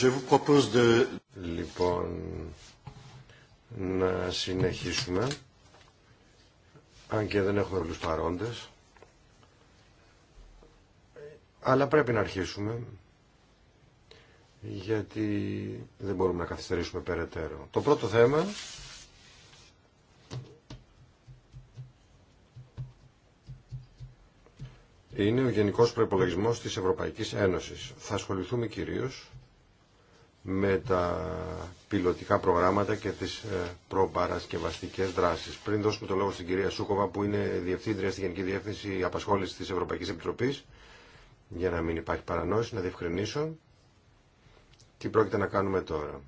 Je vous Λοιπόν, να συνεχίσουμε, αν και δεν έχουμε όλους παρόντες, αλλά πρέπει να αρχίσουμε, γιατί δεν μπορούμε να καθυστερήσουμε περαιτέρω. Το πρώτο θέμα είναι ο Γενικός Προϋπολογισμός της Ευρωπαϊκής Ένωσης. Θα ασχοληθούμε κυρίως με τα πιλωτικά προγράμματα και τις ε, προπαρασκευαστικές δράσεις. Πριν δώσουμε το λόγο στην κυρία Σούκοβα που είναι Διευθύντρια στη Γενική Διεύθυνση Απασχόλησης της Ευρωπαϊκής Επιτροπής για να μην υπάρχει παρανόηση, να διευκρινίσω τι πρόκειται να κάνουμε τώρα.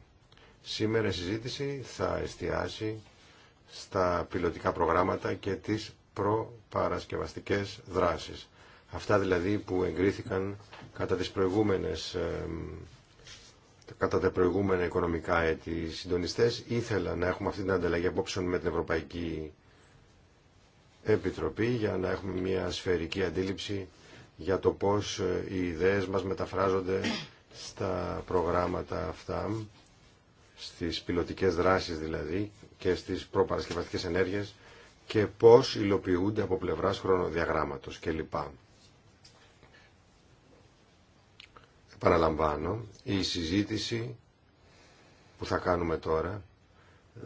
Σήμερα η συζήτηση θα εστιάσει στα πιλωτικά προγράμματα και τις προπαρασκευαστικές δράσεις. Αυτά δηλαδή που εγκρίθηκαν κατά τις προηγούμενες ε, κατά τα προηγούμενα οικονομικά έτη. Οι συντονιστές ήθελαν να έχουμε αυτή την ανταλλαγή απόψεων με την Ευρωπαϊκή Επιτροπή για να έχουμε μια σφαιρική αντίληψη για το πώς ε, οι ιδέες μας μεταφράζονται στα προγράμματα αυτά, στις πιλωτικές δράσεις δηλαδή και στις προπαρασκευαστικές ενέργειες και πώς υλοποιούνται από πλευράς χρονοδιαγράμματος κλπ. Παραλαμβάνω, η συζήτηση που θα κάνουμε τώρα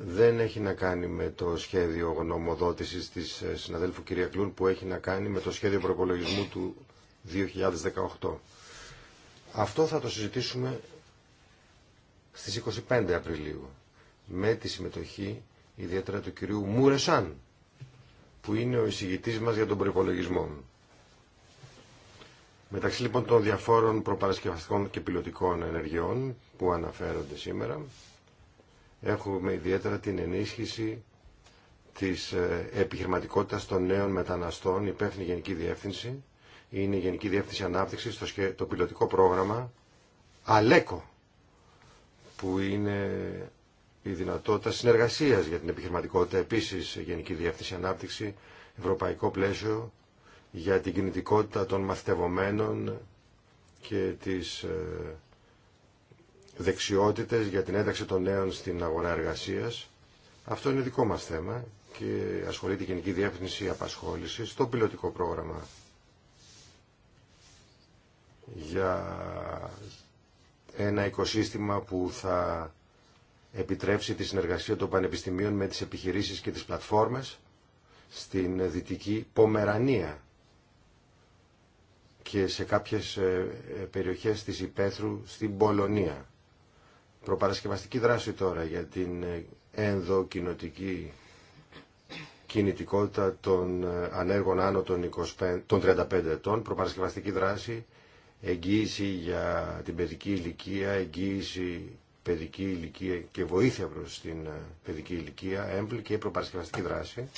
δεν έχει να κάνει με το σχέδιο γνωμοδότησης της ε, συναδέλφου κυρία Κλούν που έχει να κάνει με το σχέδιο προπολογισμού του 2018. Αυτό θα το συζητήσουμε στις 25 Απριλίου με τη συμμετοχή ιδιαίτερα του κυρίου Μούρεσαν που είναι ο εισηγητής μας για τον προπολογισμό. Μεταξύ λοιπόν των διαφόρων προπαρασκευαστικών και πιλωτικών ενεργειών που αναφέρονται σήμερα, έχουμε ιδιαίτερα την ενίσχυση της ε, επιχειρηματικότητας των νέων μεταναστών, υπεύθυνη Γενική Διεύθυνση, είναι η Γενική Διεύθυνση Ανάπτυξης, στο το πιλωτικό πρόγραμμα ΑΛΕΚΟ, που είναι η δυνατότητα συνεργασίας για την επιχειρηματικότητα, επίσης Γενική Διεύθυνση Ανάπτυξη, Ευρωπαϊκό Πλαίσιο για την κινητικότητα των μαθητευομένων και τις ε, δεξιότητες για την ένταξη των νέων στην αγορά εργασίας. Αυτό είναι δικό μας θέμα και ασχολείται η Γενική Διεύθυνση Απασχόλησης στο πιλωτικό πρόγραμμα για ένα οικοσύστημα που θα επιτρέψει τη συνεργασία των πανεπιστημίων με τις επιχειρήσεις και τις πλατφόρμες στην Δυτική Πομερανία και σε κάποιες ε, ε, περιοχές της Υπέθρου στην Πολωνία. Προπαρασκευαστική δράση τώρα για την ε, ενδοκινοτική κινητικότητα των ανέργων άνω των, 25, των 35 ετών, προπαρασκευαστική δράση, εγγύηση για την παιδική ηλικία, εγγύηση παιδική ηλικία και βοήθεια προς την παιδική ηλικία, έμπλη και προπαρασκευαστική δράση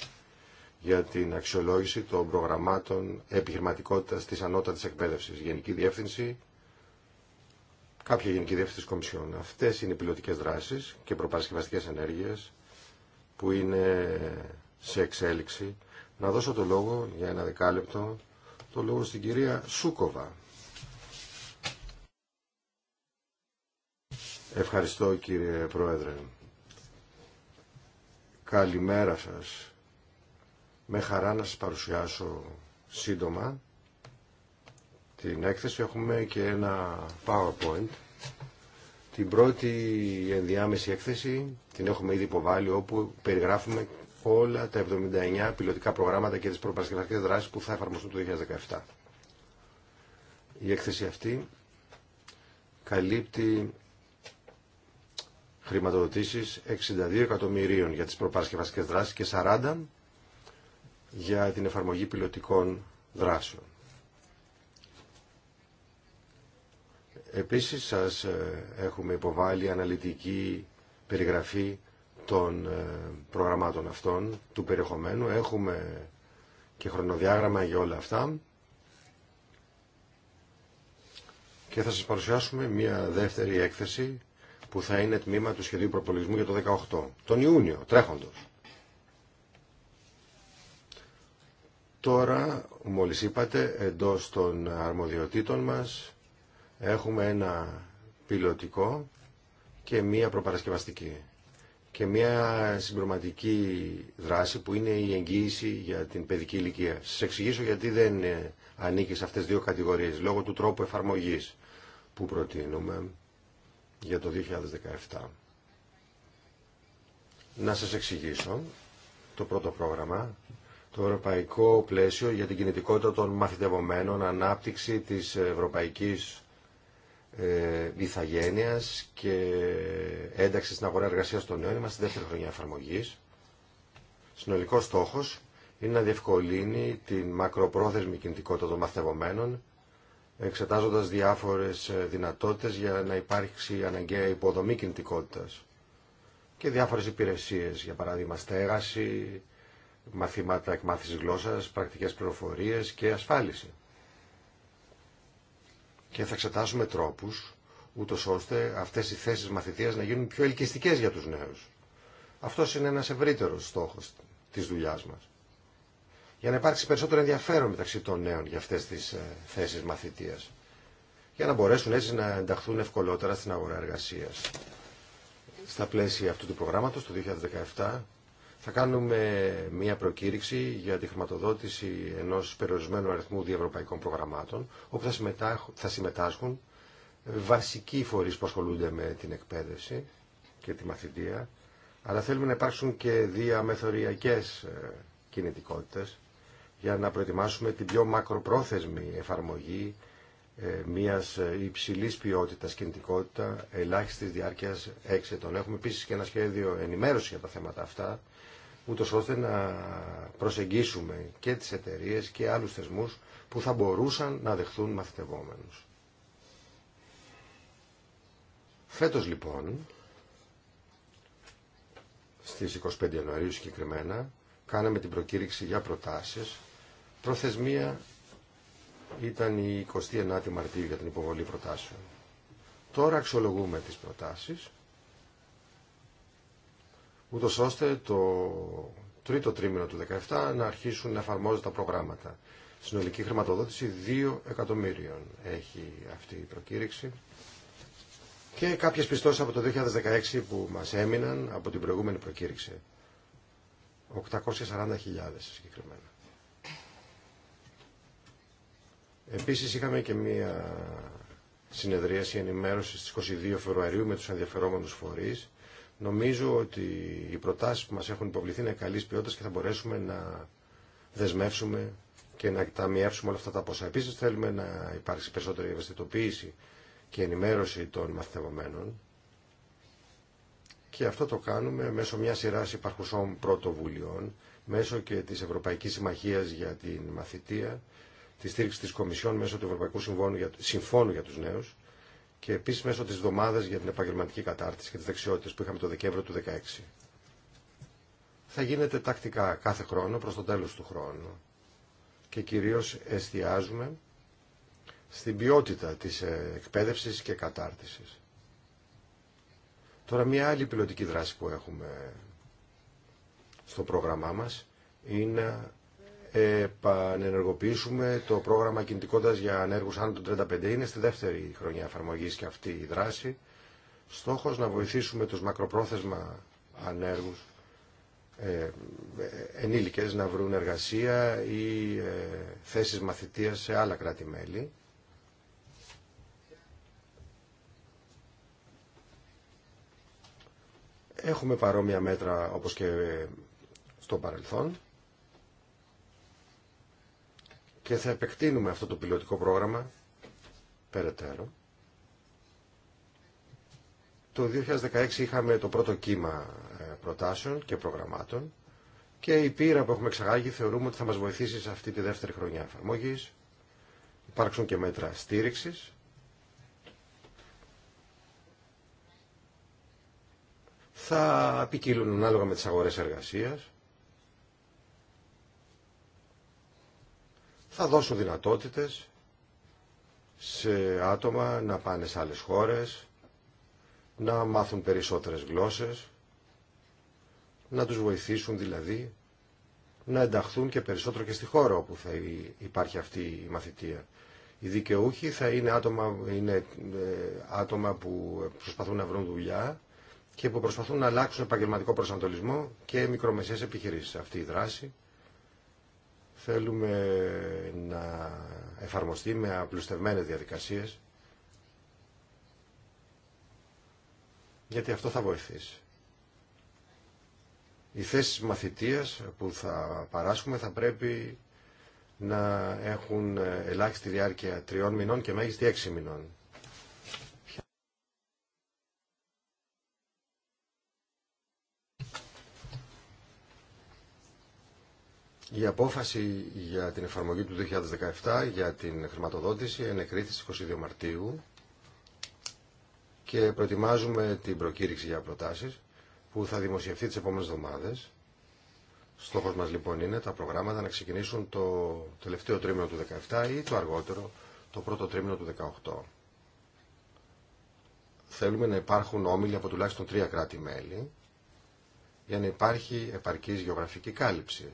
για την αξιολόγηση των προγραμμάτων επιχειρηματικότητας της ανώτατης εκπαίδευσης. Γενική Διεύθυνση, κάποια Γενική Διεύθυνση της Κομισιόν. Αυτές είναι οι πιλωτικές δράσεις και προπαρασκευαστικές ενέργειες που είναι σε εξέλιξη. Να δώσω το λόγο για ένα δεκάλεπτο, το λόγο στην κυρία Σούκοβα. Ευχαριστώ κύριε Πρόεδρε. Καλημέρα σας με χαρά να σας παρουσιάσω σύντομα την έκθεση. Έχουμε και ένα PowerPoint. Την πρώτη ενδιάμεση έκθεση την έχουμε ήδη υποβάλει όπου περιγράφουμε όλα τα 79 πιλωτικά προγράμματα και τις προπαρασκευαστικές δράσεις που θα εφαρμοστούν το 2017. Η έκθεση αυτή καλύπτει χρηματοδοτήσεις 62 εκατομμυρίων για τις προπαρασκευαστικές δράσεις και 40 για την εφαρμογή πιλωτικών δράσεων. Επίσης σας ε, έχουμε υποβάλει αναλυτική περιγραφή των ε, προγραμμάτων αυτών, του περιεχομένου. Έχουμε και χρονοδιάγραμμα για όλα αυτά. Και θα σας παρουσιάσουμε μια δεύτερη έκθεση που θα είναι τμήμα του σχεδίου προπολογισμού για το 18 τον Ιούνιο, τρέχοντος. Τώρα, μόλις είπατε, εντός των αρμοδιοτήτων μας έχουμε ένα πιλωτικό και μία προπαρασκευαστική και μία συμπροματική δράση που είναι η εγγύηση για την παιδική ηλικία. Σας εξηγήσω γιατί δεν ε, ανήκει σε αυτές δύο κατηγορίες λόγω του τρόπου εφαρμογής που προτείνουμε για το 2017. Να σας εξηγήσω το πρώτο πρόγραμμα το ευρωπαϊκό πλαίσιο για την κινητικότητα των μαθητευομένων, ανάπτυξη της ευρωπαϊκής ε, και ένταξη στην αγορά εργασίας των νέων. Είμαστε στη δεύτερη χρονιά εφαρμογής. Συνολικός στόχος είναι να διευκολύνει την μακροπρόθεσμη κινητικότητα των μαθητευομένων, εξετάζοντας διάφορες ε, δυνατότητες για να υπάρξει αναγκαία υποδομή κινητικότητας και διάφορες υπηρεσίες, για παράδειγμα στέγαση, μαθήματα εκμάθησης γλώσσας, πρακτικές πληροφορίες και ασφάλιση. Και θα εξετάσουμε τρόπους ούτω ώστε αυτές οι θέσεις μαθητείας να γίνουν πιο ελκυστικές για τους νέους. Αυτό είναι ένας ευρύτερος στόχος της δουλειάς μας. Για να υπάρξει περισσότερο ενδιαφέρον μεταξύ των νέων για αυτές τις ε, θέσεις μαθητείας. Για να μπορέσουν έτσι να ενταχθούν ευκολότερα στην αγορά εργασίας. Στα πλαίσια αυτού του προγράμματος, το 2017, θα κάνουμε μια προκήρυξη για τη χρηματοδότηση ενός περιορισμένου αριθμού διευρωπαϊκών προγραμμάτων, όπου θα συμμετάσχουν βασικοί φορείς που ασχολούνται με την εκπαίδευση και τη μαθητεία, αλλά θέλουμε να υπάρξουν και διαμεθοριακές ε, κινητικότητες για να προετοιμάσουμε την πιο μακροπρόθεσμη εφαρμογή ε, μιας ε, υψηλής ποιότητας κινητικότητα, ελάχιστης διάρκειας έξι Έχουμε επίσης και ένα σχέδιο ενημέρωση για τα θέματα αυτά, ούτω ώστε να προσεγγίσουμε και τις εταιρείε και άλλους θεσμούς που θα μπορούσαν να δεχθούν μαθητευόμενους. Φέτος λοιπόν, στις 25 Ιανουαρίου συγκεκριμένα, κάναμε την προκήρυξη για προτάσεις. Προθεσμία ήταν η 29η Μαρτίου για την υποβολή προτάσεων. Τώρα αξιολογούμε τις προτάσεις ούτως ώστε το τρίτο τρίμηνο του 2017 να αρχίσουν να εφαρμόζονται τα προγράμματα. Συνολική χρηματοδότηση 2 εκατομμύριων έχει αυτή η προκήρυξη. Και κάποιες πιστώσεις από το 2016 που μας έμειναν από την προηγούμενη προκήρυξη. 840.000 συγκεκριμένα. Επίσης είχαμε και μία συνεδρίαση ενημέρωση στις 22 Φεβρουαρίου με τους ενδιαφερόμενους φορείς Νομίζω ότι οι προτάσεις που μας έχουν υποβληθεί είναι καλής ποιότητας και θα μπορέσουμε να δεσμεύσουμε και να ταμιεύσουμε όλα αυτά τα ποσά. Επίσης θέλουμε να υπάρξει περισσότερη ευαισθητοποίηση και ενημέρωση των μαθητευομένων και αυτό το κάνουμε μέσω μια σειράς υπαρχουσών πρωτοβουλειών, μέσω και της Ευρωπαϊκής Συμμαχίας για την Μαθητεία, τη στήριξη της Κομισιόν μέσω του Ευρωπαϊκού Συμφώνου για, Συμφώνου για τους Νέους και επίσης μέσω της εβδομάδας για την επαγγελματική κατάρτιση και τις δεξιότητες που είχαμε το Δεκέμβριο του 2016. Θα γίνεται τακτικά κάθε χρόνο προς το τέλος του χρόνου και κυρίως εστιάζουμε στην ποιότητα της ε, εκπαίδευσης και κατάρτισης. Τώρα μια άλλη πιλωτική δράση που έχουμε στο πρόγραμμά μας είναι επανενεργοποιήσουμε το πρόγραμμα κινητικότητας για ανέργους άνω των 35. Είναι στη δεύτερη χρονιά εφαρμογής και αυτή η δράση. Στόχος να βοηθήσουμε τους μακροπρόθεσμα ανέργους ε, ενήλικε να βρουν εργασία ή θέσει θέσεις μαθητείας σε άλλα κράτη-μέλη. Έχουμε παρόμοια μέτρα όπως και στο παρελθόν και θα επεκτείνουμε αυτό το πιλωτικό πρόγραμμα περαιτέρω. Το 2016 είχαμε το πρώτο κύμα ε, προτάσεων και προγραμμάτων και η πείρα που έχουμε εξαγάγει θεωρούμε ότι θα μας βοηθήσει σε αυτή τη δεύτερη χρονιά εφαρμογής. Υπάρξουν και μέτρα στήριξης. Θα επικύλουν ανάλογα με τις αγορές εργασίας. θα δώσουν δυνατότητες σε άτομα να πάνε σε άλλες χώρες, να μάθουν περισσότερες γλώσσες, να τους βοηθήσουν δηλαδή να ενταχθούν και περισσότερο και στη χώρα όπου θα υπάρχει αυτή η μαθητεία. Οι δικαιούχοι θα είναι άτομα, είναι ε, άτομα που προσπαθούν να βρουν δουλειά και που προσπαθούν να αλλάξουν επαγγελματικό προσανατολισμό και μικρομεσαίες επιχειρήσεις. Αυτή η δράση Θέλουμε να εφαρμοστεί με απλουστευμένες διαδικασίες γιατί αυτό θα βοηθήσει. Οι θέσεις μαθητείας που θα παράσχουμε θα πρέπει να έχουν ελάχιστη διάρκεια τριών μηνών και μέγιστη έξι μηνών. Η απόφαση για την εφαρμογή του 2017 για την χρηματοδότηση ενεκρίθη στις 22 Μαρτίου και προετοιμάζουμε την προκήρυξη για προτάσεις που θα δημοσιευθεί τις επόμενες εβδομάδες. Στόχος μας λοιπόν είναι τα προγράμματα να ξεκινήσουν το τελευταίο τρίμηνο του 2017 ή το αργότερο το πρώτο τρίμηνο του 2018. Θέλουμε να υπάρχουν όμιλοι από τουλάχιστον τρία κράτη-μέλη για να υπάρχει επαρκής γεωγραφική κάλυψη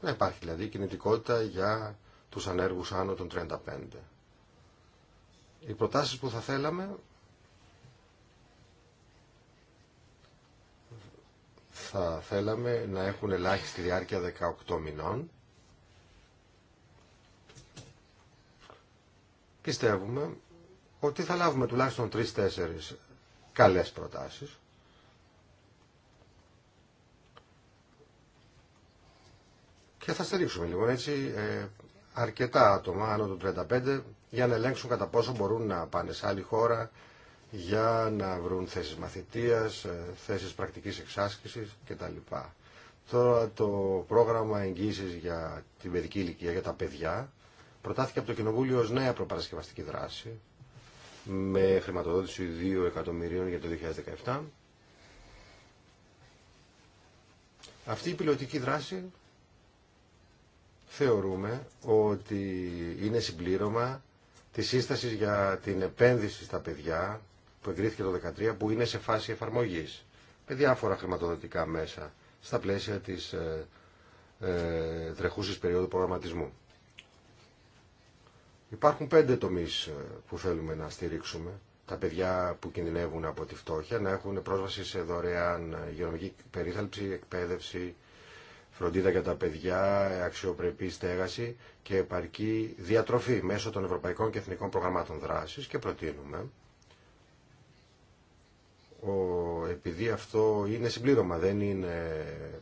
να υπάρχει δηλαδή κινητικότητα για τους ανέργους άνω των 35. Οι προτάσεις που θα θέλαμε θα θέλαμε να έχουν ελάχιστη διάρκεια 18 μηνών. Πιστεύουμε ότι θα λάβουμε τουλάχιστον 3-4 καλές προτάσεις Και θα στηρίξουμε λοιπόν έτσι ε, αρκετά άτομα άνω των 35 για να ελέγξουν κατά πόσο μπορούν να πάνε σε άλλη χώρα για να βρουν θέσεις μαθητείας, ε, θέσεις πρακτικής εξάσκησης κτλ. Τώρα το πρόγραμμα εγγύησης για την παιδική ηλικία, για τα παιδιά, προτάθηκε από το Κοινοβούλιο ως νέα προπαρασκευαστική δράση με χρηματοδότηση 2 εκατομμυρίων για το 2017. Αυτή η πιλωτική δράση θεωρούμε ότι είναι συμπλήρωμα της σύστασης για την επένδυση στα παιδιά που εγκρίθηκε το 2013 που είναι σε φάση εφαρμογής με διάφορα χρηματοδοτικά μέσα στα πλαίσια της ε, ε τρεχούσης περίοδου προγραμματισμού. Υπάρχουν πέντε τομείς ε, που θέλουμε να στηρίξουμε. Τα παιδιά που κινδυνεύουν από τη φτώχεια να έχουν πρόσβαση σε δωρεάν υγειονομική περίθαλψη, εκπαίδευση, φροντίδα για τα παιδιά, αξιοπρεπή στέγαση και επαρκή διατροφή μέσω των ευρωπαϊκών και εθνικών προγραμμάτων δράσης και προτείνουμε ο, επειδή αυτό είναι συμπλήρωμα, δεν είναι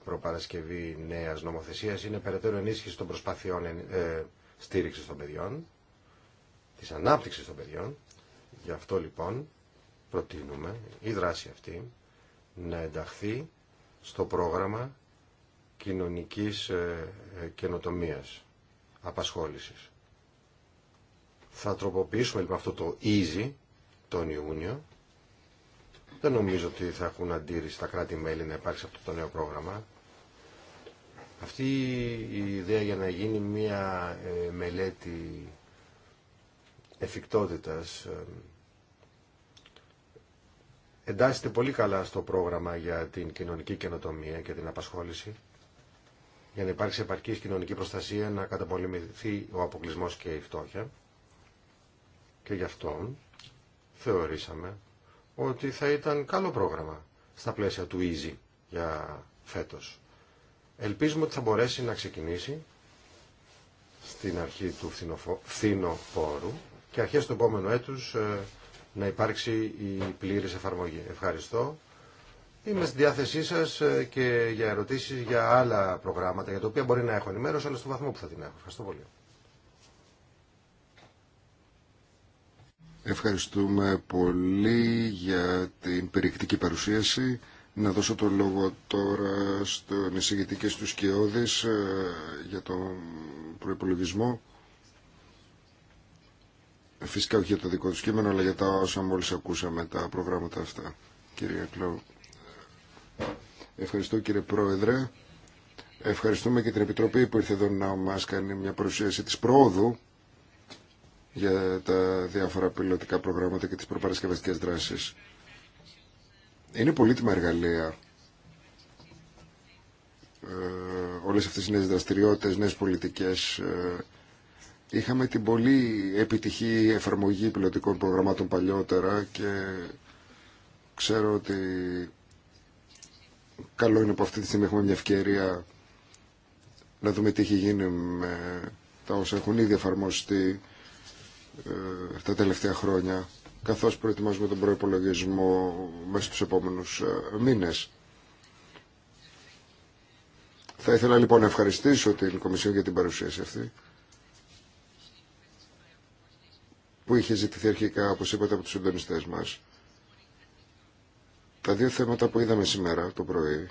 προπαρασκευή νέας νομοθεσίας, είναι περαιτέρω ενίσχυση των προσπαθειών ε, στήριξης των παιδιών, της ανάπτυξης των παιδιών. Γι' αυτό λοιπόν προτείνουμε η δράση αυτή να ενταχθεί στο πρόγραμμα κοινωνικής ε, ε, καινοτομίας, απασχόλησης. Θα τροποποιήσουμε λοιπόν αυτό το easy τον Ιούνιο. Δεν νομίζω ότι θα έχουν αντίρρηση τα κράτη-μέλη να υπάρξει αυτό το νέο πρόγραμμα. Αυτή η ιδέα για να γίνει μια ε, μελέτη εφικτότητας εντάσσεται πολύ καλά στο πρόγραμμα για την κοινωνική καινοτομία και την απασχόληση για να υπάρξει επαρκή κοινωνική προστασία, να καταπολεμηθεί ο αποκλεισμό και η φτώχεια. Και γι' αυτό θεωρήσαμε ότι θα ήταν καλό πρόγραμμα στα πλαίσια του EASY για φέτος. Ελπίζουμε ότι θα μπορέσει να ξεκινήσει στην αρχή του φθινοπόρου και αρχές του επόμενου έτους ε, να υπάρξει η πλήρης εφαρμογή. Ευχαριστώ Είμαι στη διάθεσή σα ε, και για ερωτήσεις για άλλα προγράμματα για τα οποία μπορεί να έχω ενημέρωση, αλλά στο βαθμό που θα την έχω. Ευχαριστώ πολύ. Ευχαριστούμε πολύ για την περιεκτική παρουσίαση. Να δώσω το λόγο τώρα στον εισηγητή και στους Κιώδης ε, για τον προϋπολογισμό. Ε, φυσικά όχι για το δικό του κείμενο, αλλά για τα όσα μόλις ακούσαμε τα προγράμματα αυτά. Κύριε Κλώου. Ευχαριστώ κύριε Πρόεδρε. Ευχαριστούμε και την Επιτροπή που ήρθε εδώ να μας κάνει μια παρουσίαση της πρόοδου για τα διάφορα πιλωτικά προγράμματα και τις προπαρασκευαστικές δράσεις. Είναι πολύτιμα εργαλεία ε, όλες αυτές οι νέες δραστηριότητες, νέες πολιτικές. Ε. Είχαμε την πολύ επιτυχή εφαρμογή πιλωτικών προγραμμάτων παλιότερα και ξέρω ότι καλό είναι που αυτή τη στιγμή έχουμε μια ευκαιρία να δούμε τι έχει γίνει με τα όσα έχουν ήδη εφαρμοστεί ε, τα τελευταία χρόνια καθώς προετοιμάζουμε τον προϋπολογισμό μέσα στους επόμενους ε, μήνες. Θα ήθελα λοιπόν να ευχαριστήσω την Κομισιόν για την παρουσίαση αυτή που είχε ζητηθεί αρχικά, όπως είπατε, από τους συντονιστές μας. Τα δύο θέματα που είδαμε σήμερα το πρωί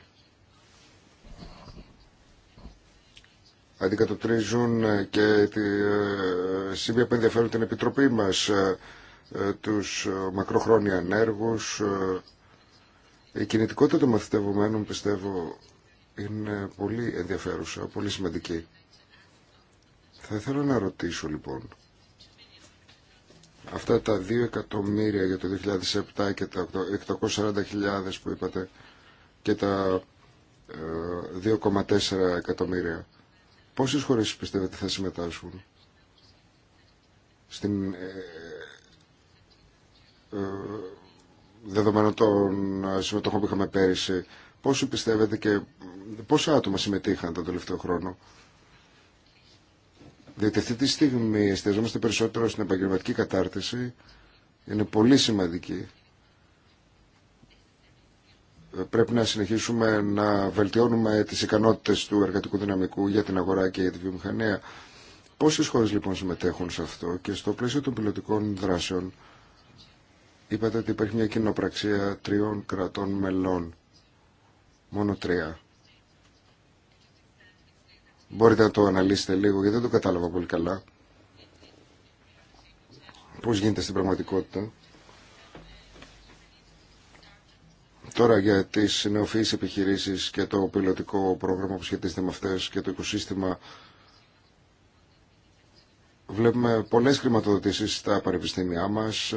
αντικατοπτρίζουν ε, και τη ε, σημεία που ενδιαφέρουν την Επιτροπή μας, ε, τους μακροχρόνια ανέργους. Η κινητικότητα των μαθητευομένων πιστεύω είναι πολύ ενδιαφέρουσα, πολύ σημαντική. Θα ήθελα να ρωτήσω λοιπόν Αυτά τα 2 εκατομμύρια για το 2007 και τα 840.000 που είπατε και τα 2,4 ε, εκατομμύρια. Πόσες χώρες πιστεύετε θα συμμετάσχουν στην ε, ε των συμμετοχών που είχαμε πέρυσι. Πόσοι πιστεύετε και πόσα άτομα συμμετείχαν τον τελευταίο χρόνο. Διότι αυτή τη στιγμή εστιαζόμαστε περισσότερο στην επαγγελματική κατάρτιση. Είναι πολύ σημαντική. Πρέπει να συνεχίσουμε να βελτιώνουμε τις ικανότητες του εργατικού δυναμικού για την αγορά και για τη βιομηχανία. Πόσες χώρες λοιπόν συμμετέχουν σε αυτό και στο πλαίσιο των πιλωτικών δράσεων είπατε ότι υπάρχει μια κοινοπραξία τριών κρατών μελών. Μόνο τρία. Μπορείτε να το αναλύσετε λίγο γιατί δεν το κατάλαβα πολύ καλά. Πώς γίνεται στην πραγματικότητα. Τώρα για τις νεοφυείς επιχειρήσεις και το πιλωτικό πρόγραμμα που σχετίζεται με αυτές και το οικοσύστημα βλέπουμε πολλές χρηματοδοτήσεις στα πανεπιστήμια μας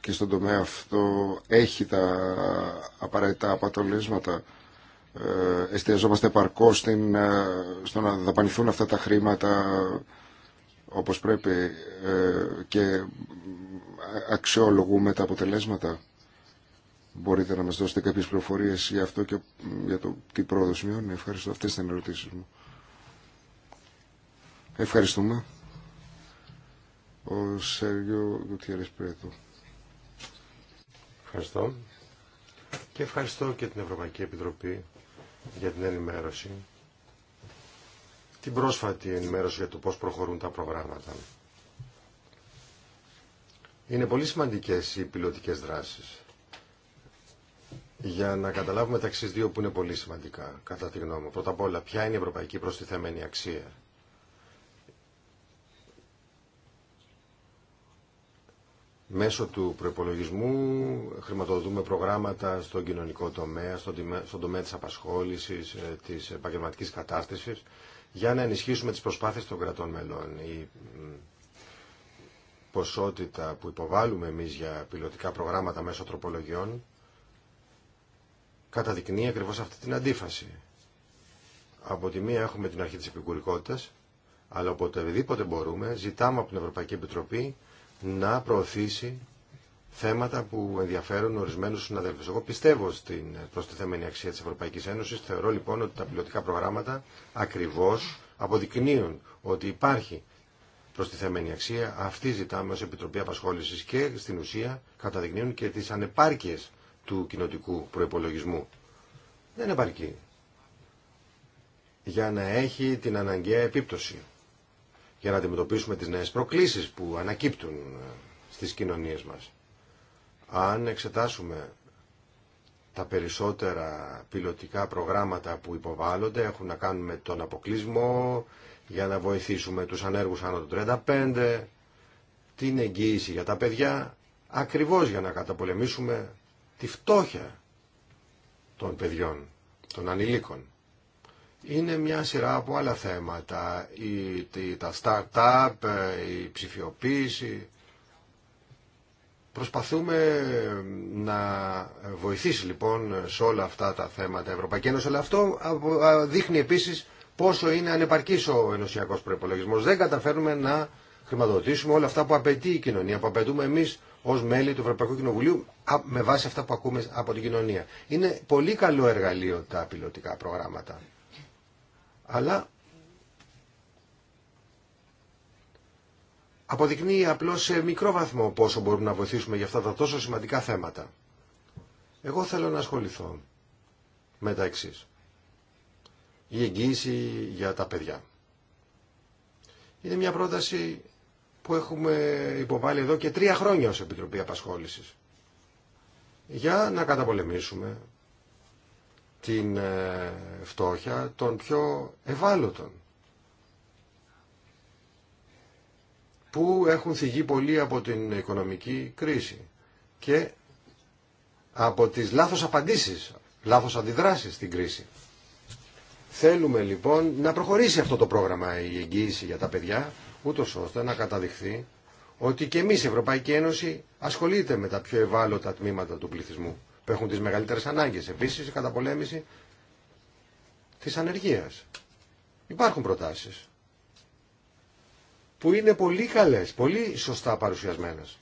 και στον τομέα αυτό έχει τα απαραίτητα απατολίσματα. Ε, εστιαζόμαστε παρκώς ε, στο να δαπανηθούν αυτά τα χρήματα όπως πρέπει ε, και αξιολογούμε τα αποτελέσματα. Μπορείτε να μας δώσετε κάποιες πληροφορίες για αυτό και για το τι πρόοδο Ευχαριστώ. Αυτές ήταν οι ερωτήσεις μου. Ευχαριστούμε. Ο Σέργιο Γκουτιέρες Πρέτο. Ευχαριστώ. Και ευχαριστώ και την Ευρωπαϊκή Επιτροπή για την ενημέρωση, την πρόσφατη ενημέρωση για το πώς προχωρούν τα προγράμματα. Είναι πολύ σημαντικές οι πιλωτικές δράσεις για να καταλάβουμε τα δύο που είναι πολύ σημαντικά, κατά τη γνώμη μου. Πρώτα απ' όλα, ποια είναι η ευρωπαϊκή προστιθέμενη αξία Μέσω του προπολογισμού χρηματοδοτούμε προγράμματα στον κοινωνικό τομέα, στον τομέα της απασχόλησης, ε, της επαγγελματική κατάσταση, για να ενισχύσουμε τις προσπάθειες των κρατών μελών. Η ποσότητα που υποβάλλουμε εμείς για πιλωτικά προγράμματα μέσω τροπολογιών καταδεικνύει ακριβώς αυτή την αντίφαση. Από τη μία έχουμε την αρχή της επικουρικότητας, αλλά οποτεδήποτε μπορούμε ζητάμε από την Ευρωπαϊκή Επιτροπή να προωθήσει θέματα που ενδιαφέρουν ορισμένους συναδέλφους. Εγώ πιστεύω στην προστιθέμενη αξία της Ευρωπαϊκής Ένωσης. Θεωρώ λοιπόν ότι τα πιλωτικά προγράμματα ακριβώς αποδεικνύουν ότι υπάρχει προστιθέμενη αξία. Αυτή ζητάμε ως Επιτροπή Απασχόλησης και στην ουσία καταδεικνύουν και τις ανεπάρκειες του κοινοτικού προϋπολογισμού. Δεν επαρκεί για να έχει την αναγκαία επίπτωση για να αντιμετωπίσουμε τις νέες προκλήσεις που ανακύπτουν ε, στις κοινωνίες μας. Αν εξετάσουμε τα περισσότερα πιλωτικά προγράμματα που υποβάλλονται έχουν να κάνουν με τον αποκλεισμό, για να βοηθήσουμε τους ανέργους άνω των 35, την εγγύηση για τα παιδιά, ακριβώς για να καταπολεμήσουμε τη φτώχεια των παιδιών, των ανηλίκων είναι μια σειρά από άλλα θέματα. Η, τα start-up, ε, η ψηφιοποίηση. Προσπαθούμε να βοηθήσει λοιπόν σε όλα αυτά τα θέματα Ευρωπαϊκή Ένωση, αλλά αυτό δείχνει επίσης πόσο είναι ανεπαρκής ο ενωσιακός προπολογισμό. Δεν καταφέρνουμε να χρηματοδοτήσουμε όλα αυτά που απαιτεί η κοινωνία, που απαιτούμε εμείς ως μέλη του Ευρωπαϊκού Κοινοβουλίου με βάση αυτά που ακούμε από την κοινωνία. Είναι πολύ καλό εργαλείο τα πιλωτικά προγράμματα αλλά αποδεικνύει απλώς σε μικρό βαθμό πόσο μπορούμε να βοηθήσουμε για αυτά τα τόσο σημαντικά θέματα. Εγώ θέλω να ασχοληθώ με τα εξής. Η εγγύηση για τα παιδιά. Είναι μια πρόταση που έχουμε υποβάλει εδώ και τρία χρόνια ως Επιτροπή Απασχόλησης για να καταπολεμήσουμε την ε, φτώχεια των πιο ευάλωτων που έχουν θυγεί πολύ από την οικονομική κρίση και από τις λάθος απαντήσεις, λάθος αντιδράσεις στην κρίση. Θέλουμε λοιπόν να προχωρήσει αυτό το πρόγραμμα η εγγύηση για τα παιδιά, ούτως ώστε να καταδειχθεί ότι και εμείς η Ευρωπαϊκή Ένωση ασχολείται με τα πιο ευάλωτα τμήματα του πληθυσμού που έχουν τις μεγαλύτερες ανάγκες. Επίσης η καταπολέμηση της ανεργίας. Υπάρχουν προτάσεις που είναι πολύ καλές, πολύ σωστά παρουσιασμένες.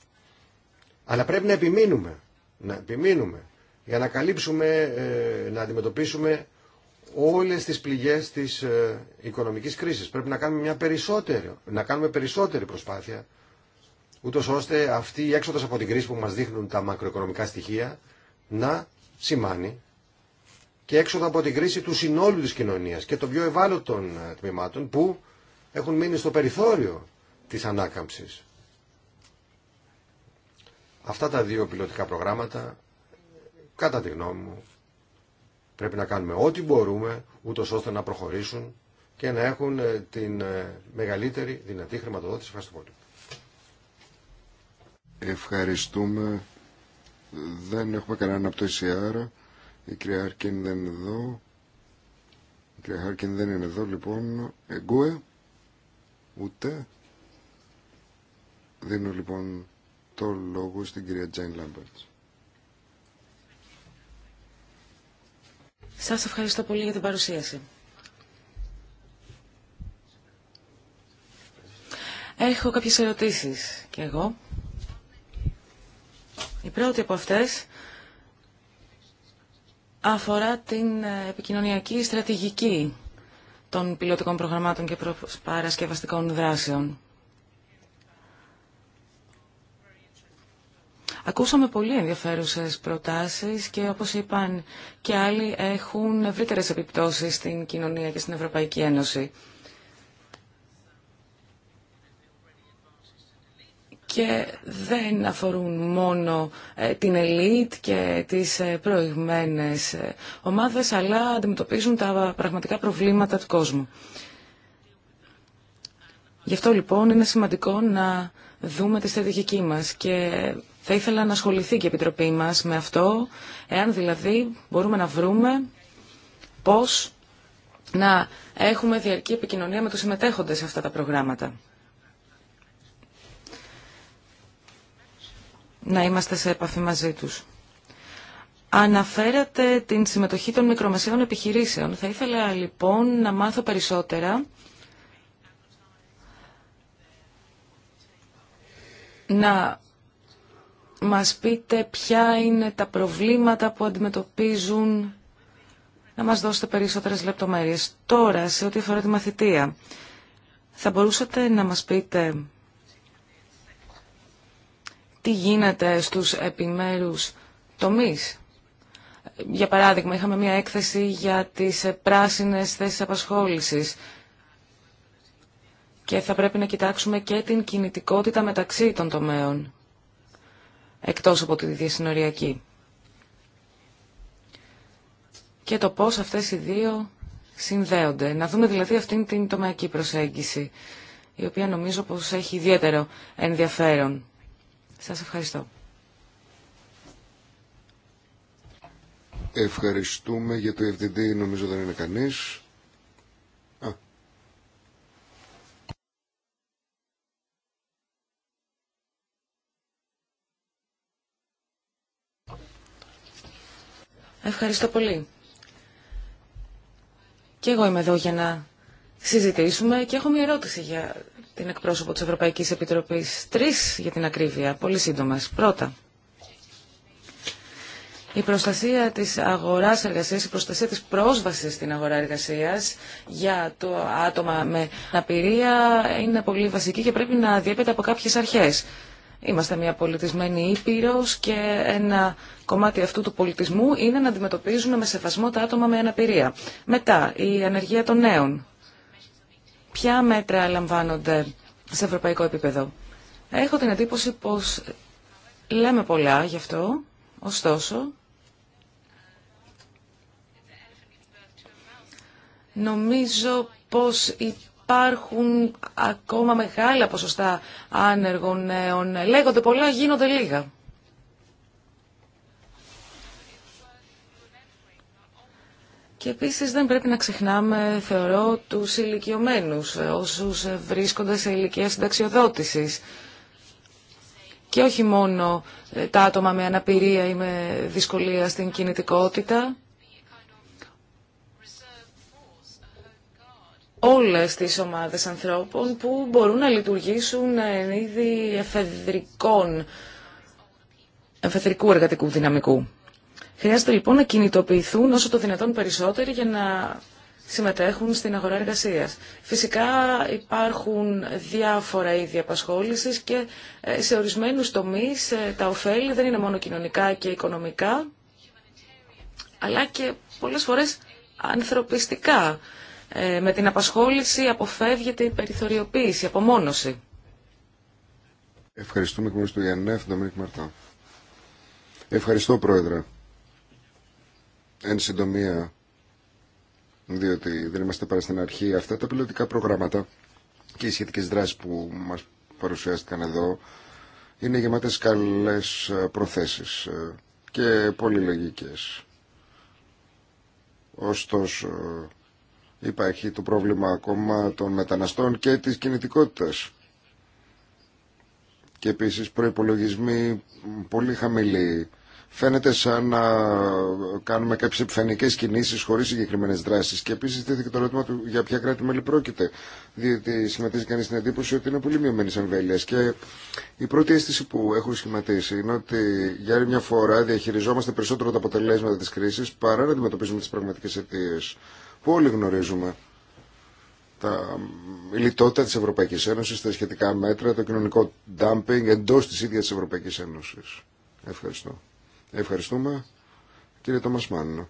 Αλλά πρέπει να επιμείνουμε, να επιμείνουμε για να καλύψουμε, ε, να αντιμετωπίσουμε όλες τις πληγές της ε, οικονομικής κρίσης. Πρέπει να κάνουμε, μια περισσότερη, να κάνουμε περισσότερη προσπάθεια, ούτω ώστε αυτή η έξοδος από την κρίση που μας δείχνουν τα μακροοικονομικά στοιχεία να σημάνει και έξοδο από την κρίση του συνόλου της κοινωνίας και των πιο ευάλωτων ε, τμήματων που έχουν μείνει στο περιθώριο της ανάκαμψης. Αυτά τα δύο πιλωτικά προγράμματα, κατά τη γνώμη μου, πρέπει να κάνουμε ό,τι μπορούμε, ούτω ώστε να προχωρήσουν και να έχουν ε, την ε, μεγαλύτερη δυνατή χρηματοδότηση. Ευχαριστώ πολύ. Ευχαριστούμε. Δεν έχουμε κανέναν από το Η κυρία Χάρκιν δεν είναι εδώ. Η κυρία δεν είναι εδώ, λοιπόν. Εγκούε. Ούτε. Δίνω λοιπόν το λόγο στην κυρία Τζέιν Λάμπερτς. Σας ευχαριστώ πολύ για την παρουσίαση. Έχω κάποιες ερωτήσεις και εγώ. Η πρώτη από αυτές αφορά την ε, επικοινωνιακή στρατηγική των πιλωτικών προγραμμάτων και παρασκευαστικών δράσεων. Ακούσαμε πολύ ενδιαφέρουσες προτάσεις και όπως είπαν και άλλοι έχουν ευρύτερε επιπτώσεις στην κοινωνία και στην Ευρωπαϊκή Ένωση. και δεν αφορούν μόνο ε, την ελίτ και τις ε, προηγμένες ε, ομάδες, αλλά αντιμετωπίζουν τα πραγματικά προβλήματα του κόσμου. Γι' αυτό λοιπόν είναι σημαντικό να δούμε τη στρατηγική μας και θα ήθελα να ασχοληθεί και η Επιτροπή μας με αυτό, εάν δηλαδή μπορούμε να βρούμε πώς να έχουμε διαρκή επικοινωνία με τους συμμετέχοντες σε αυτά τα προγράμματα. να είμαστε σε επαφή μαζί τους. Αναφέρατε την συμμετοχή των μικρομεσαίων επιχειρήσεων. Θα ήθελα λοιπόν να μάθω περισσότερα. Να μας πείτε ποια είναι τα προβλήματα που αντιμετωπίζουν, να μας δώσετε περισσότερες λεπτομέρειες. Τώρα, σε ό,τι αφορά τη μαθητεία, θα μπορούσατε να μας πείτε τι γίνεται στους επιμέρους τομείς. Για παράδειγμα, είχαμε μια έκθεση για τις πράσινες θέσεις απασχόλησης και θα πρέπει να κοιτάξουμε και την κινητικότητα μεταξύ των τομέων, εκτός από τη διασυνοριακή. Και το πώς αυτές οι δύο συνδέονται. Να δούμε δηλαδή αυτήν την τομεακή προσέγγιση, η οποία νομίζω πως έχει ιδιαίτερο ενδιαφέρον. Σας ευχαριστώ. Ευχαριστούμε για το FDD, νομίζω δεν είναι κανείς. Ευχαριστώ πολύ. Και εγώ είμαι εδώ για να συζητήσουμε και έχω μια ερώτηση για την εκπρόσωπο της Ευρωπαϊκής Επιτροπής. Τρεις για την ακρίβεια, πολύ σύντομες. Πρώτα, η προστασία της αγοράς εργασίας, η προστασία της πρόσβασης στην αγορά εργασίας για το άτομα με αναπηρία είναι πολύ βασική και πρέπει να διέπεται από κάποιες αρχές. Είμαστε μια πολιτισμένη ήπειρος και ένα κομμάτι αυτού του πολιτισμού είναι να αντιμετωπίζουμε με σεβασμό τα άτομα με αναπηρία. Μετά, η ανεργία των νέων ποια μέτρα λαμβάνονται σε ευρωπαϊκό επίπεδο. Έχω την εντύπωση πως λέμε πολλά γι' αυτό, ωστόσο νομίζω πως υπάρχουν ακόμα μεγάλα ποσοστά άνεργων νέων. Λέγονται πολλά, γίνονται λίγα. Και επίσης δεν πρέπει να ξεχνάμε, θεωρώ, του ηλικιωμένου, ε, όσου ε, βρίσκονται σε ηλικία συνταξιοδότηση. Και όχι μόνο ε, τα άτομα με αναπηρία ή με δυσκολία στην κινητικότητα. όλες τις ομάδες ανθρώπων που μπορούν να λειτουργήσουν εν είδη εφεδρικών, εφεδρικού εργατικού δυναμικού. Χρειάζεται λοιπόν να κινητοποιηθούν όσο το δυνατόν περισσότεροι για να συμμετέχουν στην αγορά εργασίας. Φυσικά υπάρχουν διάφορα είδη απασχόλησης και ε, σε ορισμένους τομείς ε, τα ωφέλη δεν είναι μόνο κοινωνικά και οικονομικά, αλλά και πολλές φορές ανθρωπιστικά. Ε, με την απασχόληση αποφεύγεται η περιθωριοποίηση, η απομόνωση. Ευχαριστούμε κύριε του Γιάννη Μαρτά. Ευχαριστώ, Πρόεδρε. Εν συντομία, διότι δεν είμαστε παρά στην αρχή, αυτά τα πιλωτικά προγράμματα και οι σχετικέ δράσεις που μας παρουσιάστηκαν εδώ είναι γεμάτες καλές ε, προθέσεις ε, και πολύ λογικέ. Ωστόσο, υπάρχει το πρόβλημα ακόμα των μεταναστών και της κινητικότητα, Και επίσης προπολογισμοί πολύ χαμηλοί φαίνεται σαν να κάνουμε κάποιε επιφανικέ κινήσει χωρί συγκεκριμένε δράσει. Και επίση και το ερώτημα του για ποια κράτη-μέλη πρόκειται. Διότι σχηματίζει κανεί την εντύπωση ότι είναι πολύ μειωμένη εμβέλεια. Και η πρώτη αίσθηση που έχω σχηματίσει είναι ότι για άλλη μια φορά διαχειριζόμαστε περισσότερο τα αποτελέσματα τη κρίση παρά να αντιμετωπίζουμε τι πραγματικέ αιτίε που όλοι γνωρίζουμε. Τα, η λιτότητα της Ευρωπαϊκής Ένωσης, τα σχετικά μέτρα, το κοινωνικό dumping εντός της ίδιας της Ευρωπαϊκής Ένωσης. Ευχαριστώ. Ευχαριστούμε. Κύριε Τόμας Μάνου.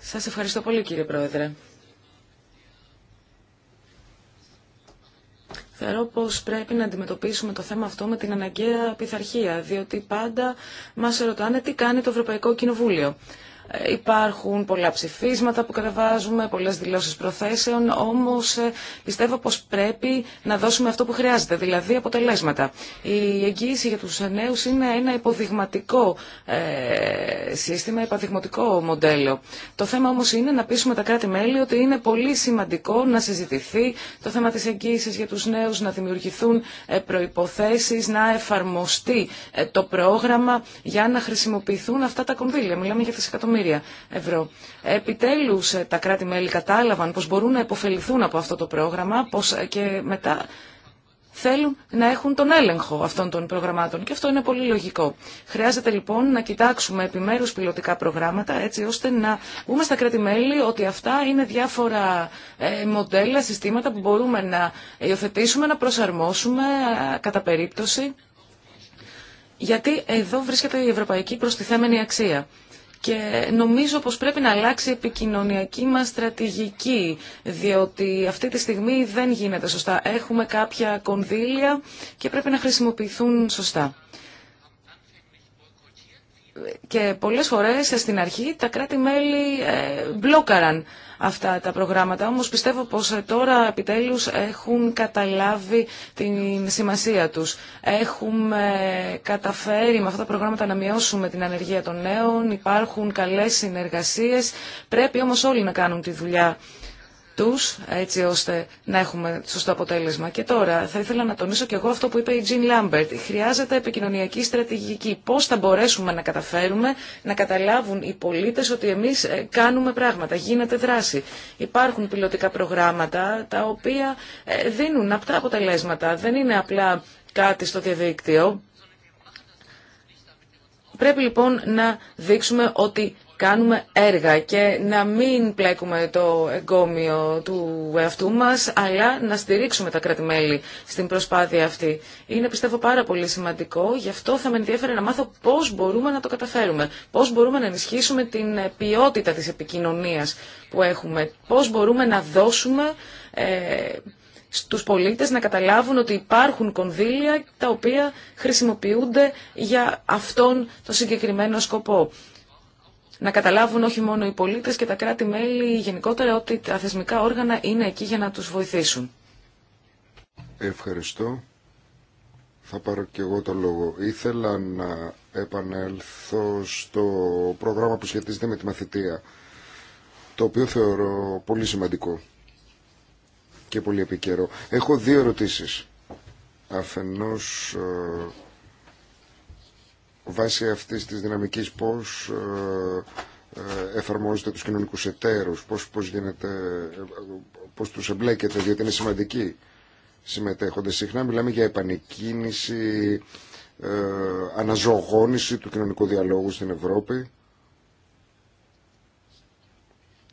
Σας ευχαριστώ πολύ κύριε Πρόεδρε. Θεωρώ πως πρέπει να αντιμετωπίσουμε το θέμα αυτό με την αναγκαία πειθαρχία, διότι πάντα μας ρωτάνε τι κάνει το Ευρωπαϊκό Κοινοβούλιο. Υπάρχουν πολλά ψηφίσματα που κατεβάζουμε, πολλές δηλώσεις προθέσεων, όμως ε, πιστεύω πως πρέπει να δώσουμε αυτό που χρειάζεται, δηλαδή αποτελέσματα. Η εγγύηση για τους νέους είναι ένα υποδειγματικό ε, σύστημα, υποδειγματικό μοντέλο. Το θέμα όμως είναι να πείσουμε τα κράτη-μέλη ότι είναι πολύ σημαντικό να συζητηθεί το θέμα της εγγύησης για τους νέους, να δημιουργηθούν ε, προϋποθέσεις, να εφαρμοστεί ε, το πρόγραμμα για να χρησιμοποιηθούν αυτά τα κονδύλια. Μιλάμε για εκατομμύρια ευρώ. Επιτέλους ε, τα κράτη-μέλη κατάλαβαν πω μπορούν να υποφεληθούν από αυτό το πρόγραμμα πως ε, και μετά θέλουν να έχουν τον έλεγχο αυτών των προγραμμάτων και αυτό είναι πολύ λογικό. Χρειάζεται λοιπόν να κοιτάξουμε επιμέρους πιλωτικά προγράμματα έτσι ώστε να πούμε στα κράτη-μέλη ότι αυτά είναι διάφορα ε, μοντέλα, συστήματα που μπορούμε να υιοθετήσουμε, να προσαρμόσουμε κατά περίπτωση γιατί εδώ βρίσκεται η ευρωπαϊκή προστιθέμενη αξία. Και νομίζω πως πρέπει να αλλάξει η επικοινωνιακή μας στρατηγική, διότι αυτή τη στιγμή δεν γίνεται σωστά. Έχουμε κάποια κονδύλια και πρέπει να χρησιμοποιηθούν σωστά. Και πολλές φορές στην αρχή τα κράτη-μέλη ε, μπλόκαραν αυτά τα προγράμματα. Όμως πιστεύω πως ε, τώρα επιτέλους έχουν καταλάβει την σημασία τους. Έχουμε καταφέρει με αυτά τα προγράμματα να μειώσουμε την ανεργία των νέων, υπάρχουν καλές συνεργασίες, πρέπει όμως όλοι να κάνουν τη δουλειά τους, έτσι ώστε να έχουμε σωστό αποτέλεσμα. Και τώρα θα ήθελα να τονίσω και εγώ αυτό που είπε η Τζιν Λάμπερτ. Χρειάζεται επικοινωνιακή στρατηγική. Πώς θα μπορέσουμε να καταφέρουμε να καταλάβουν οι πολίτες ότι εμείς ε, κάνουμε πράγματα, γίνεται δράση. Υπάρχουν πιλωτικά προγράμματα τα οποία ε, δίνουν απτά αποτελέσματα. Δεν είναι απλά κάτι στο διαδίκτυο. Πρέπει λοιπόν να δείξουμε ότι κάνουμε έργα και να μην πλέκουμε το εγκόμιο του εαυτού μας, αλλά να στηρίξουμε τα κρατημέλη στην προσπάθεια αυτή. Είναι πιστεύω πάρα πολύ σημαντικό, γι' αυτό θα με ενδιαφέρε να μάθω πώς μπορούμε να το καταφέρουμε, πώς μπορούμε να ενισχύσουμε την ποιότητα της επικοινωνίας που έχουμε, πώς μπορούμε να δώσουμε... Ε, στους πολίτες να καταλάβουν ότι υπάρχουν κονδύλια τα οποία χρησιμοποιούνται για αυτόν τον συγκεκριμένο σκοπό να καταλάβουν όχι μόνο οι πολίτες και τα κράτη-μέλη γενικότερα ότι τα θεσμικά όργανα είναι εκεί για να τους βοηθήσουν. Ευχαριστώ. Θα πάρω και εγώ το λόγο. Ήθελα να επανέλθω στο πρόγραμμα που σχετίζεται με τη μαθητεία, το οποίο θεωρώ πολύ σημαντικό και πολύ επικαιρό. Έχω δύο ερωτήσεις. Αφενός ε, βάσει αυτής της δυναμικής πώς ε, ε, εφαρμόζεται τους κοινωνικούς εταίρους, πώς, πώς, γίνεται, ε, πώς τους εμπλέκεται, διότι είναι σημαντικοί συμμετέχοντες. Συχνά μιλάμε για επανεκκίνηση, ε, αναζωογόνηση του κοινωνικού διαλόγου στην Ευρώπη.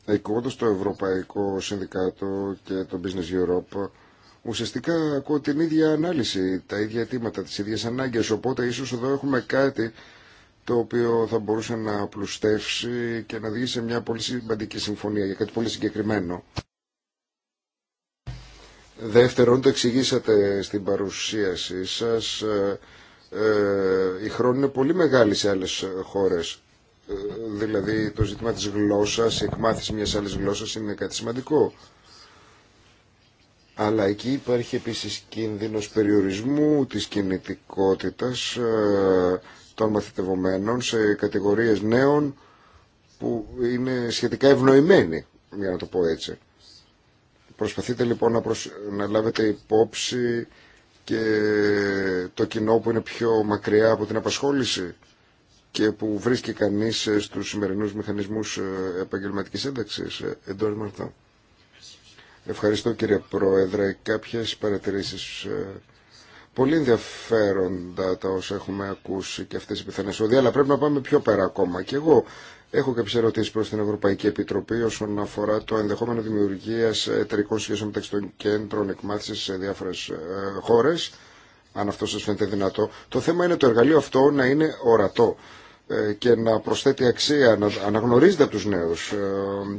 Εκόντως το Ευρωπαϊκό Συνδικάτο και το Business Europe ουσιαστικά ακούω την ίδια ανάλυση, τα ίδια αιτήματα, τις ίδιες ανάγκες, οπότε ίσως εδώ έχουμε κάτι το οποίο θα μπορούσε να απλουστεύσει και να δει σε μια πολύ σημαντική συμφωνία για κάτι πολύ συγκεκριμένο. Δεύτερον, το εξηγήσατε στην παρουσίασή σας, ε, ε, η χρόνη είναι πολύ μεγάλη σε άλλες χώρες. Ε, δηλαδή το ζήτημα της γλώσσας, η εκμάθηση μιας άλλης γλώσσας είναι κάτι σημαντικό αλλά εκεί υπάρχει επίσης κίνδυνος περιορισμού της κινητικότητας ε, των μαθητευομένων σε κατηγορίες νέων που είναι σχετικά ευνοημένοι, για να το πω έτσι. Προσπαθείτε λοιπόν να, να λάβετε υπόψη και το κοινό που είναι πιο μακριά από την απασχόληση και που βρίσκει κανείς ε, στους σημερινούς μηχανισμούς ε, επαγγελματικής ένταξης εντός Ευχαριστώ κύριε Πρόεδρε. Κάποιες παρατηρήσεις ε, πολύ ενδιαφέροντα τα όσα έχουμε ακούσει και αυτές οι πιθανές οδοί, αλλά πρέπει να πάμε πιο πέρα ακόμα. Και εγώ έχω κάποιες ερωτήσεις προς την Ευρωπαϊκή Επιτροπή όσον αφορά το ενδεχόμενο δημιουργίας εταιρικών σχέσεων μεταξύ των κέντρων εκμάθησης σε διάφορες ε, χώρες, αν αυτό σας φαίνεται δυνατό. Το θέμα είναι το εργαλείο αυτό να είναι ορατό. Ε, και να προσθέτει αξία, να αναγνωρίζεται από τους νέους ε,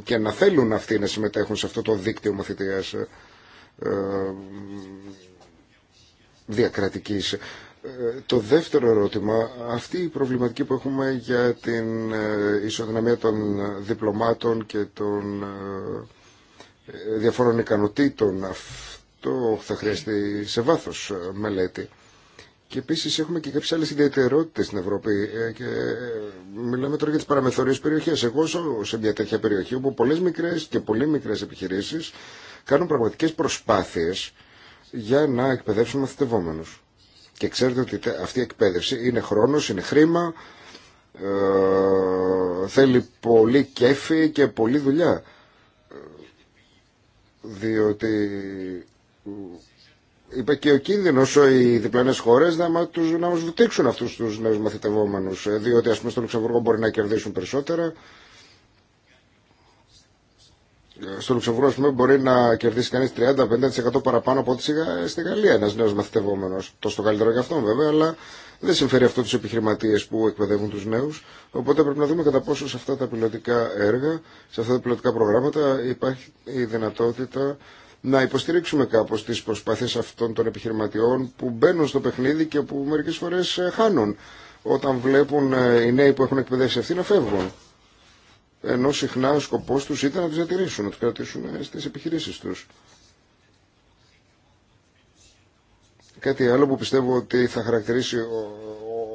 και να θέλουν αυτοί να συμμετέχουν σε αυτό το δίκτυο μαθητείας ε, διακρατικής. Το δεύτερο ερώτημα, αυτή η προβληματική που έχουμε για την ισοδυναμία των διπλωμάτων και των διαφόρων ικανοτήτων, αυτό θα χρειαστεί σε βάθος μελέτη. Και επίση έχουμε και κάποιε άλλε ιδιαιτερότητε στην Ευρώπη. Ε, και ε, μιλάμε τώρα για τι παραμεθωρίε περιοχέ. Εγώ ζω σε μια τέτοια περιοχή όπου πολλέ μικρέ και πολύ μικρέ επιχειρήσει κάνουν πραγματικέ προσπάθειε για να εκπαιδεύσουν μαθητευόμενου. Και ξέρετε ότι αυτή η εκπαίδευση είναι χρόνο, είναι χρήμα, ε, θέλει πολύ κέφι και πολύ δουλειά. Διότι είπε και ο κίνδυνο οι διπλανές χώρε να, μα, να μας βουτήξουν αυτούς τους νέους μαθητευόμενους ε, διότι α πούμε στο Λουξεμβούργο μπορεί να κερδίσουν περισσότερα ε, στο Λουξεμβούργο πούμε, μπορεί να κερδισει κανει κανείς 30-50% παραπάνω από ό,τι στη Γαλλία ένα νέο μαθητευόμενος τόσο καλύτερο για αυτόν βέβαια αλλά δεν συμφέρει αυτό του επιχειρηματίε που εκπαιδεύουν του νέου. οπότε πρέπει να δούμε κατά πόσο σε αυτά τα πιλωτικά έργα σε αυτά τα πιλωτικά προγράμματα υπάρχει η δυνατότητα να υποστηρίξουμε κάπως τις προσπάθειες αυτών των επιχειρηματιών που μπαίνουν στο παιχνίδι και που μερικές φορές ε, χάνουν όταν βλέπουν ε, οι νέοι που έχουν εκπαιδεύσει αυτοί να φεύγουν. Ενώ συχνά ο σκοπός τους ήταν να τους διατηρήσουν, να τους κρατήσουν ε, στις επιχειρήσεις τους. Κάτι άλλο που πιστεύω ότι θα χαρακτηρίσει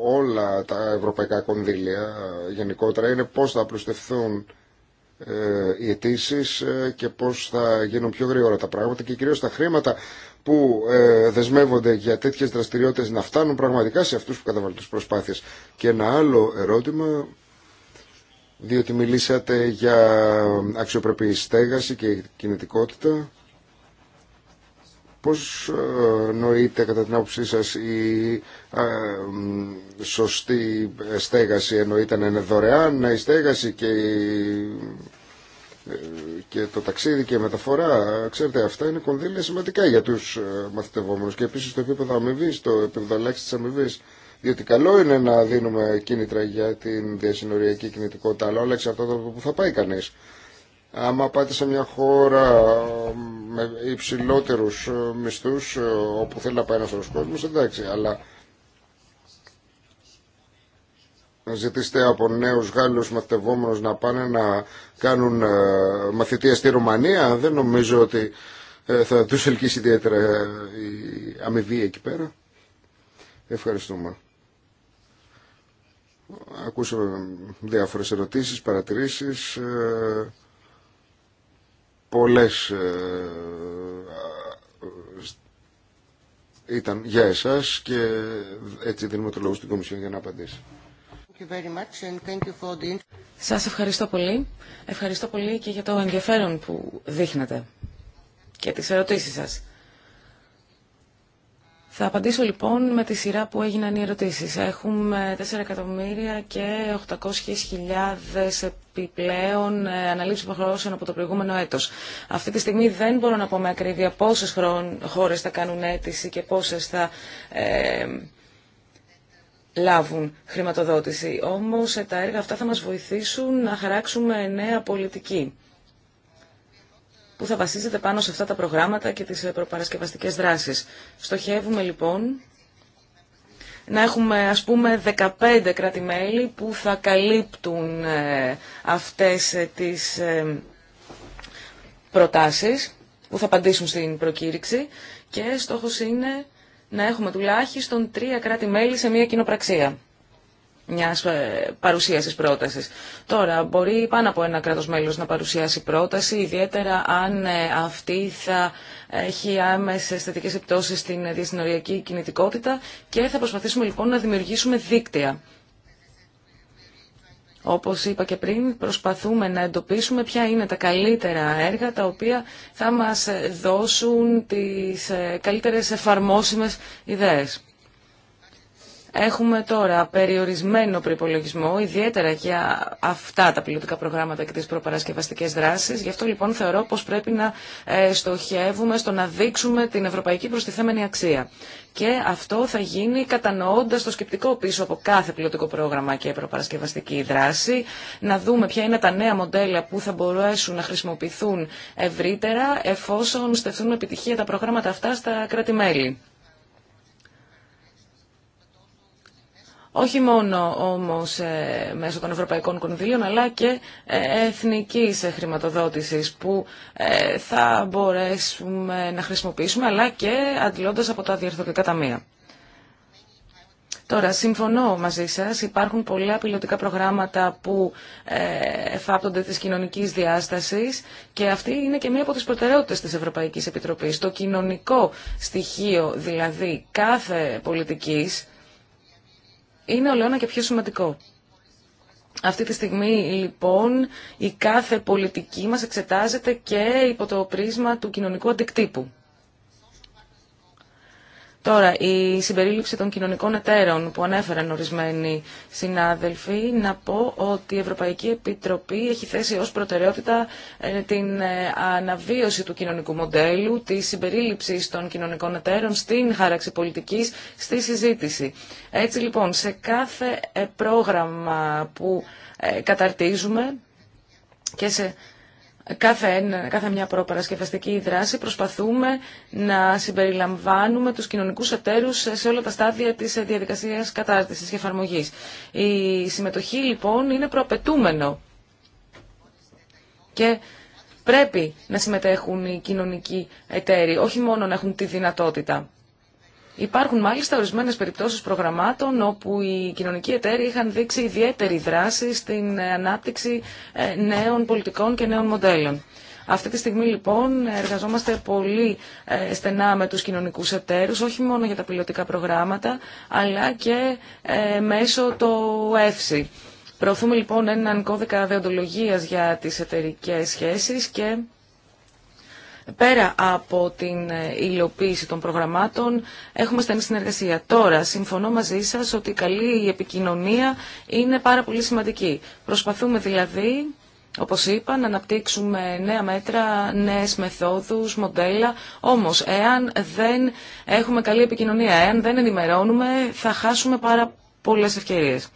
όλα τα ευρωπαϊκά κονδύλια γενικότερα είναι πώς θα απλουστευθούν ε, οι αιτήσει ε, και πώς θα γίνουν πιο γρήγορα τα πράγματα και κυρίως τα χρήματα που ε, δεσμεύονται για τέτοιες δραστηριότητες να φτάνουν πραγματικά σε αυτούς που καταβάλουν τις προσπάθειες. Και ένα άλλο ερώτημα, διότι μιλήσατε για αξιοπρεπή στέγαση και κινητικότητα. Πώς ε, νοείται κατά την άποψή σας η ε, σωστή στέγαση εννοείται να είναι δωρεάν, η στέγαση και, ε, και το ταξίδι και η μεταφορά. Ξέρετε αυτά είναι κονδύλια σημαντικά για τους μαθητευόμενους και επίσης το επίπεδο αμοιβή, το επίπεδο αλλάξης της αμοιβή. Διότι καλό είναι να δίνουμε κίνητρα για την διασυνοριακή κινητικότητα, αλλά όλα εξαρτάται από το που θα πάει κανείς. Άμα πάτε σε μια χώρα με υψηλότερους ε, μισθούς ε, όπου θέλει να πάει ένας άλλος κόσμος, εντάξει, αλλά ζητήστε από νέους Γάλλους μαθητευόμενους να πάνε να κάνουν ε, μαθητεία στη Ρουμανία, δεν νομίζω ότι θα τους ελκύσει ιδιαίτερα η αμοιβή εκεί πέρα. Ευχαριστούμε. Ακούσαμε διάφορες ερωτήσεις, παρατηρήσεις πολλές ε, ήταν για εσάς και έτσι δίνουμε το λόγο στην Κομισιόν για να απαντήσει. Σας ευχαριστώ πολύ. Ευχαριστώ πολύ και για το ενδιαφέρον που δείχνετε και τις ερωτήσεις σας. Θα απαντήσω λοιπόν με τη σειρά που έγιναν οι ερωτήσεις. Έχουμε 4 εκατομμύρια και 800.000 επιπλέον ε, αναλήψεις υποχρεώσεων από το προηγούμενο έτος. Αυτή τη στιγμή δεν μπορώ να πω με ακρίβεια πόσες χώρες θα κάνουν αίτηση και πόσες θα ε, λάβουν χρηματοδότηση. Όμως ε, τα έργα αυτά θα μας βοηθήσουν να χαράξουμε νέα πολιτική που θα βασίζεται πάνω σε αυτά τα προγράμματα και τις ε, προπαρασκευαστικές δράσεις. Στοχεύουμε λοιπόν να έχουμε ας πούμε 15 κράτη-μέλη που θα καλύπτουν ε, αυτές ε, τις προτάσεις που θα απαντήσουν στην προκήρυξη και στόχος είναι να έχουμε τουλάχιστον τρία κράτη-μέλη σε μια κοινοπραξία μιας ε, παρουσίαση πρότασης. Τώρα, μπορεί πάνω από ένα κράτος μέλος να παρουσιάσει πρόταση, ιδιαίτερα αν ε, αυτή θα έχει άμεσε θετικέ επιπτώσει στην διασυνοριακή κινητικότητα και θα προσπαθήσουμε λοιπόν να δημιουργήσουμε δίκτυα. Όπως είπα και πριν, προσπαθούμε να εντοπίσουμε ποια είναι τα καλύτερα έργα τα οποία θα μας δώσουν τις ε, καλύτερες εφαρμόσιμες ιδέες. Έχουμε τώρα περιορισμένο προπολογισμό, ιδιαίτερα για αυτά τα πιλωτικά προγράμματα και τι προπαρασκευαστικέ δράσει. Γι' αυτό λοιπόν θεωρώ πω πρέπει να ε, στοχεύουμε στο να δείξουμε την ευρωπαϊκή προστιθέμενη αξία. Και αυτό θα γίνει κατανοώντας το σκεπτικό πίσω από κάθε πιλωτικό πρόγραμμα και προπαρασκευαστική δράση, να δούμε ποια είναι τα νέα μοντέλα που θα μπορέσουν να χρησιμοποιηθούν ευρύτερα εφόσον στεφθούν με επιτυχία τα προγράμματα αυτά στα κράτη-μέλη. όχι μόνο όμως ε, μέσω των ευρωπαϊκών κονδύλων, αλλά και ε, εθνικής ε, χρηματοδότησης που θα μπορέσουμε να χρησιμοποιήσουμε αλλά και αντιλώντας από τα διορθωτικά ταμεία. Τώρα, συμφωνώ μαζί σας, υπάρχουν πολλά πιλωτικά προγράμματα που εφάπτονται της κοινωνικής διάστασης και αυτή είναι και μία από τις προτεραιότητες της Ευρωπαϊκής Επιτροπής. Το κοινωνικό στοιχείο, δηλαδή, κάθε πολιτικής είναι Λέωνα και πιο σημαντικό. Αυτή τη στιγμή λοιπόν η κάθε πολιτική μας εξετάζεται και υπό το πρίσμα του κοινωνικού αντικτύπου. Τώρα, η συμπερίληψη των κοινωνικών εταίρων που ανέφεραν ορισμένοι συνάδελφοι, να πω ότι η Ευρωπαϊκή Επιτροπή έχει θέσει ως προτεραιότητα ε, την ε, αναβίωση του κοινωνικού μοντέλου, τη συμπερίληψη των κοινωνικών εταίρων στην χάραξη πολιτικής, στη συζήτηση. Έτσι λοιπόν, σε κάθε ε, πρόγραμμα που καταρτίζουμε και σε κάθε, κάθε μια προπαρασκευαστική δράση προσπαθούμε να συμπεριλαμβάνουμε τους κοινωνικούς εταίρους σε όλα τα στάδια της διαδικασίας κατάρτισης και εφαρμογής. Η συμμετοχή λοιπόν είναι προαπαιτούμενο και πρέπει να συμμετέχουν οι κοινωνικοί εταίροι, όχι μόνο να έχουν τη δυνατότητα. Υπάρχουν μάλιστα ορισμένες περιπτώσεις προγραμμάτων όπου οι κοινωνικοί εταίροι είχαν δείξει ιδιαίτερη δράση στην ανάπτυξη ε, νέων πολιτικών και νέων μοντέλων. Αυτή τη στιγμή λοιπόν εργαζόμαστε πολύ ε, στενά με τους κοινωνικούς εταίρους, όχι μόνο για τα πιλωτικά προγράμματα, αλλά και ε, μέσω το ΕΦΣΥ. Προωθούμε λοιπόν έναν κώδικα δεοντολογίας για τις εταιρικές σχέσεις και πέρα από την ε, υλοποίηση των προγραμμάτων έχουμε στενή συνεργασία. Τώρα, συμφωνώ μαζί σας ότι η καλή επικοινωνία είναι πάρα πολύ σημαντική. Προσπαθούμε δηλαδή, όπως είπα, να αναπτύξουμε νέα μέτρα, νέες μεθόδους, μοντέλα. Όμως, εάν δεν έχουμε καλή επικοινωνία, εάν δεν ενημερώνουμε, θα χάσουμε πάρα πολλές ευκαιρίες.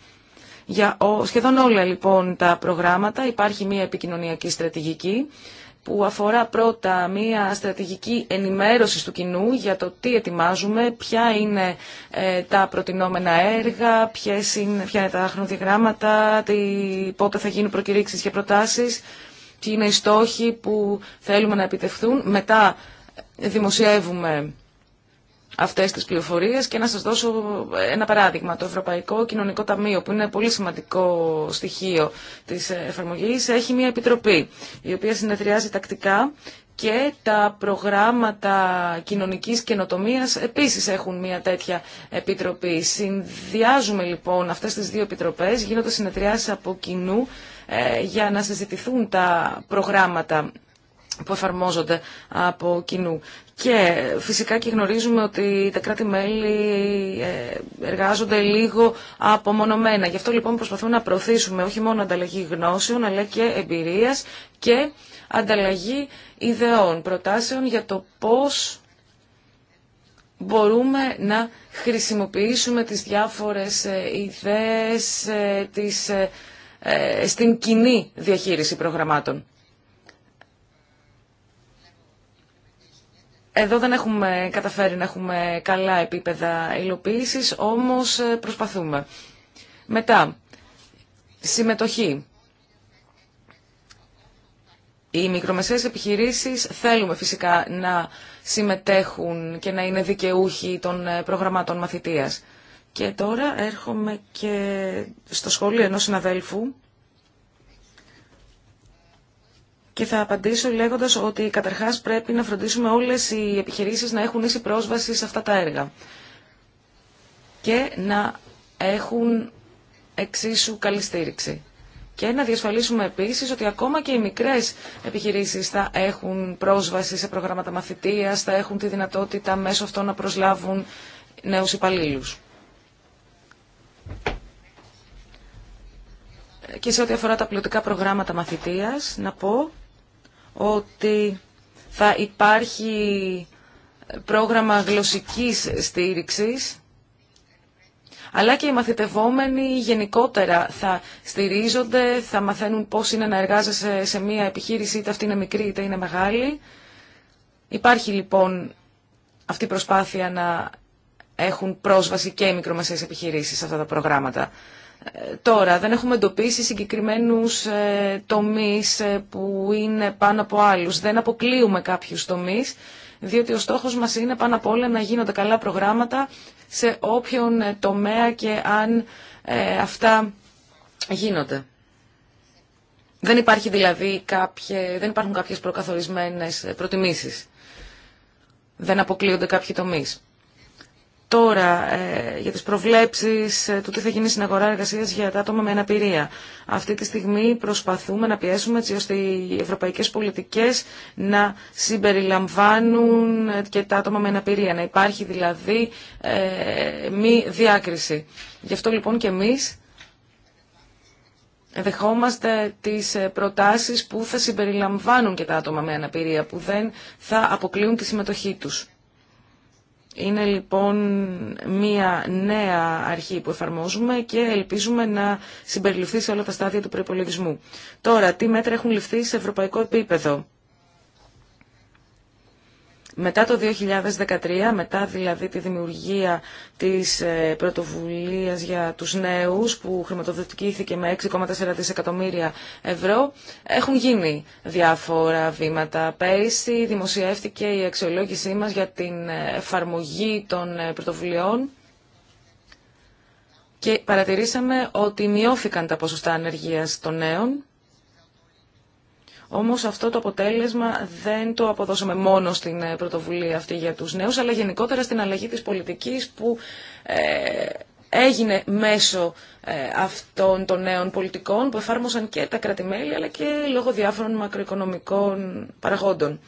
Για σχεδόν όλα λοιπόν τα προγράμματα υπάρχει μια επικοινωνιακή στρατηγική που αφορά πρώτα μία στρατηγική ενημέρωση του κοινού για το τι ετοιμάζουμε, ποια είναι ε, τα προτινόμενα έργα, είναι, ποια είναι τα χρονοδιαγράμματα, τι, πότε θα γίνουν προκηρύξεις και προτάσεις, ποιοι είναι οι στόχοι που θέλουμε να επιτευχθούν. Μετά δημοσιεύουμε αυτές τις πληροφορίες και να σας δώσω ένα παράδειγμα. Το Ευρωπαϊκό Κοινωνικό Ταμείο, που είναι πολύ σημαντικό στοιχείο της εφαρμογής, έχει μια επιτροπή, η οποία συνεδριάζει τακτικά και τα προγράμματα κοινωνικής καινοτομίας επίσης έχουν μια τέτοια επιτροπή. Συνδυάζουμε λοιπόν αυτές τις δύο επιτροπές, γίνονται συνεδριάσεις από κοινού ε, για να συζητηθούν τα προγράμματα που εφαρμόζονται από κοινού. Και φυσικά και γνωρίζουμε ότι τα κράτη-μέλη ε, εργάζονται λίγο απομονωμένα. Γι' αυτό λοιπόν προσπαθούμε να προωθήσουμε όχι μόνο ανταλλαγή γνώσεων αλλά και εμπειρίας και ανταλλαγή ιδεών, προτάσεων για το πώς μπορούμε να χρησιμοποιήσουμε τις διάφορες ε, ιδέες ε, της, στην κοινή διαχείριση προγραμμάτων. Εδώ δεν έχουμε καταφέρει να έχουμε καλά επίπεδα υλοποίησης, όμως ε, προσπαθούμε. Μετά, συμμετοχή. Οι μικρομεσαίες επιχειρήσεις θέλουμε φυσικά να συμμετέχουν και να είναι δικαιούχοι των ε, προγραμμάτων μαθητείας. Και τώρα έρχομαι και στο σχόλιο ενός συναδέλφου Και θα απαντήσω λέγοντας ότι καταρχάς πρέπει να φροντίσουμε όλες οι επιχειρήσεις να έχουν ίση πρόσβαση σε αυτά τα έργα και να έχουν εξίσου καλή στήριξη. Και να διασφαλίσουμε επίσης ότι ακόμα και οι μικρές επιχειρήσεις θα έχουν πρόσβαση σε προγράμματα μαθητείας, θα έχουν τη δυνατότητα μέσω αυτών να προσλάβουν νέους υπαλλήλους. Και σε ό,τι αφορά τα πλωτικά προγράμματα μαθητείας, να πω ότι θα υπάρχει πρόγραμμα γλωσσικής στήριξης, αλλά και οι μαθητευόμενοι γενικότερα θα στηρίζονται, θα μαθαίνουν πώς είναι να εργάζεσαι σε μία επιχείρηση, είτε αυτή είναι μικρή είτε είναι μεγάλη. Υπάρχει λοιπόν αυτή η προσπάθεια να έχουν πρόσβαση και οι μικρομεσαίες επιχειρήσεις σε αυτά τα προγράμματα. Τώρα, δεν έχουμε εντοπίσει συγκεκριμένους ε, τομείς ε, που είναι πάνω από άλλους. Δεν αποκλείουμε κάποιους τομείς, διότι ο στόχος μας είναι πάνω απ' όλα να γίνονται καλά προγράμματα σε όποιον ε, τομέα και αν αυτά γίνονται. Δεν, υπάρχει δηλαδή κάποιε, δεν υπάρχουν κάποιες προκαθορισμένες προτιμήσεις. Δεν αποκλείονται κάποιοι τομείς τώρα ε, για τις προβλέψεις ε, του τι θα γίνει στην αγορά εργασίας για τα άτομα με αναπηρία. Αυτή τη στιγμή προσπαθούμε να πιέσουμε έτσι ώστε οι ευρωπαϊκές πολιτικές να συμπεριλαμβάνουν ε, και τα άτομα με αναπηρία, να υπάρχει δηλαδή μη διάκριση. Γι' αυτό λοιπόν και εμείς δεχόμαστε τις προτάσεις που θα συμπεριλαμβάνουν και τα άτομα με αναπηρία, που δεν θα αποκλείουν τη συμμετοχή τους. Είναι λοιπόν μία νέα αρχή που εφαρμόζουμε και ελπίζουμε να συμπεριληφθεί σε όλα τα στάδια του προπολογισμού. Τώρα, τι μέτρα έχουν ληφθεί σε ευρωπαϊκό επίπεδο. Μετά το 2013, μετά δηλαδή τη δημιουργία της ε, πρωτοβουλίας για τους νέους που χρηματοδοτηθήκε με 6,4 δισεκατομμύρια ευρώ, έχουν γίνει διάφορα βήματα. Πέρυσι δημοσιεύτηκε η αξιολόγησή μας για την ε, εφαρμογή των ε, πρωτοβουλειών και παρατηρήσαμε ότι μειώθηκαν τα ποσοστά ανεργίας των νέων όμως αυτό το αποτέλεσμα δεν το αποδώσαμε μόνο στην ε, πρωτοβουλία αυτή για τους νέους, αλλά γενικότερα στην αλλαγή τη πολιτική που ε, έγινε μέσω ε, αυτών των νέων πολιτικών που εφάρμοσαν και τα κρατημέλη αλλά και λόγω διάφορων μακροοικονομικών παραγόντων.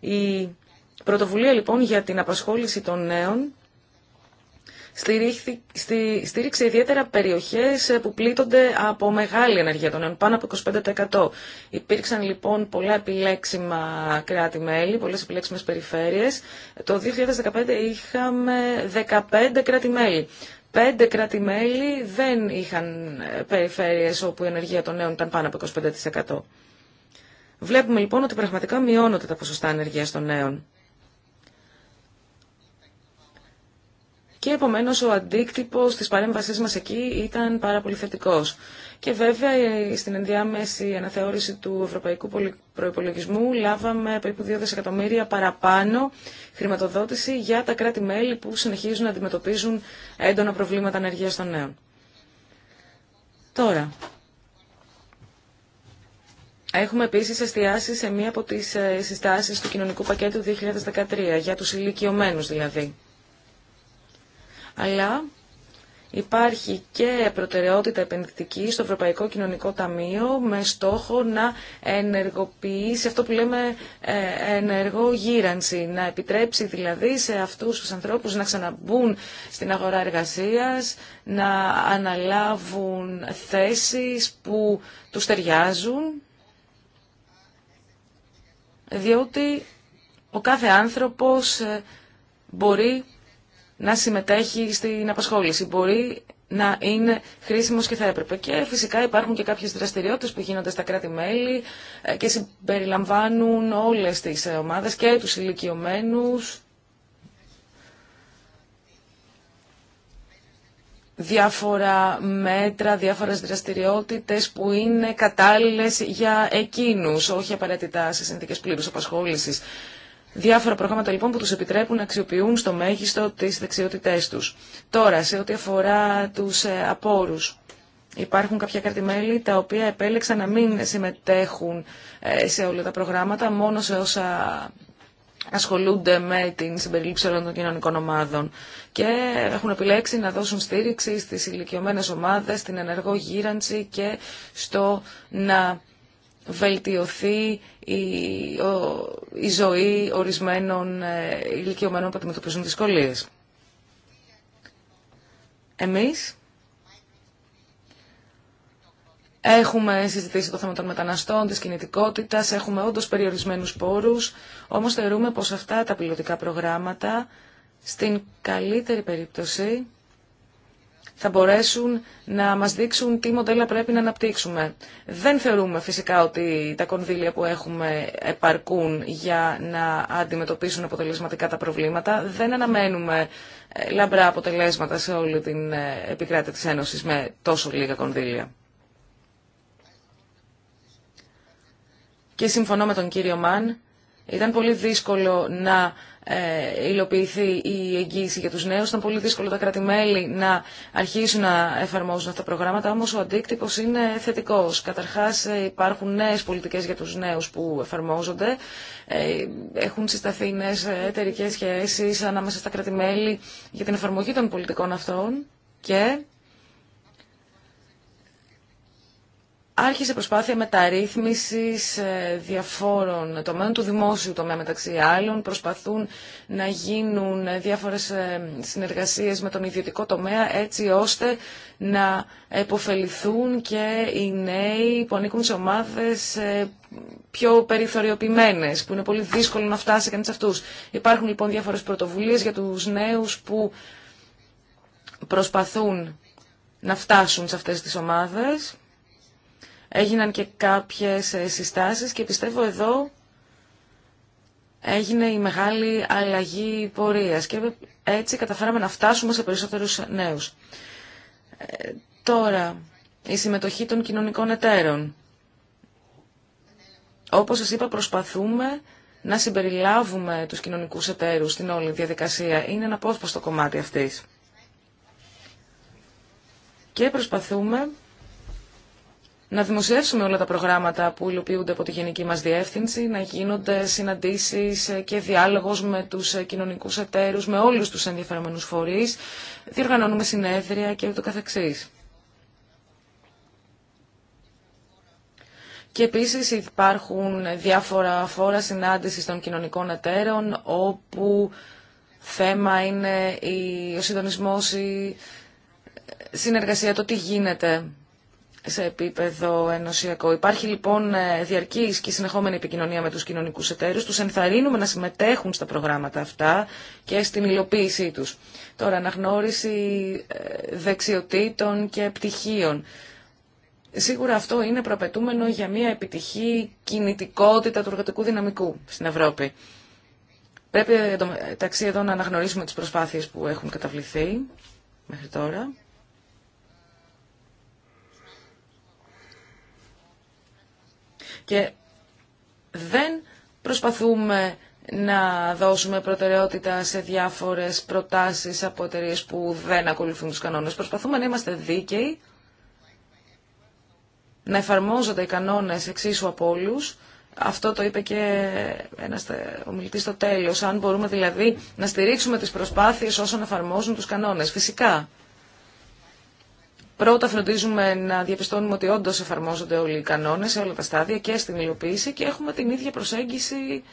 Η πρωτοβουλία λοιπόν για την απασχόληση των νέων στήριξε ιδιαίτερα περιοχές ε, που πλήττονται από μεγάλη ενεργεία των πάνω από 25%. Υπήρξαν λοιπόν πολλά επιλέξιμα κράτη-μέλη, πολλές επιλέξιμες περιφέρειες. Το 2015 είχαμε 15 κράτη-μέλη. Πέντε κράτη-μέλη δεν είχαν ε, περιφέρειες όπου η ενεργεία των νέων ήταν πάνω από 25%. Βλέπουμε λοιπόν ότι πραγματικά μειώνονται τα ποσοστά ενεργείας των νέων. και επομένως ο αντίκτυπος τη παρέμβασής μας εκεί ήταν πάρα πολύ θετικό. Και βέβαια στην ενδιάμεση αναθεώρηση του ευρωπαϊκού προϋπολογισμού λάβαμε περίπου 2 δισεκατομμύρια παραπάνω χρηματοδότηση για τα κράτη-μέλη που συνεχίζουν να αντιμετωπίζουν έντονα προβλήματα ανεργία των νέων. Τώρα, Έχουμε επίσης εστιάσει σε μία από τις ε, συστάσεις του κοινωνικού πακέτου 2013, για τους ηλικιωμένους δηλαδή αλλά υπάρχει και προτεραιότητα επενδυτική στο Ευρωπαϊκό Κοινωνικό Ταμείο με στόχο να ενεργοποιήσει αυτό που λέμε ε, ενεργό γύρανση, να επιτρέψει δηλαδή σε αυτούς τους ανθρώπους να ξαναμπούν στην αγορά εργασίας, να αναλάβουν θέσεις που τους ταιριάζουν, διότι ο κάθε άνθρωπος ε, μπορεί να συμμετέχει στην απασχόληση. Μπορεί να είναι χρήσιμο και θα έπρεπε. Και φυσικά υπάρχουν και κάποιε δραστηριότητε που γίνονται στα κράτη-μέλη ε, και συμπεριλαμβάνουν όλε τι ε, ομάδε και του ηλικιωμένου. διάφορα μέτρα, διάφορες δραστηριότητες που είναι κατάλληλες για εκείνους, όχι απαραίτητα σε συνθήκες πλήρους απασχόλησης. Διάφορα προγράμματα λοιπόν που τους επιτρέπουν να αξιοποιούν στο μέγιστο τις δεξιότητές τους. Τώρα, σε ό,τι αφορά τους ε, απόρους, υπάρχουν κάποια κρατημέλη τα οποία επέλεξαν να μην συμμετέχουν ε, σε όλα τα προγράμματα, μόνο σε όσα ασχολούνται με την συμπερίληψη όλων των κοινωνικών ομάδων και έχουν επιλέξει να δώσουν στήριξη στις ηλικιωμένες ομάδες, στην ενεργό γύρανση και στο να βελτιωθεί η, ο, η ζωή ορισμένων ε, ηλικιωμένων που αντιμετωπίζουν δυσκολίες. Εμείς έχουμε συζητήσει το θέμα των μεταναστών, της κινητικότητας, έχουμε όντως περιορισμένους πόρους, όμως θεωρούμε πως αυτά τα πιλωτικά προγράμματα στην καλύτερη περίπτωση θα μπορέσουν να μας δείξουν τι μοντέλα πρέπει να αναπτύξουμε. Δεν θεωρούμε φυσικά ότι τα κονδύλια που έχουμε επαρκούν για να αντιμετωπίσουν αποτελεσματικά τα προβλήματα. Δεν αναμένουμε ε, λαμπρά αποτελέσματα σε όλη την ε, επικράτεια της Ένωσης με τόσο λίγα κονδύλια. Και συμφωνώ με τον κύριο Μαν, ήταν πολύ δύσκολο να ε, υλοποιηθεί η εγγύηση για τους νέους. Ήταν πολύ δύσκολο τα κράτη-μέλη να αρχίσουν να εφαρμόζουν αυτά τα προγράμματα, όμως ο αντίκτυπος είναι θετικός. Καταρχάς ε, υπάρχουν νέες πολιτικές για τους νέους που εφαρμόζονται. Ε, έχουν συσταθεί νέες εταιρικέ σχέσεις ανάμεσα στα κράτη-μέλη για την εφαρμογή των πολιτικών αυτών και Άρχισε προσπάθεια μεταρρύθμισης ε, διαφόρων τομέων του δημόσιου τομέα μεταξύ άλλων. Προσπαθούν να γίνουν ε, διάφορες ε, συνεργασίες με τον ιδιωτικό τομέα έτσι ώστε να επωφεληθούν και οι νέοι που ανήκουν σε ομάδες πιο περιθωριοποιημένες, που είναι πολύ δύσκολο να φτάσει κανείς αυτούς. Υπάρχουν λοιπόν διάφορες πρωτοβουλίες για τους νέους που προσπαθούν να φτάσουν σε αυτές τις ομάδες έγιναν και κάποιες ε, συστάσεις και πιστεύω εδώ έγινε η μεγάλη αλλαγή πορείας και έτσι καταφέραμε να φτάσουμε σε περισσότερους νέους. Ε, τώρα, η συμμετοχή των κοινωνικών εταίρων. Όπως σας είπα, προσπαθούμε να συμπεριλάβουμε τους κοινωνικούς εταίρους στην όλη διαδικασία. Είναι ένα το κομμάτι αυτής. Και προσπαθούμε να δημοσιεύσουμε όλα τα προγράμματα που υλοποιούνται από τη Γενική μας Διεύθυνση, να γίνονται συναντήσεις και διάλογος με τους κοινωνικούς εταίρους, με όλους τους ενδιαφερόμενους φορείς, διοργανώνουμε συνέδρια και ούτω καθεξής. Και επίσης υπάρχουν διάφορα φόρα συνάντησης των κοινωνικών εταίρων, όπου θέμα είναι ο συντονισμός, η συνεργασία, το τι γίνεται σε επίπεδο ενωσιακό. Υπάρχει λοιπόν ε, διαρκή και συνεχόμενη επικοινωνία με του κοινωνικού εταίρου. του ενθαρρύνουμε να συμμετέχουν στα προγράμματα αυτά και στην υλοποίησή του. Τώρα, αναγνώριση ε, δεξιοτήτων και πτυχίων. Σίγουρα αυτό είναι προπετούμενο για μια επιτυχή κινητικότητα του εργατικού δυναμικού στην Ευρώπη. Πρέπει μεταξύ εδώ να αναγνωρίσουμε τις προσπάθειες που έχουν καταβληθεί μέχρι τώρα. Και δεν προσπαθούμε να δώσουμε προτεραιότητα σε διάφορες προτάσεις από εταιρείε που δεν ακολουθούν τους κανόνες. Προσπαθούμε να είμαστε δίκαιοι, να εφαρμόζονται οι κανόνες εξίσου από όλου. Αυτό το είπε και ο ομιλητής στο τέλος, αν μπορούμε δηλαδή να στηρίξουμε τις προσπάθειες όσων εφαρμόζουν τους κανόνες. Φυσικά. Πρώτα φροντίζουμε να διαπιστώνουμε ότι όντω εφαρμόζονται όλοι οι κανόνε σε όλα τα στάδια και στην υλοποίηση και έχουμε την ίδια προσέγγιση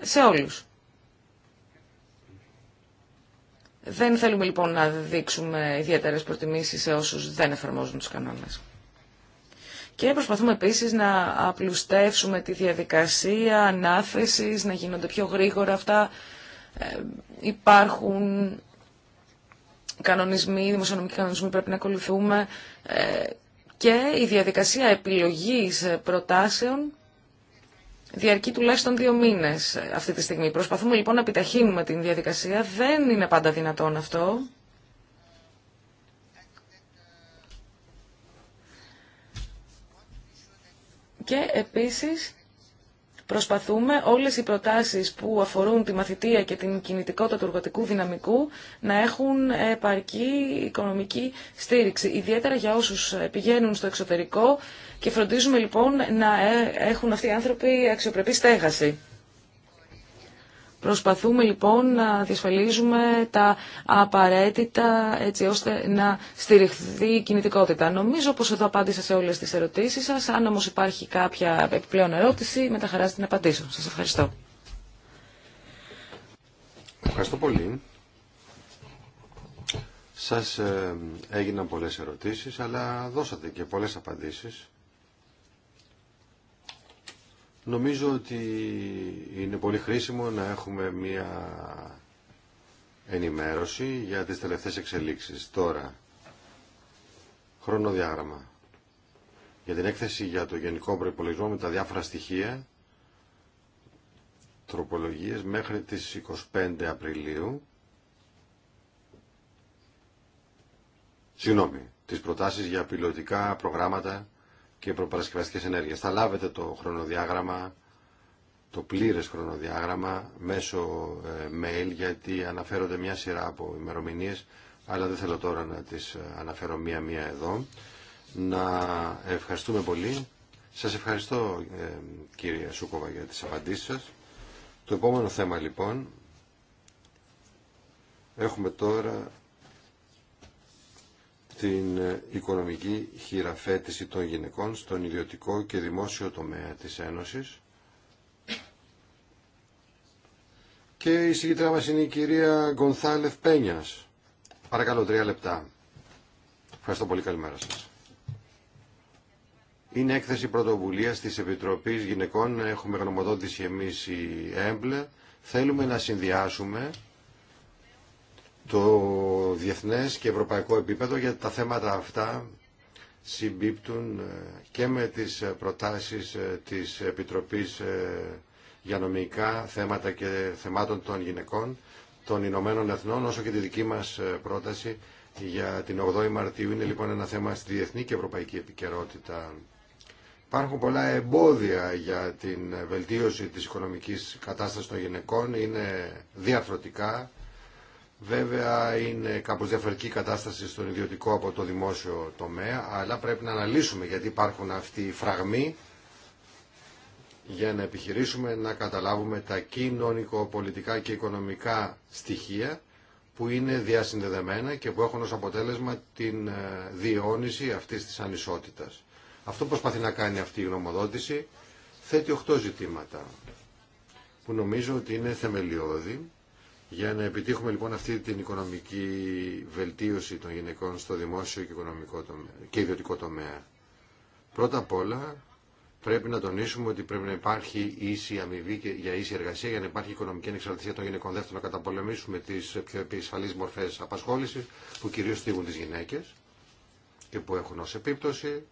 ε, σε όλου. Δεν θέλουμε λοιπόν να δείξουμε ιδιαίτερες προτιμήσεις σε όσου δεν εφαρμόζουν τους κανόνες. Και προσπαθούμε επίσης να απλουστεύσουμε τη διαδικασία ανάθεση, να γίνονται πιο γρήγορα αυτά. Ε, υπάρχουν κανονισμοί, δημοσιονομικοί κανονισμοί πρέπει να ακολουθούμε ε, και η διαδικασία επιλογής προτάσεων διαρκεί τουλάχιστον δύο μήνες αυτή τη στιγμή. Προσπαθούμε λοιπόν να επιταχύνουμε την διαδικασία. Δεν είναι πάντα δυνατόν αυτό. Και επίσης Προσπαθούμε όλες οι προτάσεις που αφορούν τη μαθητεία και την κινητικότητα του εργατικού δυναμικού να έχουν επαρκή οικονομική στήριξη, ιδιαίτερα για όσους πηγαίνουν στο εξωτερικό και φροντίζουμε λοιπόν να ε, έχουν αυτοί οι άνθρωποι αξιοπρεπή στέγαση. Προσπαθούμε λοιπόν να διασφαλίζουμε τα απαραίτητα έτσι ώστε να στηριχθεί η κινητικότητα. Νομίζω πως εδώ απάντησα σε όλες τις ερωτήσεις σας. Αν όμως υπάρχει κάποια επιπλέον ερώτηση, με τα χαρά την απαντήσω. Σας ευχαριστώ. Ευχαριστώ πολύ. Σας ε, έγιναν πολλές ερωτήσεις, αλλά δώσατε και πολλές απαντήσεις. Νομίζω ότι είναι πολύ χρήσιμο να έχουμε μία ενημέρωση για τις τελευταίες εξελίξεις. Τώρα, χρονοδιάγραμμα. Για την έκθεση για το γενικό Προϋπολογισμό με τα διάφορα στοιχεία, τροπολογίες μέχρι τις 25 Απριλίου. Συγγνώμη, τις προτάσεις για πιλωτικά προγράμματα και προπαρασκευαστικές ενέργειες. Θα λάβετε το χρονοδιάγραμμα, το πλήρες χρονοδιάγραμμα μέσω ε, mail γιατί αναφέρονται μια σειρά από ημερομηνίε, αλλά δεν θέλω τώρα να τις ε, αναφέρω μία-μία εδώ. Να ευχαριστούμε πολύ. Σας ευχαριστώ ε, κύριε Σούκοβα για τις απαντήσεις σας. Το επόμενο θέμα λοιπόν έχουμε τώρα στην οικονομική χειραφέτηση των γυναικών στον ιδιωτικό και δημόσιο τομέα της Ένωσης. Και η συγκεκριά μας είναι η κυρία Γκονθάλεφ Πένιας. Παρακαλώ, τρία λεπτά. Ευχαριστώ πολύ, καλημέρα σας. Είναι έκθεση πρωτοβουλία της Επιτροπής Γυναικών. Έχουμε γνωμοδότηση εμείς η ΕΜΠΛΕ. Θέλουμε να συνδυάσουμε το διεθνές και ευρωπαϊκό επίπεδο για τα θέματα αυτά συμπίπτουν ε, και με τις ε, προτάσεις ε, της Επιτροπής για νομικά θέματα και θεμάτων των γυναικών των Ηνωμένων Εθνών όσο και τη δική μας πρόταση για την 8η Μαρτίου είναι λοιπόν ένα θέμα στη διεθνή και ευρωπαϊκή επικαιρότητα. Υπάρχουν πολλά εμπόδια για την βελτίωση της οικονομικής κατάστασης των γυναικών, είναι διαφορετικά. Βέβαια είναι κάπως διαφορετική η κατάσταση στον ιδιωτικό από το δημόσιο τομέα, αλλά πρέπει να αναλύσουμε γιατί υπάρχουν αυτοί οι φραγμοί για να επιχειρήσουμε να καταλάβουμε τα κοινωνικοπολιτικά και οικονομικά στοιχεία που είναι διασυνδεδεμένα και που έχουν ως αποτέλεσμα την ε, διαιώνιση αυτής της ανισότητας. Αυτό προσπαθεί να κάνει αυτή η γνωμοδότηση θέτει οχτώ ζητήματα που νομίζω ότι είναι θεμελιώδη για να επιτύχουμε λοιπόν αυτή την οικονομική βελτίωση των γυναικών στο δημόσιο και, οικονομικό τομέα, και ιδιωτικό τομέα. Πρώτα απ' όλα πρέπει να τονίσουμε ότι πρέπει να υπάρχει ίση αμοιβή για ίση εργασία για να υπάρχει οικονομική ανεξαρτησία των γυναικών. Δεύτερον, να καταπολεμήσουμε τι πιο επισφαλεί μορφέ απασχόληση που κυρίω στείλουν τι γυναίκε και που έχουν ω επίπτωση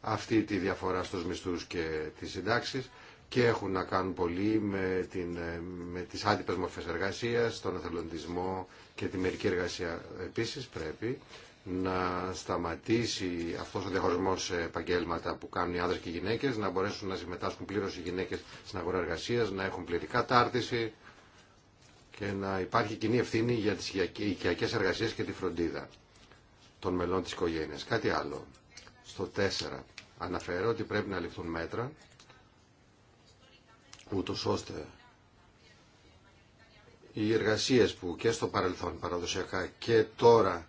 αυτή τη διαφορά στου μισθού και τι συντάξει και έχουν να κάνουν πολύ με, την, ε, με τις άτυπες μορφές εργασίας, τον εθελοντισμό και τη μερική εργασία. Επίσης πρέπει να σταματήσει αυτός ο διαχωρισμός σε επαγγέλματα που κάνουν οι άνδρες και οι γυναίκες, να μπορέσουν να συμμετάσχουν πλήρως οι γυναίκες στην αγορά εργασίας, να έχουν πλήρη κατάρτιση και να υπάρχει κοινή ευθύνη για τις οικιακές εργασίες και τη φροντίδα των μελών της οικογένειας. Κάτι άλλο. Στο 4 αναφέρω ότι πρέπει να ληφθούν μέτρα ούτως ώστε οι εργασίες που και στο παρελθόν παραδοσιακά και τώρα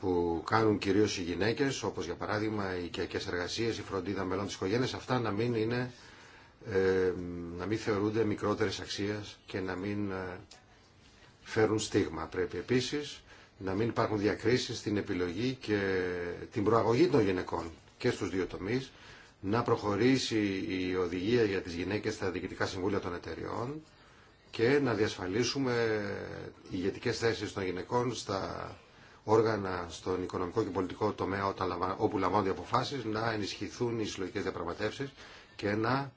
που κάνουν κυρίως οι γυναίκες, όπως για παράδειγμα οι οικιακές εργασίες, η φροντίδα μελών της οικογένειας, αυτά να μην, είναι, ε, να μην θεωρούνται μικρότερες αξίες και να μην ε, φέρουν στίγμα. Πρέπει επίσης να μην υπάρχουν διακρίσεις στην επιλογή και την προαγωγή των γυναικών και στους δύο τομείς να προχωρήσει η οδηγία για τις γυναίκες στα διοικητικά συμβούλια των εταιριών και να διασφαλίσουμε ηγετικέ θέσεις των γυναικών στα όργανα στον οικονομικό και πολιτικό τομέα όπου λαμβάνονται αποφάσεις, να ενισχυθούν οι συλλογικές διαπραγματεύσεις και να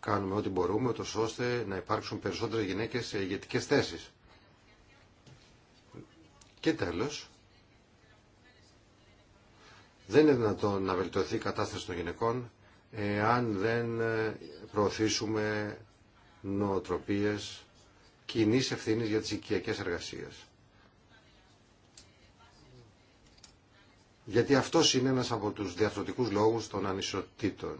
κάνουμε ό,τι μπορούμε, ώστε να υπάρξουν περισσότερες γυναίκες σε ηγετικές θέσεις. Και τέλος, δεν είναι δυνατόν να βελτιωθεί η κατάσταση των γυναικών εάν δεν ε, προωθήσουμε νοοτροπίες κοινή ευθύνη για τις οικιακές εργασίες. Γιατί αυτό είναι ένας από τους διαφορετικού λόγους των ανισοτήτων.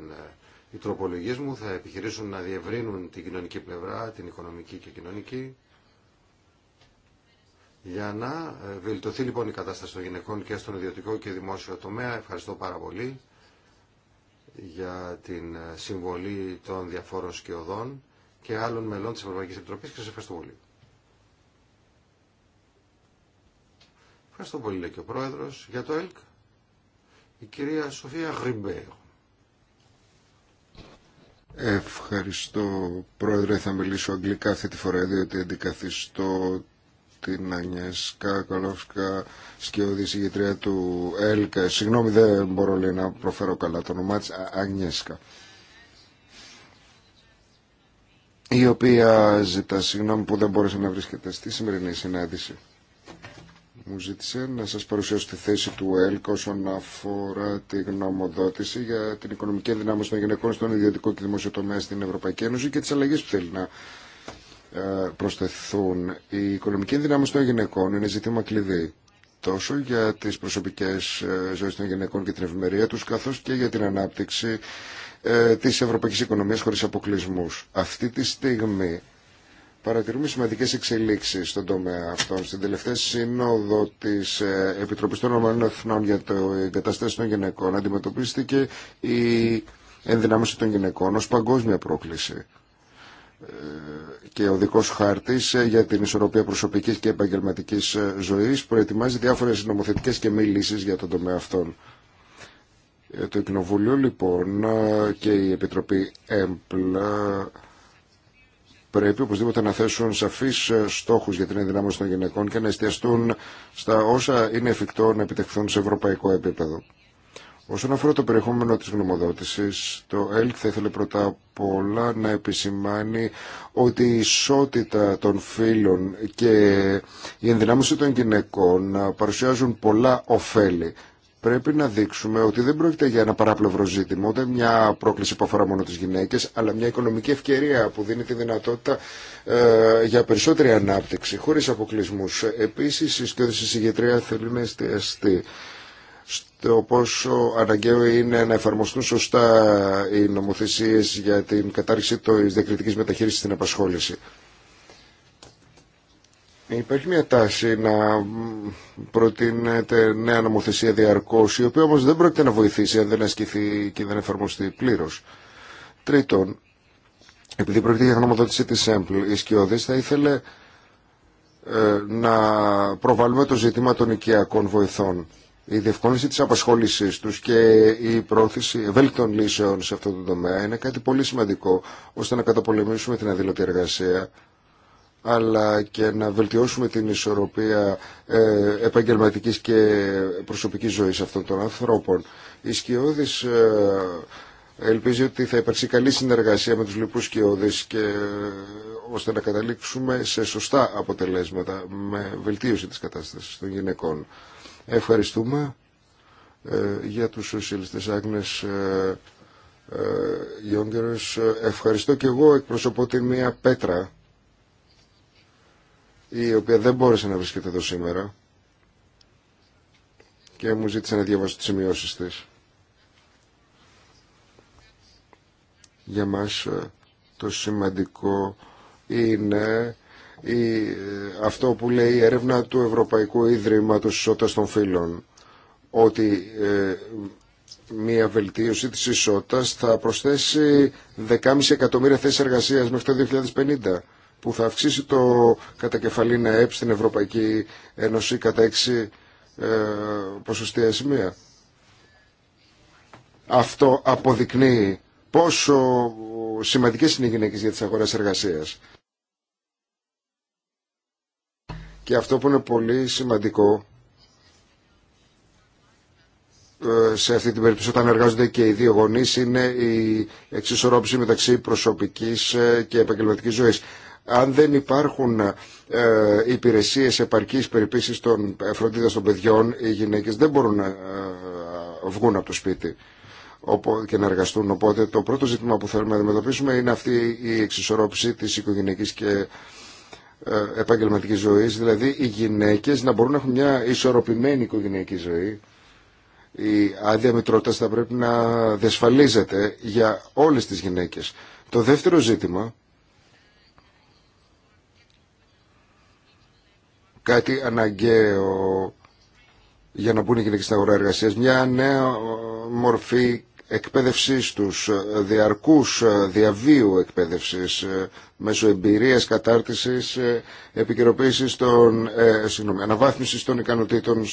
Οι τροπολογίες μου θα επιχειρήσουν να διευρύνουν την κοινωνική πλευρά, την οικονομική και κοινωνική, για να ε, βελτιωθεί λοιπόν η κατάσταση των γυναικών και στον ιδιωτικό και δημόσιο τομέα, ευχαριστώ πάρα πολύ για την ε, συμβολή των διαφόρων σκιωδών και άλλων μελών της Ευρωπαϊκής Επιτροπής και σας ευχαριστώ πολύ. Ευχαριστώ πολύ λέει και ο Πρόεδρος για το ΕΛΚ. Η κυρία Σοφία Γριμπέο. Ευχαριστώ Πρόεδρε, θα μιλήσω αγγλικά αυτή τη φορά διότι αντικαθιστώ την Ανιέσκα Καλόφσκα σκιώδη του ΕΛΚΑ Συγγνώμη δεν μπορώ λέει, να προφέρω καλά το όνομά της Ανιέσκα η οποία ζητά συγγνώμη που δεν μπόρεσε να βρίσκεται στη σημερινή συνάντηση. Μου ζήτησε να σας παρουσιάσω τη θέση του ΕΛΚ όσον αφορά τη γνωμοδότηση για την οικονομική ενδυνάμωση των γυναικών στον ιδιωτικό και δημόσιο τομέα στην Ευρωπαϊκή Ένωση και τις αλλαγές που θέλει να ε, προσθεθούν. Η οικονομική ενδυνάμωση των γυναικών είναι ζήτημα κλειδί τόσο για τις προσωπικές ε, ζωές των γυναικών και την ευημερία τους, καθώς και για την ανάπτυξη ε, της ευρωπαϊκής οικονομίας χωρίς αποκλεισμούς. Αυτή τη στιγμή παρατηρούμε σημαντικές εξελίξεις στον τομέα αυτών. Στην τελευταία σύνοδο της Επιτροπής των Εθνών για την κατάσταση των γυναικών αντιμετωπίστηκε η ενδυνάμωση των γυναικών ως παγκόσμια πρόκληση και ο δικός χάρτης ε, για την ισορροπία προσωπικής και επαγγελματικής ε, ζωής προετοιμάζει διάφορες νομοθετικές και μη λύσεις για τον τομέα αυτών. Ε, το Κοινοβούλιο λοιπόν και η Επιτροπή ΕΜΠΛΑ πρέπει οπωσδήποτε να θέσουν σαφείς στόχους για την ενδυνάμωση των γυναικών και να εστιαστούν στα όσα είναι εφικτό να επιτευχθούν σε ευρωπαϊκό επίπεδο. Όσον αφορά το περιεχόμενο της γνωμοδότησης, το ΕΛΚ θα ήθελε πρώτα απ' όλα να επισημάνει ότι η ισότητα των φίλων και η ενδυνάμωση των γυναικών παρουσιάζουν πολλά ωφέλη. Πρέπει να δείξουμε ότι δεν πρόκειται για ένα παράπλευρο ζήτημα, ούτε μια πρόκληση που αφορά μόνο τις γυναίκες, αλλά μια οικονομική ευκαιρία που δίνει τη δυνατότητα ε, για περισσότερη ανάπτυξη, χωρίς αποκλεισμούς. Επίσης, η τη ηγετρία θέλει να εστιαστεί στο πόσο αναγκαίο είναι να εφαρμοστούν σωστά οι νομοθεσίες για την κατάρριξη της διακριτικής μεταχείρισης στην απασχόληση. Υπάρχει μια τάση να προτείνεται νέα νομοθεσία διαρκώς, η οποία όμως δεν πρόκειται να βοηθήσει αν δεν ασκηθεί και δεν εφαρμοστεί πλήρως. Τρίτον, επειδή πρόκειται για γνωμοδότηση της ΕΜΠΛ, η Σκιώδης θα ήθελε ε, να προβάλλουμε το ζήτημα των οικιακών βοηθών η διευκόλυνση της απασχόλησής τους και η πρόθεση ευέλικτων λύσεων σε αυτό το τομέα είναι κάτι πολύ σημαντικό ώστε να καταπολεμήσουμε την αδήλωτη εργασία αλλά και να βελτιώσουμε την ισορροπία ε, επαγγελματικής και προσωπικής ζωής αυτών των ανθρώπων. Η Σκιώδης ε, ελπίζει ότι θα υπάρξει καλή συνεργασία με τους λοιπούς Σκιώδης και, ε, ώστε να καταλήξουμε σε σωστά αποτελέσματα με βελτίωση της κατάστασης των γυναικών. Ευχαριστούμε ε, για τους σοσιαλιστές Άγνες ε, ε, Γιόγκερος. Ευχαριστώ και εγώ εκπροσωπώ τη μία Πέτρα η οποία δεν μπόρεσε να βρίσκεται εδώ σήμερα και μου ζήτησε να διαβάσω τις σημειώσεις της. Για μας το σημαντικό είναι αυτό που λέει η έρευνα του Ευρωπαϊκού Ιδρύματος Ισότητας των Φύλων, ότι ε, μια βελτίωση της ισότητας θα προσθέσει 10,5 εκατομμύρια θέσεις εργασίας μέχρι το 2050 που θα αυξήσει το κατακεφαλήν ΕΠ στην Ευρωπαϊκή Ένωση κατά 6 ε, ποσοστία σημεία. Αυτό αποδεικνύει πόσο σημαντικές είναι οι γυναίκες για τις αγορές εργασίας. Και αυτό που είναι πολύ σημαντικό ε, σε αυτή την περίπτωση όταν εργάζονται και οι δύο γονείς είναι η εξισορρόπηση μεταξύ προσωπικής ε, και επαγγελματικής ζωής. Αν δεν υπάρχουν ε, υπηρεσίες επαρκής περιπτήσης των φροντίδας των παιδιών, οι γυναίκες δεν μπορούν να βγουν από το σπίτι και να εργαστούν. Οπότε το πρώτο ζήτημα που θέλουμε να αντιμετωπίσουμε είναι αυτή η εξισορρόπηση της οικογενειακής και ε, επαγγελματική ζωής, δηλαδή οι γυναίκες να μπορούν να έχουν μια ισορροπημένη οικογενειακή ζωή. Η άδεια μητρότητα θα πρέπει να διασφαλίζεται για όλες τις γυναίκες. Το δεύτερο ζήτημα, κάτι αναγκαίο για να μπουν οι γυναίκες στην αγορά εργασίας, μια νέα μορφή εκπαίδευσής τους, ε, διαρκούς ε, διαβίου εκπαίδευσης ε, μέσω εμπειρίας, κατάρτισης, επικαιροποίησης των, ε, αναβάθμισης των ικανοτήτων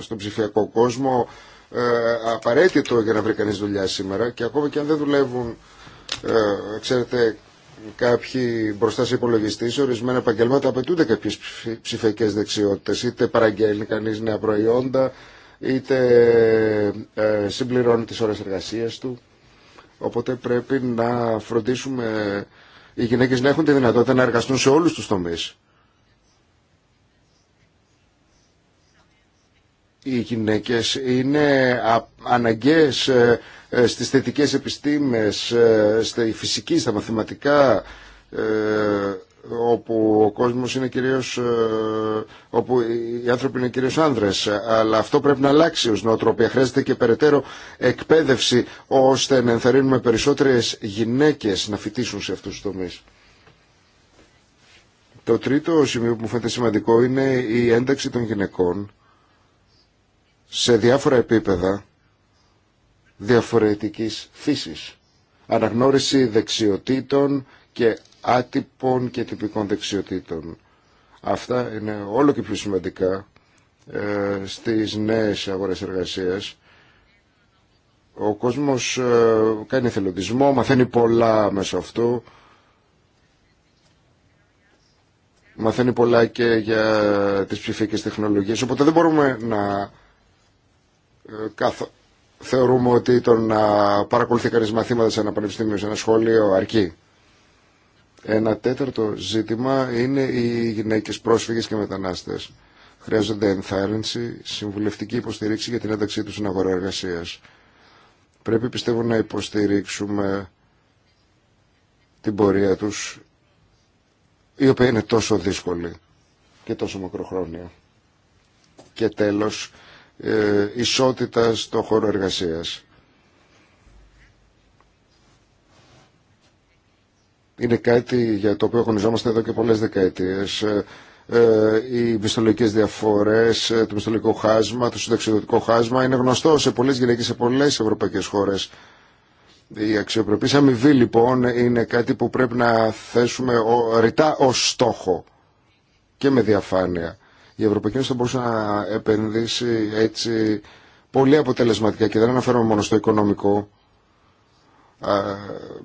στον ψηφιακό κόσμο, απαραίτητο για να βρει κανεί δουλειά σήμερα και ακόμα και αν δεν δουλεύουν, ε, ξέρετε, κάποιοι μπροστά σε υπολογιστή, ορισμένα επαγγελμάτα απαιτούνται κάποιε ψηφιακέ δεξιότητε. Είτε παραγγέλνει κανεί νέα προϊόντα, είτε ε, συμπληρώνει τις ώρες εργασίας του. Οπότε πρέπει να φροντίσουμε οι γυναίκες να έχουν τη δυνατότητα να εργαστούν σε όλους τους τομείς. Οι γυναίκες είναι αναγκαίες ε, ε, στις θετικές επιστήμες, στη φυσική, στα μαθηματικά, όπου ο κόσμος είναι κυρίως, ε, όπου οι άνθρωποι είναι κυρίως άνδρες. Αλλά αυτό πρέπει να αλλάξει ως νοοτροπία. Χρειάζεται και περαιτέρω εκπαίδευση ώστε να ενθαρρύνουμε περισσότερες γυναίκες να φοιτήσουν σε αυτούς τους τομείς. Το τρίτο σημείο που μου φαίνεται σημαντικό είναι η ένταξη των γυναικών σε διάφορα επίπεδα διαφορετικής φύσης. Αναγνώριση δεξιοτήτων και άτυπων και τυπικών δεξιοτήτων. Αυτά είναι όλο και πιο σημαντικά ε, στις νέες αγορές εργασίας. Ο κόσμος ε, κάνει εθελοντισμό, μαθαίνει πολλά μέσα αυτού. Μαθαίνει πολλά και για τις ψηφιακές τεχνολογίες. Οπότε δεν μπορούμε να ε, θεωρούμε ότι το να παρακολουθεί κανείς μαθήματα σε ένα πανεπιστήμιο, σε ένα σχολείο αρκεί. Ένα τέταρτο ζήτημα είναι οι γυναίκες πρόσφυγες και μετανάστες. Χρειάζονται ενθάρρυνση, συμβουλευτική υποστηρίξη για την ένταξή τους στην αγορά εργασίας. Πρέπει πιστεύω να υποστηρίξουμε την πορεία τους, η οποία είναι τόσο δύσκολη και τόσο μακροχρόνια. Και τέλος, ε, ισότητα στο χώρο εργασίας. είναι κάτι για το οποίο αγωνιζόμαστε εδώ και πολλές δεκαετίες. Ε, ε, οι πιστολογικέ διαφορέ, ε, το πιστολογικό χάσμα, το συνταξιδοτικό χάσμα είναι γνωστό σε πολλέ γυναίκε, σε πολλέ ευρωπαϊκέ χώρε. Η αξιοπρεπή αμοιβή λοιπόν είναι κάτι που πρέπει να θέσουμε ρητά ω στόχο και με διαφάνεια. Η Ευρωπαϊκή Ένωση θα μπορούσε να επενδύσει έτσι πολύ αποτελεσματικά και δεν αναφέρομαι μόνο στο οικονομικό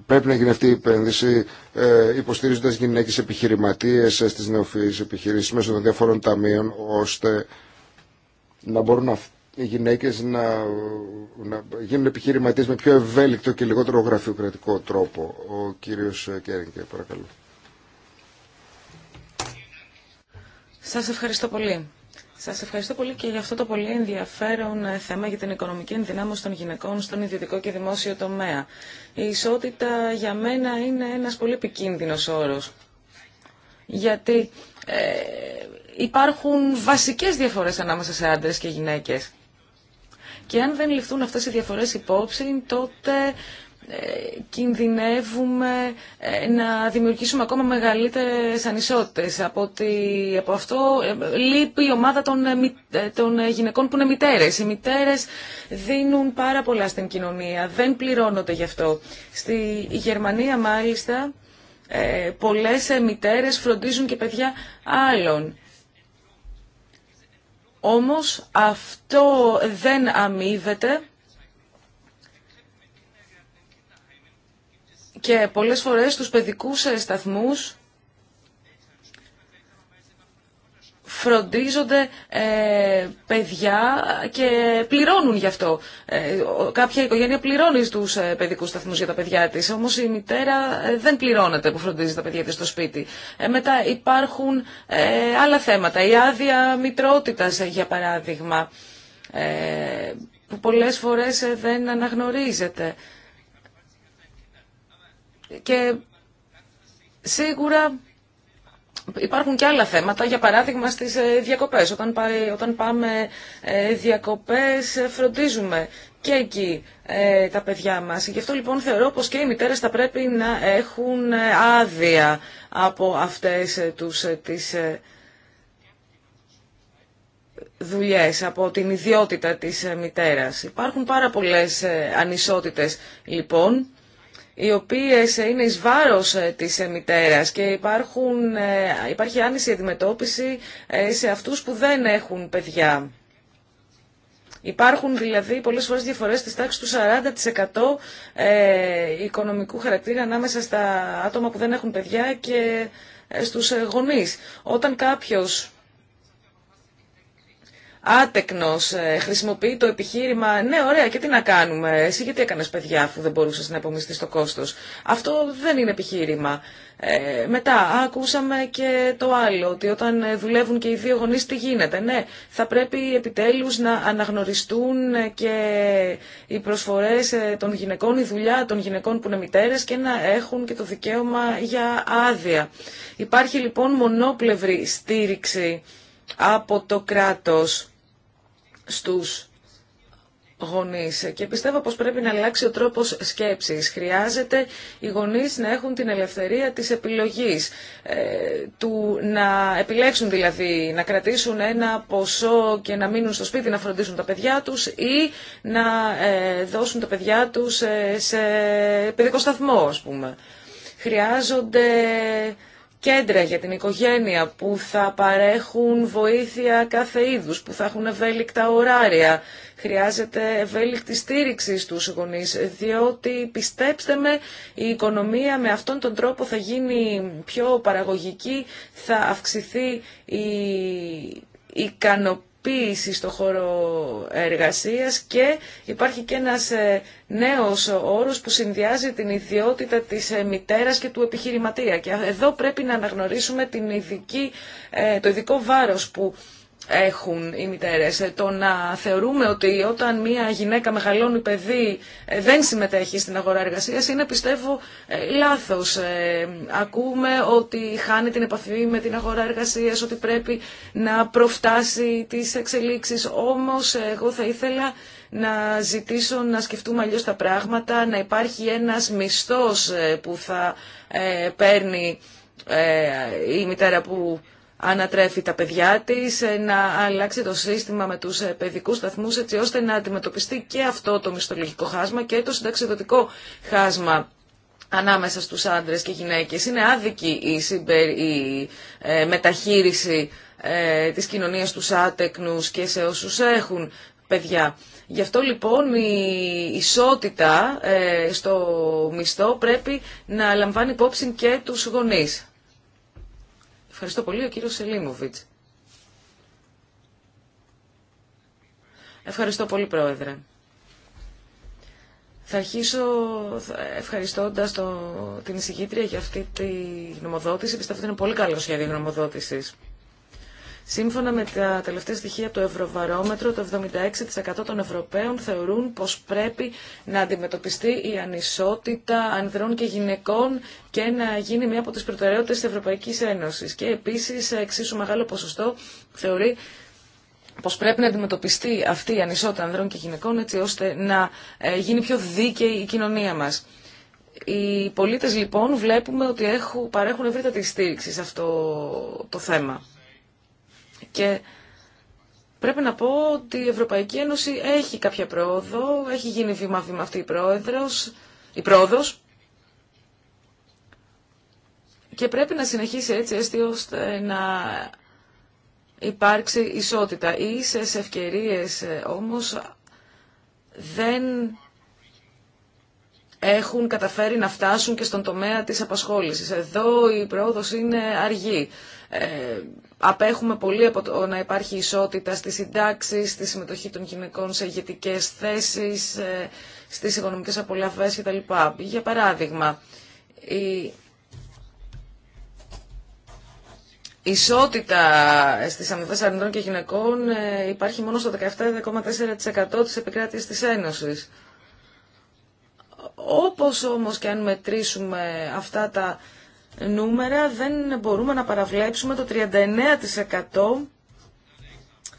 πρέπει να γίνει αυτή η επένδυση ε, υποστηρίζοντας γυναίκες επιχειρηματίες ε, στις νεοφυείς επιχειρήσεις μέσω των διαφόρων ταμείων ώστε να μπορούν οι γυναίκες να, να γίνουν επιχειρηματίες με πιο ευέλικτο και λιγότερο γραφειοκρατικό τρόπο. Ο κύριος Κέρινγκε, παρακαλώ. Σας ευχαριστώ πολύ. Σας ευχαριστώ πολύ και για αυτό το πολύ ενδιαφέρον ε, θέμα για την οικονομική ενδυνάμωση των γυναικών στον ιδιωτικό και δημόσιο τομέα. Η ισότητα για μένα είναι ένας πολύ επικίνδυνο όρος. Γιατί ε, υπάρχουν βασικές διαφορές ανάμεσα σε άντρες και γυναίκες. Και αν δεν ληφθούν αυτές οι διαφορές υπόψη, τότε ε, κινδυνεύουμε ε, να δημιουργήσουμε ακόμα μεγαλύτερες ανισότητες. Από, από αυτό ε, λείπει η ομάδα των, των γυναικών που είναι μητέρες. Οι μητέρες δίνουν πάρα πολλά στην κοινωνία, δεν πληρώνονται γι' αυτό. Στη Γερμανία μάλιστα πολλές μητέρες φροντίζουν και παιδιά άλλων. Όμως αυτό δεν αμείβεται και πολλές φορές στους παιδικούς ε, σταθμούς φροντίζονται ε, παιδιά και πληρώνουν γι' αυτό. Ε, κάποια οικογένεια πληρώνει στους ε, παιδικούς σταθμούς για τα παιδιά της, όμως η μητέρα δεν πληρώνεται που φροντίζει τα παιδιά της στο σπίτι. μετά υπάρχουν άλλα θέματα, η άδεια μητρότητας για παράδειγμα, που πολλές φορές δεν αναγνωρίζεται. Και σίγουρα υπάρχουν και άλλα θέματα, για παράδειγμα στις ε, διακοπές. Όταν, όταν πάμε ε, διακοπές ε, φροντίζουμε και εκεί τα παιδιά μας. Γι' αυτό λοιπόν θεωρώ πως και οι μητέρες θα πρέπει να έχουν άδεια από αυτές τους, τις δουλειές, από την ιδιότητα της μητέρας. Υπάρχουν πάρα πολλές ανισότητες λοιπόν οι οποίες είναι εις βάρος ε, της μητέρας και υπάρχουν, ε, υπάρχει άνηση αντιμετώπιση ε, σε αυτούς που δεν έχουν παιδιά. Υπάρχουν δηλαδή πολλές φορές διαφορές της τάξης του 40% οικονομικού χαρακτήρα ανάμεσα στα άτομα που δεν έχουν παιδιά και στους γονείς. Όταν κάποιος άτεκνος, ε, χρησιμοποιεί το επιχείρημα «Ναι, ωραία, και τι να κάνουμε, εσύ γιατί έκανες παιδιά αφού δεν μπορούσες να επομιστείς το κόστος». Αυτό δεν είναι επιχείρημα. Ε, μετά, ακούσαμε και το άλλο, ότι όταν ε, δουλεύουν και οι δύο γονείς τι γίνεται. Ναι, θα πρέπει επιτέλους να αναγνωριστούν ε, και οι προσφορές των γυναικών, η δουλειά των γυναικών που είναι μητέρες και να έχουν και το δικαίωμα για άδεια. Υπάρχει λοιπόν μονόπλευρη στήριξη από το κράτος στους γονείς και πιστεύω πως πρέπει να αλλάξει ο τρόπος σκέψης. Χρειάζεται οι γονείς να έχουν την ελευθερία της επιλογής, ε, του να επιλέξουν δηλαδή να κρατήσουν ένα ποσό και να μείνουν στο σπίτι να φροντίσουν τα παιδιά τους ή να ε, δώσουν τα παιδιά τους ε, σε παιδικό σταθμό ας πούμε. Χρειάζονται κέντρα για την οικογένεια που θα παρέχουν βοήθεια κάθε είδους, που θα έχουν ευέλικτα ωράρια. Χρειάζεται ευέλικτη στήριξη στους γονείς, διότι πιστέψτε με η οικονομία με αυτόν τον τρόπο θα γίνει πιο παραγωγική, θα αυξηθεί η ικανοποίηση πίση στο χώρο εργασίας και υπάρχει και ένας ε, νέος όρος που συνδυάζει την ιδιότητα της ε, μητέρας και του επιχειρηματία. Και εδώ πρέπει να αναγνωρίσουμε την ειδική, ε, το ειδικό βάρος που έχουν οι μητέρε. Ε, το να θεωρούμε ότι όταν μια γυναίκα μεγαλώνει παιδί ε, δεν συμμετέχει στην αγορά εργασίας είναι πιστεύω ε, λάθος. Ακούμε ότι χάνει την επαφή με την αγορά εργασίας, ότι πρέπει να προφτάσει τις εξελίξεις. Όμως εγώ θα ήθελα να ζητήσω να σκεφτούμε αλλιώ τα πράγματα, να υπάρχει ένας μισθό που θα παίρνει η μητέρα που ανατρέφει τα παιδιά της, ε, να αλλάξει το σύστημα με τους ε, παιδικούς σταθμούς έτσι ώστε να αντιμετωπιστεί και αυτό το μισθολογικό χάσμα και το συνταξιδοτικό χάσμα ανάμεσα στους άντρες και γυναίκες. Είναι άδικη η, ε, μεταχείριση της κοινωνίας τους άτεκνους και σε όσους έχουν παιδιά. Γι' αυτό λοιπόν η ισότητα στο μισθό πρέπει να λαμβάνει υπόψη και τους γονείς. Ευχαριστώ πολύ, ο κύριος Σελίμοβιτς. Ευχαριστώ πολύ, Πρόεδρε. Θα αρχίσω ευχαριστώντας το, την εισηγήτρια για αυτή τη γνωμοδότηση. Πιστεύω ότι είναι πολύ καλό σχέδιο γνωμοδότησης. Σύμφωνα με τα τελευταία στοιχεία του Ευρωβαρόμετρου, το 76% των Ευρωπαίων θεωρούν πως πρέπει να αντιμετωπιστεί η ανισότητα ανδρών και γυναικών και να γίνει μία από τις προτεραιότητες της Ευρωπαϊκής Ένωσης. Και επίσης, εξίσου μεγάλο ποσοστό θεωρεί πως πρέπει να αντιμετωπιστεί αυτή η ανισότητα ανδρών και γυναικών έτσι ώστε να ε, γίνει πιο δίκαιη η κοινωνία μας. Οι πολίτες λοιπόν βλέπουμε ότι έχουν, παρέχουν ευρύτατη στήριξη σε αυτό το θέμα. Και πρέπει να πω ότι η Ευρωπαϊκή Ένωση έχει κάποια πρόοδο, έχει γίνει βήμα-βήμα αυτή η, πρόεδρος, η πρόοδος και πρέπει να συνεχίσει έτσι έστει ώστε να υπάρξει ισότητα. Οι ίσες ευκαιρίες ε, όμως δεν έχουν καταφέρει να φτάσουν και στον τομέα της απασχόλησης. Εδώ η πρόοδος είναι αργή. Ε, απέχουμε πολύ από το να υπάρχει ισότητα στις συντάξεις, στη συμμετοχή των γυναικών σε ηγετικέ θέσεις, ε, στις οικονομικές απολαύσεις κτλ. Για παράδειγμα, η ισότητα στις αμοιβές αρνητών και γυναικών ε, υπάρχει μόνο στο 17,4% της επικράτειας της Ένωσης. Όπως όμως και αν μετρήσουμε αυτά τα νούμερα δεν μπορούμε να παραβλέψουμε το 39%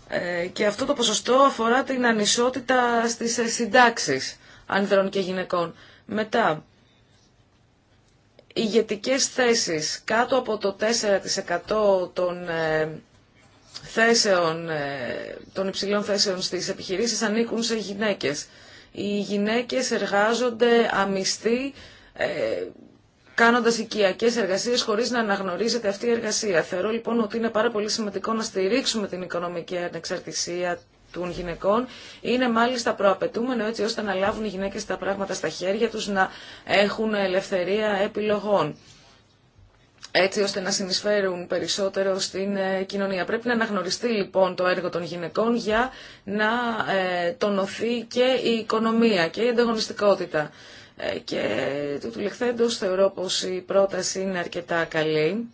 ε, και αυτό το ποσοστό αφορά την ανισότητα στις ε, συντάξεις ανδρών και γυναικών. Μετά, οι ηγετικές θέσεις κάτω από το 4% των ε, θέσεων, των υψηλών θέσεων στις επιχειρήσεις ανήκουν σε γυναίκες. Οι γυναίκες εργάζονται αμυστή κάνοντα οικιακέ εργασίε χωρί να αναγνωρίζεται αυτή η εργασία. Θεωρώ λοιπόν ότι είναι πάρα πολύ σημαντικό να στηρίξουμε την οικονομική ανεξαρτησία των γυναικών. Είναι μάλιστα προαπαιτούμενο έτσι ώστε να λάβουν οι γυναίκε τα πράγματα στα χέρια του, να έχουν ελευθερία επιλογών έτσι ώστε να συνεισφέρουν περισσότερο στην ε, κοινωνία. Πρέπει να αναγνωριστεί λοιπόν το έργο των γυναικών για να ε, τονωθεί και η οικονομία και η ανταγωνιστικότητα. Ε, και του τουλεχθέντος θεωρώ πως η πρόταση είναι αρκετά καλή.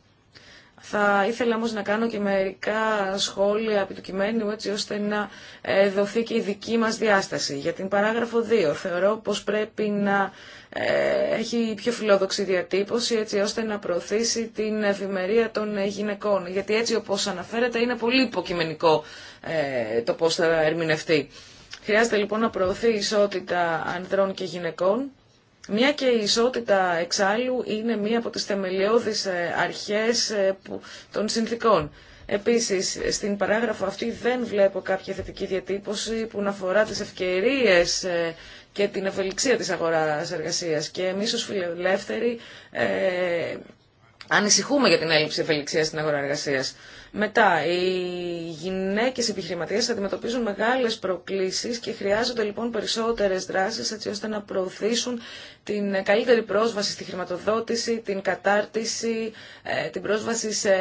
Θα ήθελα όμως να κάνω και μερικά σχόλια από το κειμένου έτσι ώστε να ε, δοθεί και η δική μας διάσταση. Για την παράγραφο 2 θεωρώ πως πρέπει να ε, έχει πιο φιλόδοξη διατύπωση έτσι ώστε να προωθήσει την ευημερία των γυναικών. Γιατί έτσι όπως αναφέρεται είναι πολύ υποκειμενικό το πώς θα ερμηνευτεί. Χρειάζεται λοιπόν να προωθεί η ισότητα ανδρών και γυναικών μια και η ισότητα εξάλλου είναι μία από τις θεμελιώδεις ε, αρχές ε, των συνθήκων. Επίσης, στην παράγραφο αυτή δεν βλέπω κάποια θετική διατύπωση που να αφορά τις ευκαιρίες ε, και την ευελιξία της αγοράς εργασίας. Και εμείς ως φιλελεύθεροι ε, ανησυχούμε για την έλλειψη ευελιξίας στην αγορά εργασίας. Μετά, οι γυναίκες επιχειρηματίες αντιμετωπίζουν μεγάλες προκλήσεις και χρειάζονται λοιπόν περισσότερες δράσεις έτσι ώστε να προωθήσουν την καλύτερη πρόσβαση στη χρηματοδότηση, την κατάρτιση, ε, την πρόσβαση σε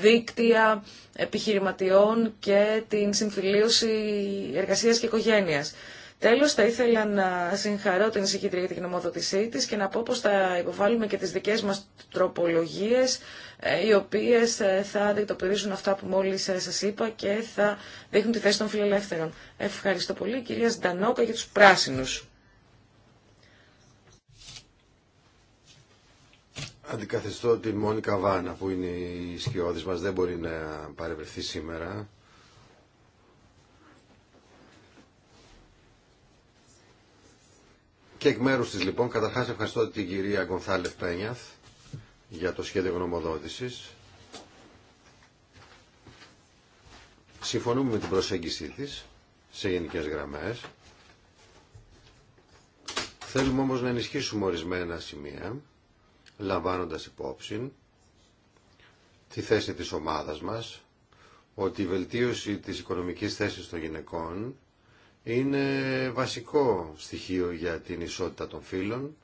δίκτυα επιχειρηματιών και την συμφιλίωση εργασίας και οικογένειας. Τέλος, θα ήθελα να συγχαρώ την εισηγήτρια για την γνωμοδότησή τη και να πω πως θα υποβάλουμε και τις δικές μας τροπολογίες, ε, οι οποίες ε, θα αντιτοπυρίζουν αυτά που μόλις ε, σα είπα και θα δείχνουν τη θέση των φιλελεύθερων. Ευχαριστώ πολύ, κυρία Σντανόκα, για τους πράσινους. Αντικαθιστώ τη Μόνικα Βάνα που είναι η σκιώδης μας, δεν μπορεί να παρευρεθεί σήμερα. Και εκ μέρου τη λοιπόν, καταρχά ευχαριστώ την κυρία Γκονθάλεφ Πένιαθ για το σχέδιο γνωμοδότηση. Συμφωνούμε με την προσέγγιση τη σε γενικέ γραμμές. Θέλουμε όμως να ενισχύσουμε ορισμένα σημεία, λαμβάνοντας υπόψη τη θέση της ομάδας μας, ότι η βελτίωση της οικονομικής θέσης των γυναικών είναι βασικό στοιχείο για την ισότητα των φύλων.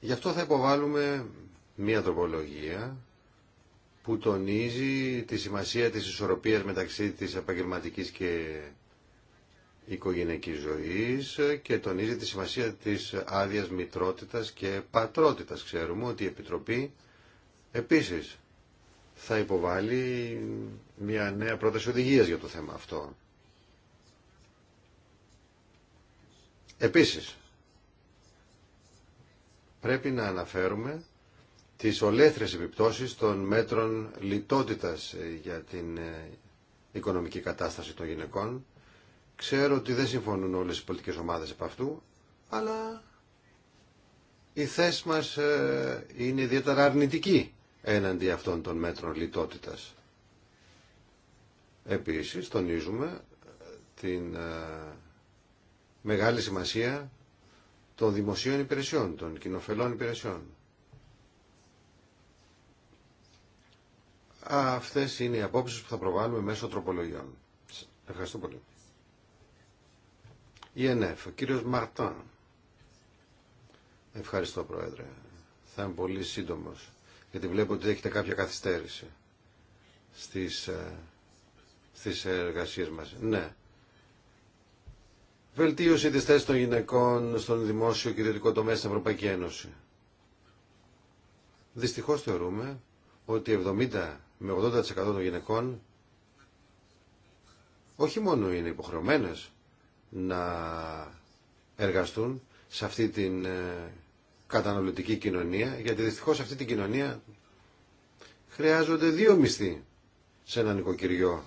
Γι' αυτό θα υποβάλουμε μία τροπολογία που τονίζει τη σημασία της ισορροπίας μεταξύ της επαγγελματικής και οικογενειακής ζωής και τονίζει τη σημασία της άδειας μητρότητας και πατρότητας. Ξέρουμε ότι η Επιτροπή επίσης θα υποβάλει μια νέα πρόταση οδηγίας για το θέμα αυτό. Επίσης, πρέπει να αναφέρουμε τις ολέθρες επιπτώσεις των μέτρων λιτότητας ε, για την ε, οικονομική κατάσταση των γυναικών. Ξέρω ότι δεν συμφωνούν όλες οι πολιτικές ομάδες από αυτού, αλλά η θέση μας ε, είναι ιδιαίτερα αρνητική έναντι αυτών των μέτρων λιτότητας. Επίσης τονίζουμε ε, την ε, μεγάλη σημασία των δημοσίων υπηρεσιών, των κοινοφελών υπηρεσιών. Αυτές είναι οι απόψεις που θα προβάλλουμε μέσω τροπολογιών. Ευχαριστώ πολύ. ΙΕΝΕΦ, ο κύριος Μαρτάν. Ευχαριστώ, Πρόεδρε. Θα είμαι πολύ σύντομος, γιατί βλέπω ότι έχετε κάποια καθυστέρηση στις ε, στις εργασίες μας. Ναι. Βελτίωση της θέσης των γυναικών στον δημόσιο και ιδιωτικό τομέα στην Ευρωπαϊκή Ένωση. Δυστυχώς θεωρούμε ότι 70 με 80% των γυναικών όχι μόνο είναι υποχρεωμένες να εργαστούν σε αυτή την ε, καταναλωτική κοινωνία, γιατί δυστυχώς σε αυτή την κοινωνία χρειάζονται δύο μισθοί σε ένα νοικοκυριό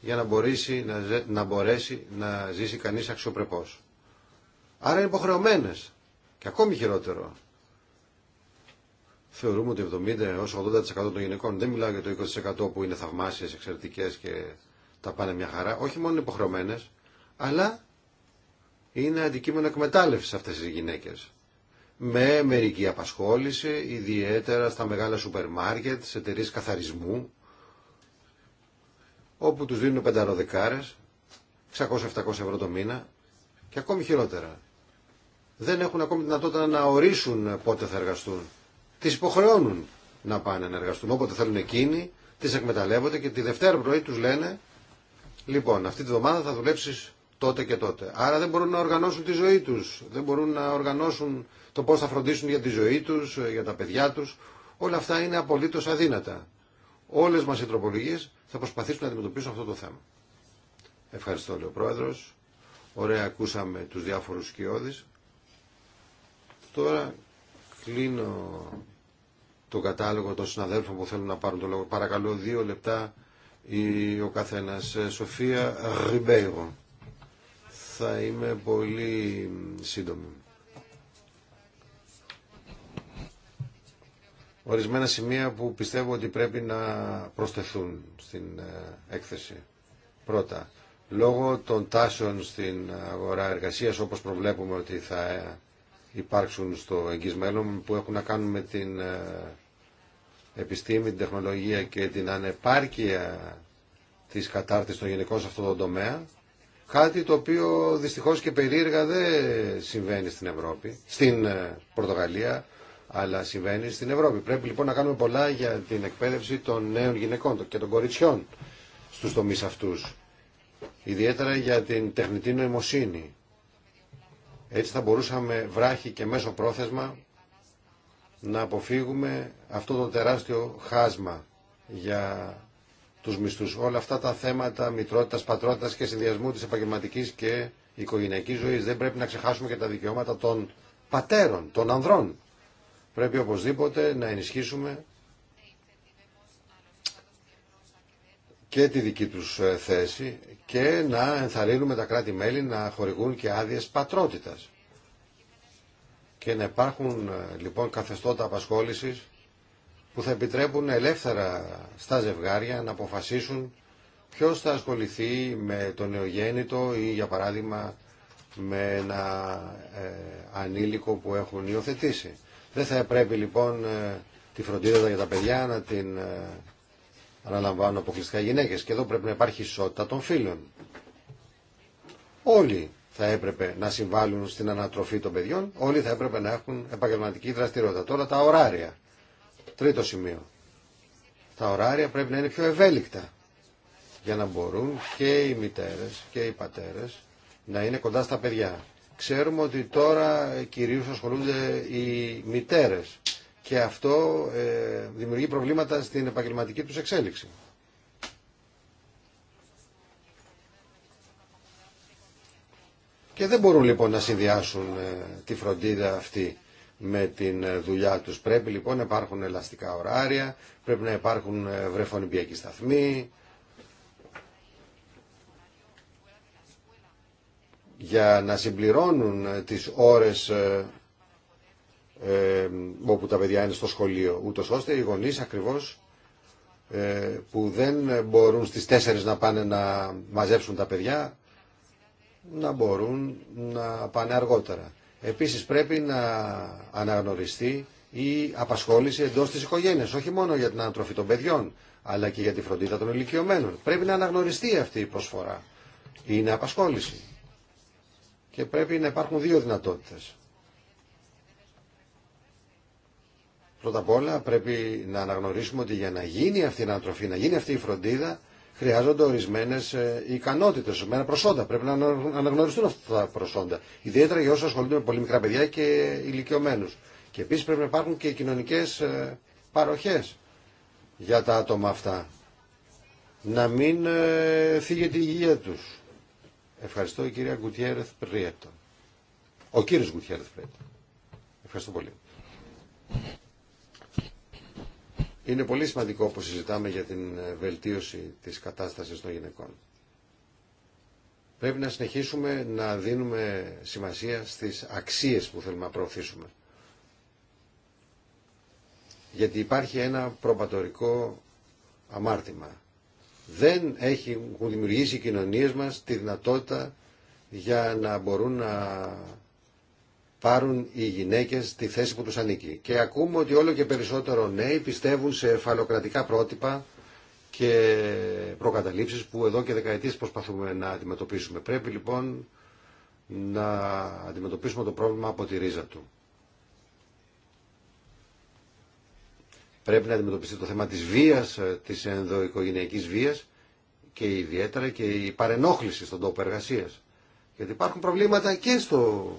για να μπορέσει να, μπορέσει να ζήσει κανείς αξιοπρεπώς. Άρα είναι υποχρεωμένε και ακόμη χειρότερο. Θεωρούμε ότι 70 έως 80% των γυναικών, δεν μιλάω για το 20% που είναι θαυμάσιες, εξαιρετικέ και τα πάνε μια χαρά, όχι μόνο είναι υποχρεωμένες, αλλά είναι αντικείμενο εκμετάλλευση αυτές οι γυναίκες. Με μερική απασχόληση, ιδιαίτερα στα μεγάλα σούπερ μάρκετ, σε εταιρείε καθαρισμού, όπου τους δίνουν πενταροδεκάρες, 600-700 ευρώ το μήνα και ακόμη χειρότερα. Δεν έχουν ακόμη δυνατότητα να ορίσουν πότε θα εργαστούν. Τις υποχρεώνουν να πάνε να εργαστούν. Όποτε θέλουν εκείνοι, τις εκμεταλλεύονται και τη Δευτέρα πρωί τους λένε «Λοιπόν, αυτή τη βδομάδα θα δουλέψεις τότε και τότε». Άρα δεν μπορούν να οργανώσουν τη ζωή τους, δεν μπορούν να οργανώσουν το πώς θα φροντίσουν για τη ζωή τους, για τα παιδιά τους. Όλα αυτά είναι απολύτως αδύνατα. Όλες μας οι τροπολογίες θα προσπαθήσουν να αντιμετωπίσουν αυτό το θέμα. Ευχαριστώ, λέει Πρόεδρος. Ωραία, ακούσαμε τους διάφορους σκιώδεις. Τώρα κλείνω το κατάλογο των συναδέλφων που θέλουν να πάρουν το λόγο. Παρακαλώ, δύο λεπτά ή ο καθένας. Ε, Σοφία Ριμπέιγο. Θα είμαι πολύ σύντομη. ορισμένα σημεία που πιστεύω ότι πρέπει να προσθεθούν στην ε, έκθεση. Πρώτα, λόγω των τάσεων στην αγορά εργασίας όπως προβλέπουμε ότι θα ε, υπάρξουν στο εγγύς που έχουν να κάνουν με την ε, επιστήμη, την τεχνολογία και την ανεπάρκεια της κατάρτισης των γενικών σε αυτό το τομέα κάτι το οποίο δυστυχώς και περίεργα δεν συμβαίνει στην Ευρώπη, στην Πορτογαλία αλλά συμβαίνει στην Ευρώπη. Πρέπει λοιπόν να κάνουμε πολλά για την εκπαίδευση των νέων γυναικών και των κοριτσιών στους τομείς αυτούς. Ιδιαίτερα για την τεχνητή νοημοσύνη. Έτσι θα μπορούσαμε βράχη και μέσω πρόθεσμα να αποφύγουμε αυτό το τεράστιο χάσμα για τους μισθούς. Όλα αυτά τα θέματα μητρότητας, πατρότητας και συνδυασμού της επαγγελματικής και οικογενειακής ζωής. Δεν πρέπει να ξεχάσουμε και τα δικαιώματα των πατέρων, των ανδρών Πρέπει οπωσδήποτε να ενισχύσουμε και τη δική τους ε, θέση και να ενθαρρύνουμε τα κράτη-μέλη να χορηγούν και άδειες πατρότητας. Και να υπάρχουν ε, λοιπόν καθεστώτα απασχόλησης που θα επιτρέπουν ελεύθερα στα ζευγάρια να αποφασίσουν ποιος θα ασχοληθεί με το νεογέννητο ή για παράδειγμα με ένα ε, ανήλικο που έχουν υιοθετήσει. Δεν θα έπρεπε λοιπόν ε, τη φροντίδα για τα παιδιά να την ε, αναλαμβάνουν αποκλειστικά γυναίκες. Και εδώ πρέπει να υπάρχει ισότητα των φίλων. Όλοι θα έπρεπε να συμβάλλουν στην ανατροφή των παιδιών, όλοι θα έπρεπε να έχουν επαγγελματική δραστηριότητα. Τώρα τα ωράρια. Τρίτο σημείο. Τα ωράρια πρέπει να είναι πιο ευέλικτα για να μπορούν και οι μητέρες και οι πατέρες να είναι κοντά στα παιδιά. Ξέρουμε ότι τώρα ε, κυρίως ασχολούνται οι μητέρες και αυτό ε, δημιουργεί προβλήματα στην επαγγελματική τους εξέλιξη. Και δεν μπορούν λοιπόν να συνδυάσουν ε, τη φροντίδα αυτή με την δουλειά τους. Πρέπει λοιπόν να υπάρχουν ελαστικά ωράρια, πρέπει να υπάρχουν βρεφονιπιακοί σταθμοί, για να συμπληρώνουν τις ώρες ε, ε, όπου τα παιδιά είναι στο σχολείο, ούτω ώστε οι γονείς ακριβώς ε, που δεν μπορούν στις 4 να πάνε να μαζέψουν τα παιδιά, να μπορούν να πάνε αργότερα. Επίσης πρέπει να αναγνωριστεί η απασχόληση εντός της οικογένειας, όχι μόνο για την ανατροφή των παιδιών, αλλά και για τη φροντίδα των ηλικιωμένων. Πρέπει να αναγνωριστεί αυτή η προσφορά. Είναι απασχόληση και πρέπει να υπάρχουν δύο δυνατότητες. Πρώτα απ' όλα πρέπει να αναγνωρίσουμε ότι για να γίνει αυτή η ανατροφή, να γίνει αυτή η φροντίδα, χρειάζονται ορισμένε ικανότητε, ορισμένα προσόντα. Πρέπει να αναγνωριστούν αυτά τα προσόντα. Ιδιαίτερα για όσου ασχολούνται με πολύ μικρά παιδιά και ηλικιωμένου. Και επίση πρέπει να υπάρχουν και κοινωνικέ ε, παροχέ για τα άτομα αυτά. Να μην θίγεται ε, η υγεία τους Ευχαριστώ η κυρία Γκουτιέρεθ Πριέτο. Ο κύριος Γκουτιέρεθ Πριέτο. Ευχαριστώ πολύ. Είναι πολύ σημαντικό που συζητάμε για την βελτίωση της κατάστασης των γυναικών. Πρέπει να συνεχίσουμε να δίνουμε σημασία στις αξίες που θέλουμε να προωθήσουμε. Γιατί υπάρχει ένα προπατορικό αμάρτημα δεν έχει, έχουν δημιουργήσει οι κοινωνίες μας τη δυνατότητα για να μπορούν να πάρουν οι γυναίκες τη θέση που τους ανήκει. Και ακούμε ότι όλο και περισσότερο νέοι πιστεύουν σε φαλοκρατικά πρότυπα και προκαταλήψεις που εδώ και δεκαετίες προσπαθούμε να αντιμετωπίσουμε. Πρέπει λοιπόν να αντιμετωπίσουμε το πρόβλημα από τη ρίζα του. Πρέπει να αντιμετωπιστεί το θέμα της βίας, ε, της ενδοοικογενειακής βίας και ιδιαίτερα και η παρενόχληση στον τόπο εργασίας. Γιατί υπάρχουν προβλήματα και στο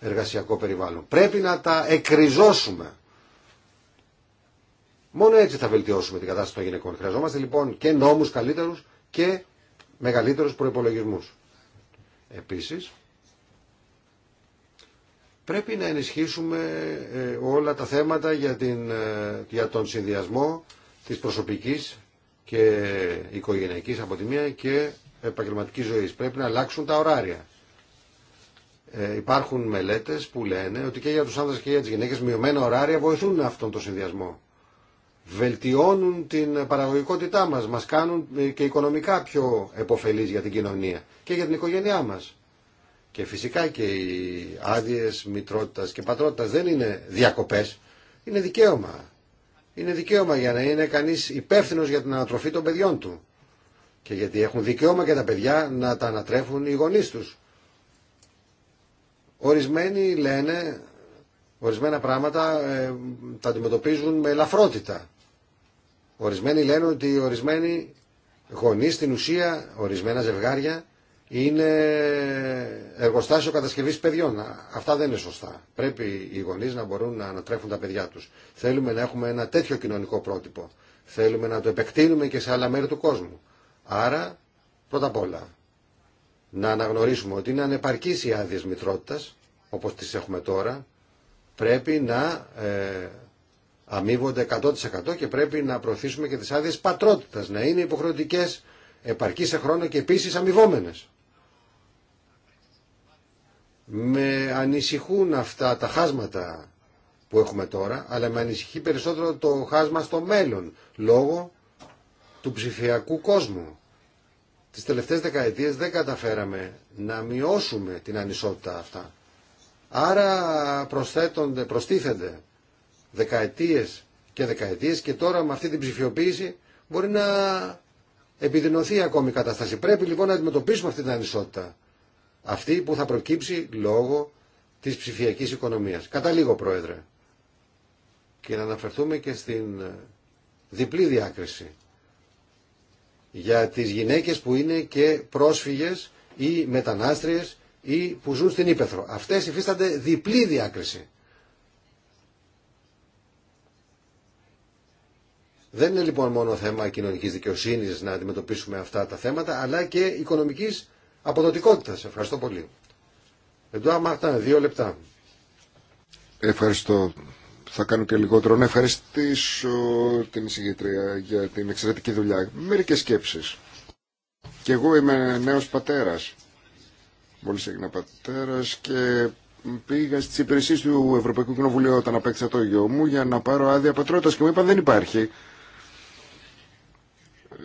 εργασιακό περιβάλλον. Πρέπει να τα εκριζώσουμε. Μόνο έτσι θα βελτιώσουμε την κατάσταση των γυναικών. Χρειαζόμαστε λοιπόν και νόμους καλύτερους και μεγαλύτερους προϋπολογισμούς. Επίσης, Πρέπει να ενισχύσουμε ε, όλα τα θέματα για, την, ε, για τον συνδυασμό της προσωπικής και οικογενειακής από τη μία και επαγγελματικής ζωής. Πρέπει να αλλάξουν τα ωράρια. Ε, υπάρχουν μελέτες που λένε ότι και για τους άνδρες και για τις γυναίκες μειωμένα ωράρια βοηθούν αυτόν τον συνδυασμό. Βελτιώνουν την παραγωγικότητά μας, μας κάνουν και οικονομικά πιο επωφελείς για την κοινωνία και για την οικογένειά μας. Και φυσικά και οι άδειε μητρότητα και πατρότητα δεν είναι διακοπέ, είναι δικαίωμα. Είναι δικαίωμα για να είναι κανεί υπεύθυνο για την ανατροφή των παιδιών του. Και γιατί έχουν δικαίωμα και τα παιδιά να τα ανατρέφουν οι γονεί του. Ορισμένοι λένε, ορισμένα πράγματα ε, τα αντιμετωπίζουν με ελαφρότητα. Ορισμένοι λένε ότι ορισμένοι γονείς στην ουσία, ορισμένα ζευγάρια, είναι εργοστάσιο κατασκευή παιδιών. Αυτά δεν είναι σωστά. Πρέπει οι γονεί να μπορούν να ανατρέφουν τα παιδιά του. Θέλουμε να έχουμε ένα τέτοιο κοινωνικό πρότυπο. Θέλουμε να το επεκτείνουμε και σε άλλα μέρη του κόσμου. Άρα, πρώτα απ' όλα, να αναγνωρίσουμε ότι είναι ανεπαρκή οι άδειε μητρότητα, όπω τι έχουμε τώρα. Πρέπει να ε, αμείβονται 100% και πρέπει να προωθήσουμε και τι άδειε πατρότητα. Να είναι υποχρεωτικέ επαρκή σε χρόνο και επίση αμοιβόμενε. Με ανησυχούν αυτά τα χάσματα που έχουμε τώρα, αλλά με ανησυχεί περισσότερο το χάσμα στο μέλλον, λόγω του ψηφιακού κόσμου. Τις τελευταίες δεκαετίες δεν καταφέραμε να μειώσουμε την ανισότητα αυτά. Άρα προσθέτονται, προστίθενται δεκαετίες και δεκαετίες και τώρα με αυτή την ψηφιοποίηση μπορεί να επιδεινωθεί ακόμη η κατάσταση. Πρέπει λοιπόν να αντιμετωπίσουμε αυτή την ανισότητα αυτή που θα προκύψει λόγω της ψηφιακής οικονομίας. Κατά λίγο, Πρόεδρε. Και να αναφερθούμε και στην ε, διπλή διάκριση για τις γυναίκες που είναι και πρόσφυγες ή μετανάστριες ή που ζουν στην Ήπεθρο. Αυτές υφίστανται διπλή διάκριση. Δεν είναι λοιπόν μόνο θέμα κοινωνικής δικαιοσύνης να αντιμετωπίσουμε αυτά τα θέματα, αλλά και οικονομικής αποδοτικότητας. Ευχαριστώ πολύ. Εντουά ήταν δύο λεπτά. Ευχαριστώ. Θα κάνω και λιγότερο. Να ευχαριστήσω την εισηγήτρια για την εξαιρετική δουλειά. Μερικές σκέψεις. Και εγώ είμαι νέος πατέρας. Μόλι έγινα πατέρας και πήγα στις υπηρεσίες του Ευρωπαϊκού Κοινοβουλίου όταν απέκτησα το γιο μου για να πάρω άδεια πατρότητας και μου είπαν δεν υπάρχει.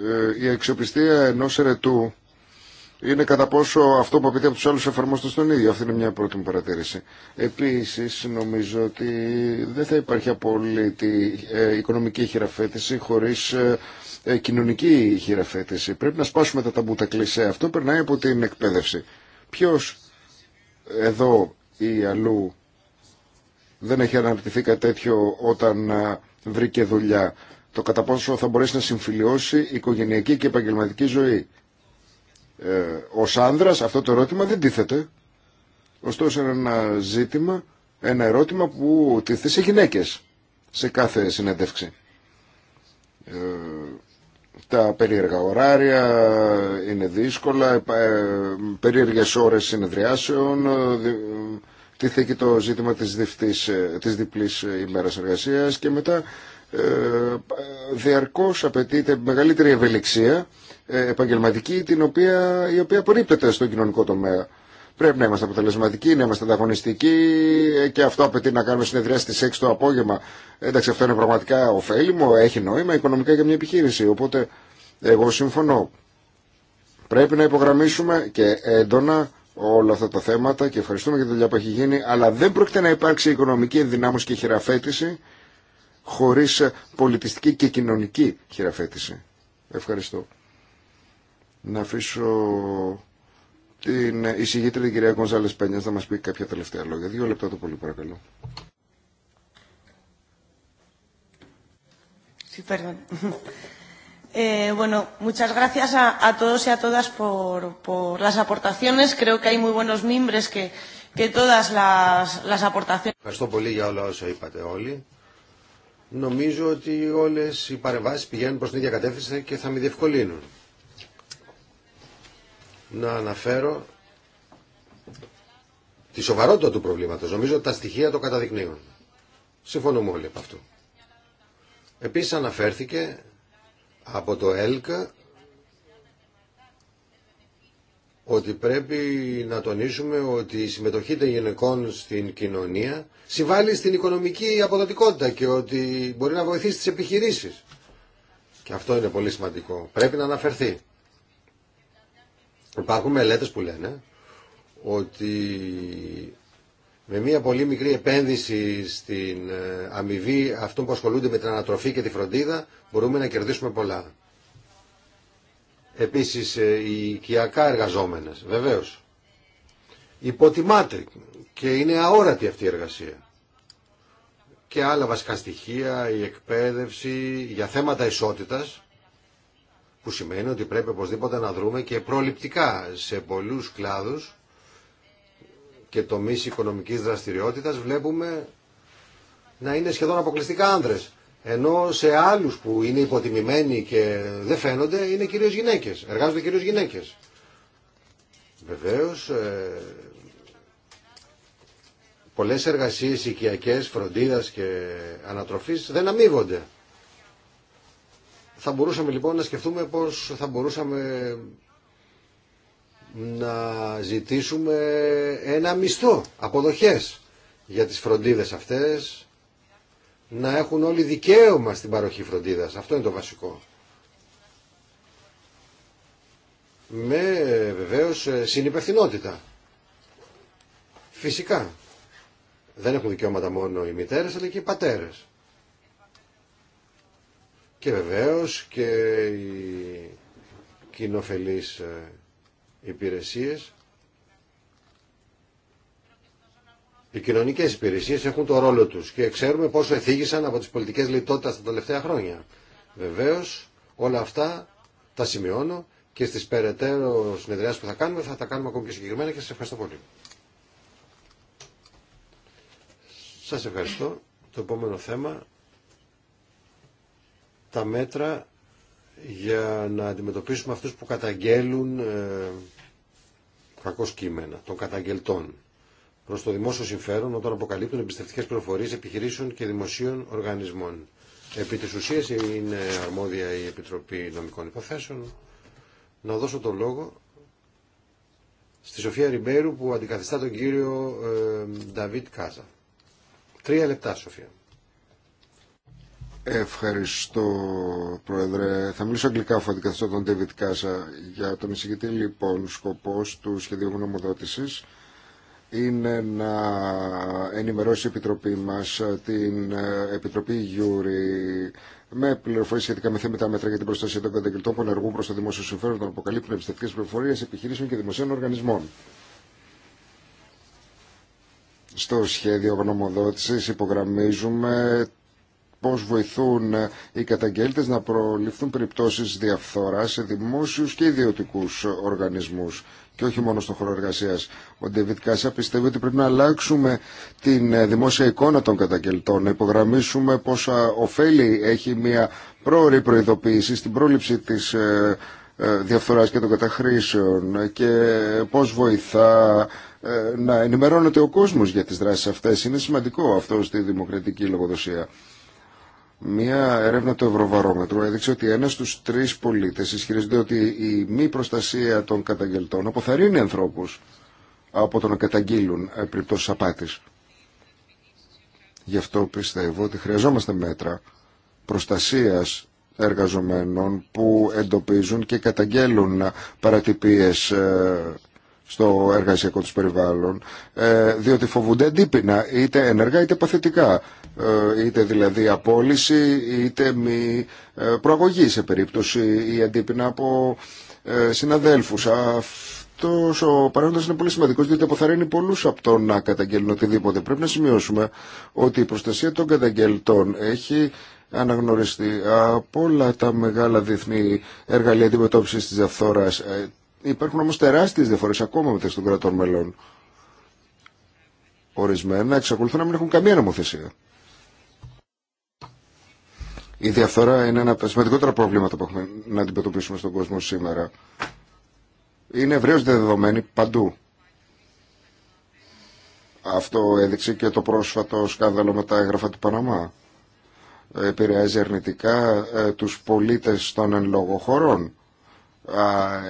Ε, η αξιοπιστία ενός ερετού είναι κατά πόσο αυτό που απαιτεί από του άλλου εφαρμόζεται στον ίδιο. Αυτή είναι μια πρώτη μου παρατήρηση. Επίση, νομίζω ότι δεν θα υπάρχει απόλυτη ε, οικονομική χειραφέτηση χωρί ε, ε, κοινωνική χειραφέτηση. Πρέπει να σπάσουμε τα ταμπού, τα κλισέ. Αυτό περνάει από την εκπαίδευση. Ποιο εδώ ή αλλού δεν έχει αναρτηθεί κάτι τέτοιο όταν βρήκε δουλειά. Το κατά πόσο θα μπορέσει να συμφιλειώσει οικογενειακή και επαγγελματική ζωή. Ο ε, άνδρας αυτό το ερώτημα δεν τίθεται. Ωστόσο είναι ένα ζήτημα, ένα ερώτημα που τίθεται σε γυναίκες σε κάθε συνέντευξη. Ε, τα περίεργα ωράρια είναι δύσκολα, ε, ε περίεργες ώρες συνεδριάσεων, ε, τίθεται και το ζήτημα της, διφτής, της διπλής ημέρας εργασίας και μετά διαρκώς απαιτείται μεγαλύτερη ευελιξία ε, επαγγελματική την οποία, η οποία απορρίπτεται στον κοινωνικό τομέα. Πρέπει να είμαστε αποτελεσματικοί, να είμαστε ανταγωνιστικοί ε, και αυτό απαιτεί να κάνουμε συνεδριά στις 6 το απόγευμα. Εντάξει, αυτό είναι πραγματικά ωφέλιμο, έχει νόημα οικονομικά για μια επιχείρηση. Οπότε εγώ συμφωνώ. Πρέπει να υπογραμμίσουμε και έντονα όλα αυτά τα θέματα και ευχαριστούμε για τη δουλειά που έχει γίνει, αλλά δεν πρόκειται να υπάρξει οικονομική ενδυνάμωση και χειραφέτηση χωρί πολιτιστική και κοινωνική χειραφέτηση. Ευχαριστώ να αφήσω την εισηγήτρια την κυρία Κονζάλε Πένια να μας πει κάποια τελευταία λόγια. Δύο λεπτά το πολύ παρακαλώ. Sí, perdón. Eh, bueno, muchas gracias a, a todos y a todas por, por las aportaciones. Creo que hay muy buenos mimbres que, que todas las, las aportaciones. Ευχαριστώ πολύ για όλα όσα είπατε όλοι. Νομίζω ότι όλες οι παρεμβάσεις πηγαίνουν προς την ίδια κατεύθυνση και θα με διευκολύνουν να αναφέρω τη σοβαρότητα του προβλήματος. Νομίζω ότι τα στοιχεία το καταδεικνύουν. Συμφωνούμε όλοι από αυτού. Επίσης αναφέρθηκε από το ΕΛΚΑ ότι πρέπει να τονίσουμε ότι η συμμετοχή των γυναικών στην κοινωνία συμβάλλει στην οικονομική αποδοτικότητα και ότι μπορεί να βοηθήσει τις επιχειρήσεις. Και αυτό είναι πολύ σημαντικό. Πρέπει να αναφερθεί. Υπάρχουν μελέτες που λένε ότι με μια πολύ μικρή επένδυση στην ε, αμοιβή αυτών που ασχολούνται με την ανατροφή και τη φροντίδα μπορούμε να κερδίσουμε πολλά. Επίσης ε, οι οικιακά εργαζόμενες, βεβαίως. Υποτιμάται και είναι αόρατη αυτή η εργασία. Και άλλα βασικά στοιχεία, η εκπαίδευση, για θέματα ισότητας που σημαίνει ότι πρέπει οπωσδήποτε να δρούμε και προληπτικά σε πολλούς κλάδους και τομείς οικονομικής δραστηριότητας βλέπουμε να είναι σχεδόν αποκλειστικά άνδρες. Ενώ σε άλλους που είναι υποτιμημένοι και δεν φαίνονται είναι κυρίως γυναίκες, εργάζονται κυρίως γυναίκες. Βεβαίως, ε, πολλές εργασίες οικιακές, φροντίδας και ανατροφής δεν αμείβονται. Θα μπορούσαμε λοιπόν να σκεφτούμε πώς θα μπορούσαμε να ζητήσουμε ένα μισθό, αποδοχές για τις φροντίδες αυτές, να έχουν όλοι δικαίωμα στην παροχή φροντίδας. Αυτό είναι το βασικό. Με βεβαίως συνυπευθυνότητα. Φυσικά. Δεν έχουν δικαιώματα μόνο οι μητέρες αλλά και οι πατέρες και βεβαίως και οι κοινοφελείς ε, υπηρεσίες. Οι κοινωνικές υπηρεσίες έχουν το ρόλο τους και ξέρουμε πόσο εθίγησαν από τις πολιτικές λιτότητας τα τελευταία χρόνια. Βεβαίως όλα αυτά τα σημειώνω και στις περαιτέρω συνεδριάσεις που θα κάνουμε θα τα κάνουμε ακόμη και συγκεκριμένα και σας ευχαριστώ πολύ. Σας ευχαριστώ. Το επόμενο θέμα τα μέτρα για να αντιμετωπίσουμε αυτούς που καταγγέλουν ε, κακώς κείμενα των καταγγελτών προς το δημόσιο συμφέρον όταν αποκαλύπτουν εμπιστευτικές πληροφορίες επιχειρήσεων και δημοσίων οργανισμών. Επί της ουσίας είναι αρμόδια η Επιτροπή Νομικών Υποθέσεων. Να δώσω το λόγο στη Σοφία Ριμπέρου που αντικαθιστά τον κύριο ε, Νταβίτ Κάζα. Τρία λεπτά, Σοφία. Ευχαριστώ, Πρόεδρε. Θα μιλήσω αγγλικά αφού αντικαθιστώ τον David Κάσα. Για τον εισηγητή, λοιπόν, σκοπό του σχεδίου γνωμοδότηση. είναι να ενημερώσει η Επιτροπή μα ε, την ε, Επιτροπή Γιούρη, με πληροφορίε σχετικά με θέματα μέτρα για την προστασία των καταγγελτών που ενεργούν προ το δημόσιο συμφέρον, των αποκαλύπτουν εμπιστευτικέ πληροφορίε επιχειρήσεων και δημοσίων οργανισμών. Στο σχέδιο γνωμοδότηση υπογραμμίζουμε πώς βοηθούν ε, οι καταγγέλτες να προληφθούν περιπτώσεις διαφθοράς σε δημόσιους και ιδιωτικούς οργανισμούς και όχι μόνο στον χώρο εργασία. Ο Ντεβιτ Κάσα πιστεύει ότι πρέπει να αλλάξουμε την ε, δημόσια εικόνα των καταγγελτών, να υπογραμμίσουμε πόσα ωφέλη έχει μια πρόορη προειδοποίηση στην πρόληψη της ε, διαφθοράς και των καταχρήσεων και πώς βοηθά να ενημερώνεται ο κόσμος για τις δράσεις αυτές. Είναι σημαντικό αυτό στη δημοκρατική λογοδοσία. Μία έρευνα του Ευρωβαρόμετρου έδειξε ότι ένα στου τρει πολίτε ισχυρίζεται ότι η μη προστασία των καταγγελτών αποθαρρύνει ανθρώπου από το να καταγγείλουν περιπτώσει απάτη. Γι' αυτό πιστεύω ότι χρειαζόμαστε μέτρα προστασία εργαζομένων που εντοπίζουν και καταγγέλουν παρατυπίες ε, στο εργασιακό τους περιβάλλον, ε, διότι φοβούνται αντίπεινα, είτε ενεργά είτε παθητικά. Ε, είτε δηλαδή απόλυση είτε μη ε, προαγωγή σε περίπτωση ή αντίπεινα από ε, συναδέλφους. Αυτός ο παράγοντας είναι πολύ σημαντικός διότι αποθαρρύνει πολλούς από το να καταγγέλνουν οτιδήποτε. Πρέπει να σημειώσουμε ότι η προστασία των καταγγελτών έχει αναγνωριστεί από όλα τα μεγάλα διεθνή εργαλεία αντιμετώπισης της αυθόρας. Υπάρχουν όμως τεράστιες διαφορές ακόμα μεταξύ των κρατών μελών. Ορισμένα εξακολουθούν να μην έχουν καμία νομοθεσία. Η διαφθορά είναι ένα από τα σημαντικότερα προβλήματα που έχουμε να αντιμετωπίσουμε στον κόσμο σήμερα. Είναι ευρέω δεδομένη παντού. Αυτό έδειξε και το πρόσφατο σκάνδαλο με τα έγγραφα του Παναμά. Επηρεάζει αρνητικά ε, τους πολίτες των εν λόγω χωρών.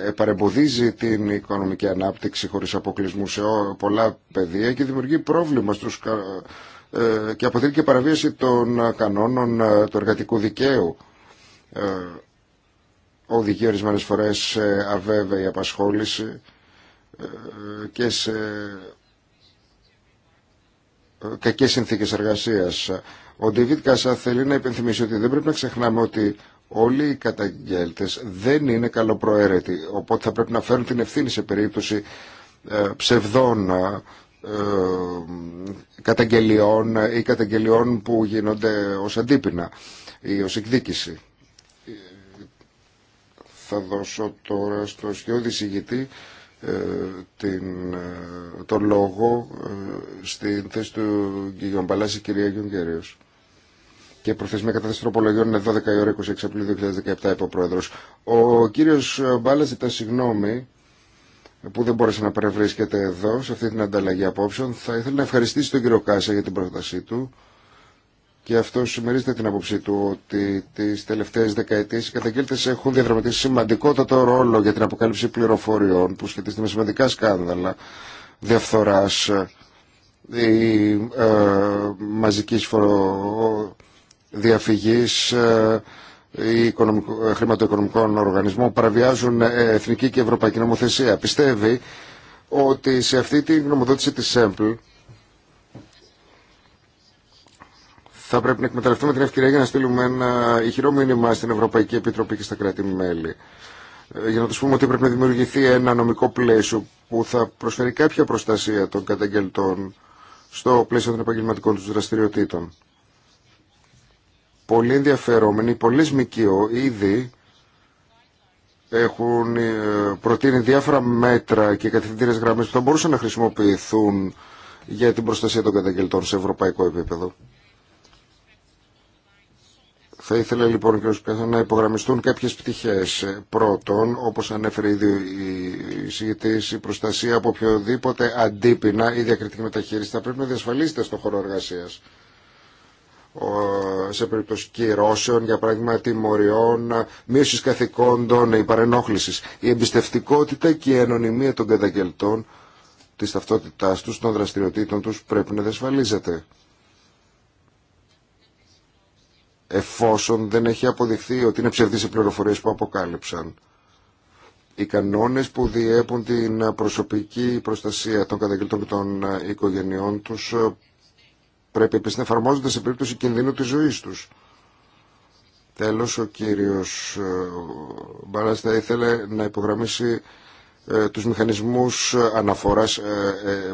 Επαρεμποδίζει την οικονομική ανάπτυξη χωρίς αποκλεισμού σε πολλά πεδία και δημιουργεί πρόβλημα στους ε, και αποτελεί και παραβίαση των ε, κανόνων ε, του εργατικού δικαίου. Οδηγεί ορισμένε φορέ σε αβέβαιη απασχόληση και σε κακέ συνθήκες εργασίας. Ο Ντεβίτ Κάσα θέλει να υπενθυμίσει ότι δεν πρέπει να ξεχνάμε ότι όλοι οι καταγγέλτε δεν είναι καλοπροαίρετοι, οπότε θα πρέπει να φέρουν την ευθύνη σε περίπτωση ψευδών ε, καταγγελιών ή καταγγελιών που γίνονται ως αντίπεινα ή ως εκδίκηση. Θα δώσω τώρα στο στιώδη συγητή ε, την, ε, το λόγο στην θέση του Γιώργου Παλάση, κυρία Γιονγκέριος. Και προθεσμία κατάθεση τροπολογιών είναι 12 η ώρα 26 2017, είπε ο Ο κύριος Μπάλας ζητά συγγνώμη που δεν μπόρεσε να παρευρίσκεται εδώ σε αυτή την ανταλλαγή απόψεων. Θα ήθελα να ευχαριστήσω τον κύριο Κάσα για την πρότασή του και αυτό συμμερίζεται την άποψή του ότι τι τελευταίε δεκαετίε οι καταγγέλτε έχουν διαδραματίσει σημαντικότατο ρόλο για την αποκάλυψη πληροφοριών που σχετίζεται με σημαντικά σκάνδαλα διαφθορά ή ε, μαζική φοροδιαφυγή. Ε, ή ε, χρηματοοικονομικών οργανισμών παραβιάζουν ε, εθνική και ευρωπαϊκή νομοθεσία. Πιστεύει ότι σε αυτή τη γνωμοδότηση της ΣΕΜΠΛ θα πρέπει να εκμεταλλευτούμε την ευκαιρία για να στείλουμε ένα ηχηρό μήνυμα στην Ευρωπαϊκή Επιτροπή και στα κράτη-μέλη. Ε, για να του πούμε ότι πρέπει να δημιουργηθεί ένα νομικό πλαίσιο που θα προσφέρει κάποια προστασία των καταγγελτών στο πλαίσιο των επαγγελματικών του δραστηριοτήτων πολύ ενδιαφερόμενοι, πολλές ΜΚΟ ήδη έχουν ε, προτείνει διάφορα μέτρα και κατευθυντήρες γραμμές που θα μπορούσαν να χρησιμοποιηθούν για την προστασία των καταγγελτών σε ευρωπαϊκό επίπεδο. Θα ήθελα λοιπόν κ. Σπέθα να υπογραμμιστούν κάποιες πτυχές. Πρώτον, όπως ανέφερε ήδη η συγητής, η προστασία από οποιοδήποτε αντίπεινα ή διακριτική μεταχείριση θα πρέπει να διασφαλίσετε στον χώρο εργασίας σε περίπτωση κυρώσεων, για παράδειγμα τιμωριών, μείωση καθηκόντων, η παρενόχληση. Η εμπιστευτικότητα και η ανωνυμία των καταγγελτών τη ταυτότητά του, των δραστηριοτήτων του πρέπει να δεσφαλίζεται. Εφόσον δεν έχει αποδειχθεί ότι είναι ψευδεί οι πληροφορίε που αποκάλυψαν. Οι κανόνες που διέπουν την προσωπική προστασία των καταγγελτών και των οικογενειών τους πρέπει επίσης να εφαρμόζονται σε περίπτωση κινδύνου της ζωής τους. Τέλος, ο κύριος ε, Μπαράς θα ήθελε να υπογραμμίσει ε, τους μηχανισμούς ε, αναφοράς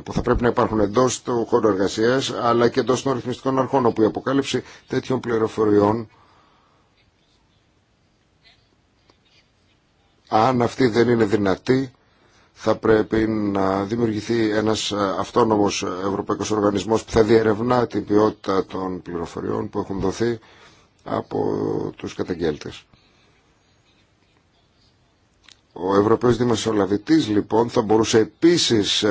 που θα πρέπει να υπάρχουν εντό του χώρου εργασία, αλλά και εντό των ρυθμιστικών αρχών όπου η αποκάλυψη τέτοιων πληροφοριών αν αυτή δεν είναι δυνατή θα πρέπει να δημιουργηθεί ένας ε, αυτόνομος ευρωπαϊκός οργανισμός που θα διερευνά την ποιότητα των πληροφοριών που έχουν δοθεί από τους καταγγέλτες. Ο Ευρωπαίος Δημοσιολαβητής λοιπόν θα μπορούσε επίσης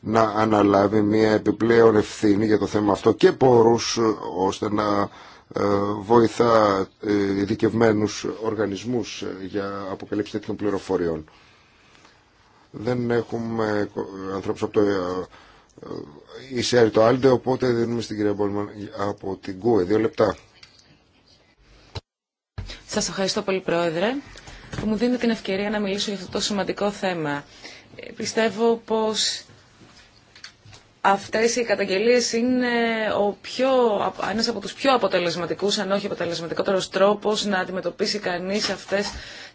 να αναλάβει μια επιπλέον ευθύνη για το θέμα αυτό και πόρους ώστε να ε, βοηθά ε, ειδικευμένους οργανισμούς για αποκαλύψη τέτοιων πληροφοριών δεν έχουμε ανθρώπους από το ΙΣΕΡΙ ε, ε, το οπότε δίνουμε στην κυρία Μπόλμαν από την ΚΟΕ. Δύο λεπτά. Σας ευχαριστώ πολύ Πρόεδρε που μου δίνετε την ευκαιρία να μιλήσω για αυτό το σημαντικό θέμα. Ε, πιστεύω πως Αυτές οι καταγγελίες είναι ο πιο, ένας από τους πιο αποτελεσματικούς, αν όχι αποτελεσματικότερος τρόπος να αντιμετωπίσει κανείς αυτές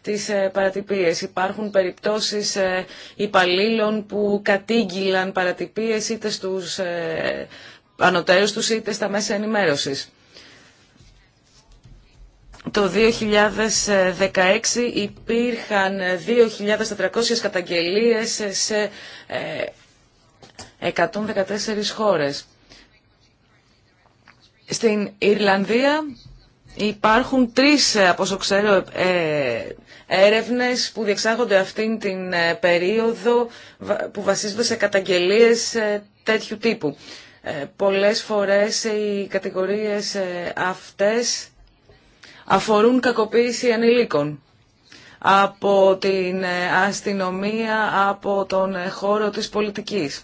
τις ε, παρατυπίες. Υπάρχουν περιπτώσεις ε, υπαλλήλων που κατήγγυλαν παρατυπίες είτε στους ε, ανωτέρους τους είτε στα μέσα ενημέρωσης. Το 2016 υπήρχαν 2.400 καταγγελίες σε 114 χώρες. Στην Ιρλανδία υπάρχουν τρεις, ε, από όσο ξέρω, ε, έρευνες που διεξάγονται αυτήν την ε, περίοδο που βασίζονται σε καταγγελίες τέτοιου τύπου. Πολλές φορές οι κατηγορίες αυτές αφορούν κακοποίηση ανηλίκων από την αστυνομία, από τον χώρο της πολιτικής.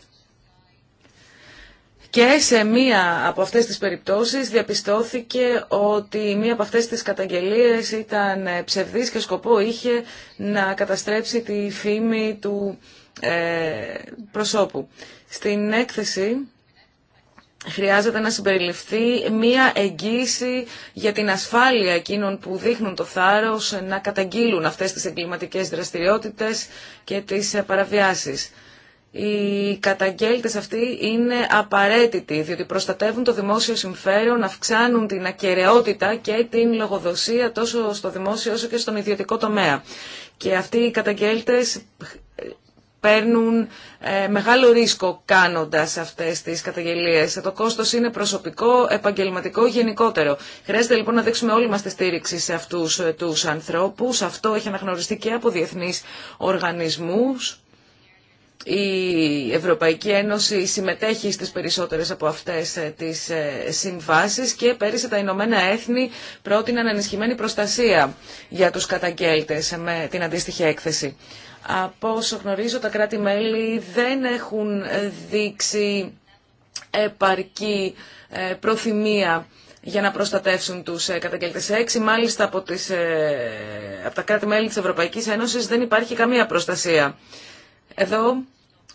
Και σε μία από αυτές τις περιπτώσεις διαπιστώθηκε ότι μία από αυτές τις καταγγελίες ήταν ε, ψευδής και σκοπό είχε να καταστρέψει τη φήμη του ε, προσώπου. Στην έκθεση χρειάζεται να συμπεριληφθεί μία εγγύηση για την ασφάλεια εκείνων που δείχνουν το θάρρος να καταγγείλουν αυτές τις εγκληματικές δραστηριότητες και τις ε, παραβιάσεις οι καταγγέλτες αυτοί είναι απαραίτητοι, διότι προστατεύουν το δημόσιο συμφέρον, αυξάνουν την ακαιρεότητα και την λογοδοσία τόσο στο δημόσιο όσο και στον ιδιωτικό τομέα. Και αυτοί οι καταγγέλτες παίρνουν ε, μεγάλο ρίσκο κάνοντας αυτές τις καταγγελίες. Το κόστος είναι προσωπικό, επαγγελματικό, γενικότερο. Χρειάζεται λοιπόν να δείξουμε όλοι μας τη στήριξη σε αυτούς ε, τους ανθρώπους. Αυτό έχει αναγνωριστεί και από διεθνεί οργανισμού η Ευρωπαϊκή Ένωση συμμετέχει στις περισσότερες από αυτές ε, τις ε, συμβάσεις και πέρυσι τα Ηνωμένα Έθνη πρότειναν ενισχυμένη προστασία για τους καταγγέλτες ε, με την αντίστοιχη έκθεση. Από όσο γνωρίζω τα κράτη-μέλη δεν έχουν δείξει επαρκή προθυμία για να προστατεύσουν τους καταγγελτές. Έξι μάλιστα από, τις, από τα κράτη-μέλη της Ευρωπαϊκής Ένωσης δεν υπάρχει καμία προστασία εδώ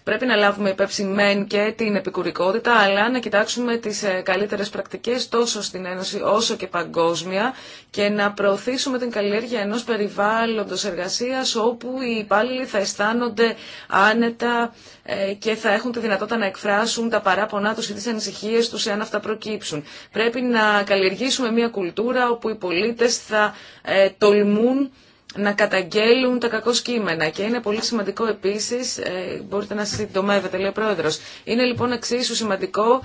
πρέπει να λάβουμε υπέψη μεν και την επικουρικότητα, αλλά να κοιτάξουμε τις ε, καλύτερες πρακτικές τόσο στην Ένωση όσο και παγκόσμια και να προωθήσουμε την καλλιέργεια ενός περιβάλλοντος εργασίας όπου οι υπάλληλοι θα αισθάνονται άνετα ε, και θα έχουν τη δυνατότητα να εκφράσουν τα παράπονά τους ή τις ανησυχίες τους εάν αυτά προκύψουν. Πρέπει να καλλιεργήσουμε μια κουλτούρα όπου οι πολίτες θα ε, τολμούν να καταγγέλουν τα κακό κείμενα. Και είναι πολύ σημαντικό επίση, ε, μπορείτε να συντομεύετε, λέει ο Πρόεδρο. Είναι λοιπόν εξίσου σημαντικό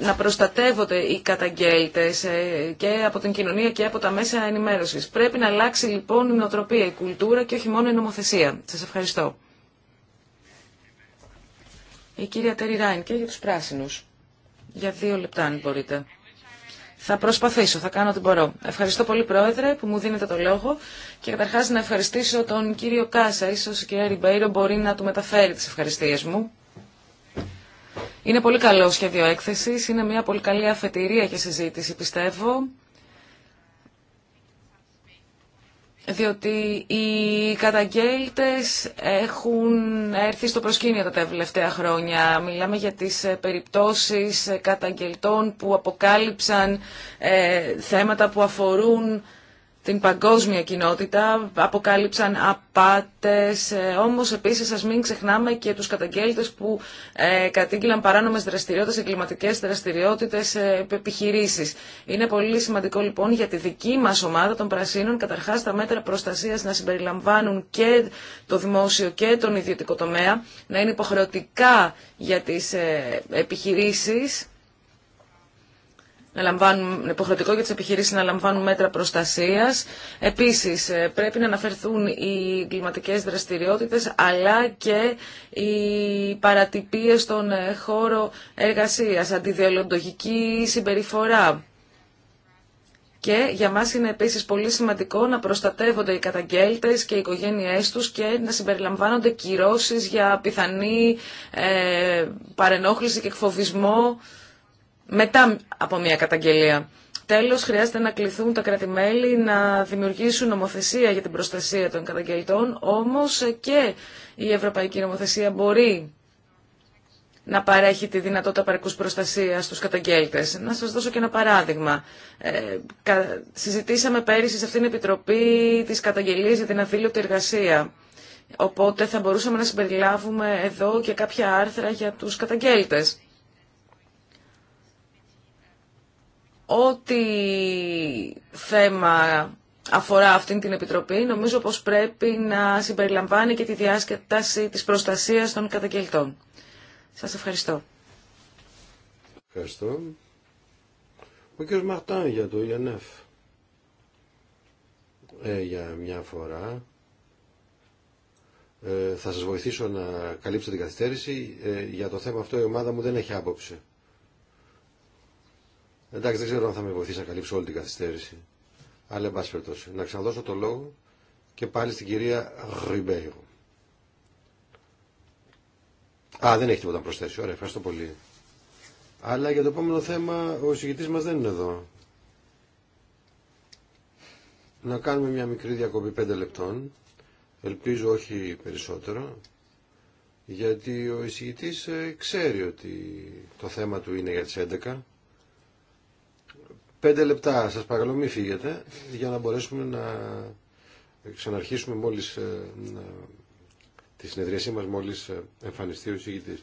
να προστατεύονται οι καταγγέλτε ε, και από την κοινωνία και από τα μέσα ενημέρωση. Πρέπει να αλλάξει λοιπόν η νοοτροπία, η κουλτούρα και όχι μόνο η νομοθεσία. Σα ευχαριστώ. Η κυρία Τέρι Ράιν και για του πράσινου. Για δύο λεπτά αν μπορείτε. Θα προσπαθήσω, θα κάνω ό,τι μπορώ. Ευχαριστώ πολύ, Πρόεδρε, που μου δίνετε το λόγο και καταρχάς να ευχαριστήσω τον κύριο Κάσα. Ίσως η κυρία Ριμπέιρο μπορεί να του μεταφέρει τις ευχαριστίες μου. Είναι πολύ καλό σχέδιο έκθεση, είναι μια πολύ καλή αφετηρία και συζήτηση, πιστεύω. διότι οι καταγγέλτες έχουν έρθει στο προσκήνιο τα τελευταία χρόνια. Μιλάμε για τις ε, περιπτώσεις ε, καταγγελτών που αποκάλυψαν ε, θέματα που αφορούν την παγκόσμια κοινότητα, αποκάλυψαν απάτες, ε, όμως επίσης σας μην ξεχνάμε και τους καταγγέλτες που ε, κατήγγυλαν παράνομες δραστηριότητες, εγκληματικές δραστηριότητες, ε, επιχειρήσεις. Είναι πολύ σημαντικό λοιπόν για τη δική μας ομάδα των Πρασίνων, καταρχάς τα μέτρα προστασίας να συμπεριλαμβάνουν και το δημόσιο και τον ιδιωτικό τομέα, να είναι υποχρεωτικά για τις επιχειρήσεις να λαμβάνουν, υποχρεωτικό για τις επιχειρήσεις να λαμβάνουν μέτρα προστασίας. Επίσης, ε, πρέπει να αναφερθούν οι κλιματικές δραστηριότητες, αλλά και οι παρατυπίες στον ε, χώρο εργασίας, αντιδιαλοντογική συμπεριφορά. Και για μας είναι επίσης πολύ σημαντικό να προστατεύονται οι καταγγέλτες και οι οικογένειές τους και να συμπεριλαμβάνονται κυρώσεις για πιθανή ε, παρενόχληση και εκφοβισμό μετά από μια καταγγελία. Τέλος, χρειάζεται να κληθούν τα κρατημέλη να δημιουργήσουν νομοθεσία για την προστασία των καταγγελτών, όμως και η Ευρωπαϊκή Νομοθεσία μπορεί να παρέχει τη δυνατότητα παρικούς προστασία στους καταγγέλτες. Να σας δώσω και ένα παράδειγμα. Ε, συζητήσαμε πέρυσι σε αυτήν την Επιτροπή της καταγγελίας για την αφήλωτη εργασία. Οπότε θα μπορούσαμε να συμπεριλάβουμε εδώ και κάποια άρθρα για τους καταγγέλτε ό,τι θέμα αφορά αυτήν την Επιτροπή, νομίζω πως πρέπει να συμπεριλαμβάνει και τη διάσκεταση της προστασίας των καταγγελτών. Σας ευχαριστώ. Ευχαριστώ. Ο κ. Μαχτάν για το ΙΕΝΕΦ. Ε, για μια φορά ε, θα σας βοηθήσω να καλύψω την καθυστέρηση. Ε, για το θέμα αυτό η ομάδα μου δεν έχει άποψη. Εντάξει, δεν ξέρω αν θα με βοηθήσει να καλύψω όλη την καθυστέρηση. Αλλά εν πάση Να ξαναδώσω το λόγο και πάλι στην κυρία Ριμπέιρο. Α, δεν έχει τίποτα να προσθέσει. Ωραία, ευχαριστώ πολύ. Αλλά για το επόμενο θέμα ο εισηγητή μα δεν είναι εδώ. Να κάνουμε μια μικρή διακοπή 5 λεπτών. Ελπίζω όχι περισσότερο. Γιατί ο εισηγητή ε, ξέρει ότι το θέμα του είναι για τι 11 Πέντε λεπτά, σας παρακαλώ μην φύγετε, για να μπορέσουμε να ξαναρχίσουμε μόλις ε, τη συνεδρίασή μας μόλις ε, εμφανιστεί ο εισηγητής.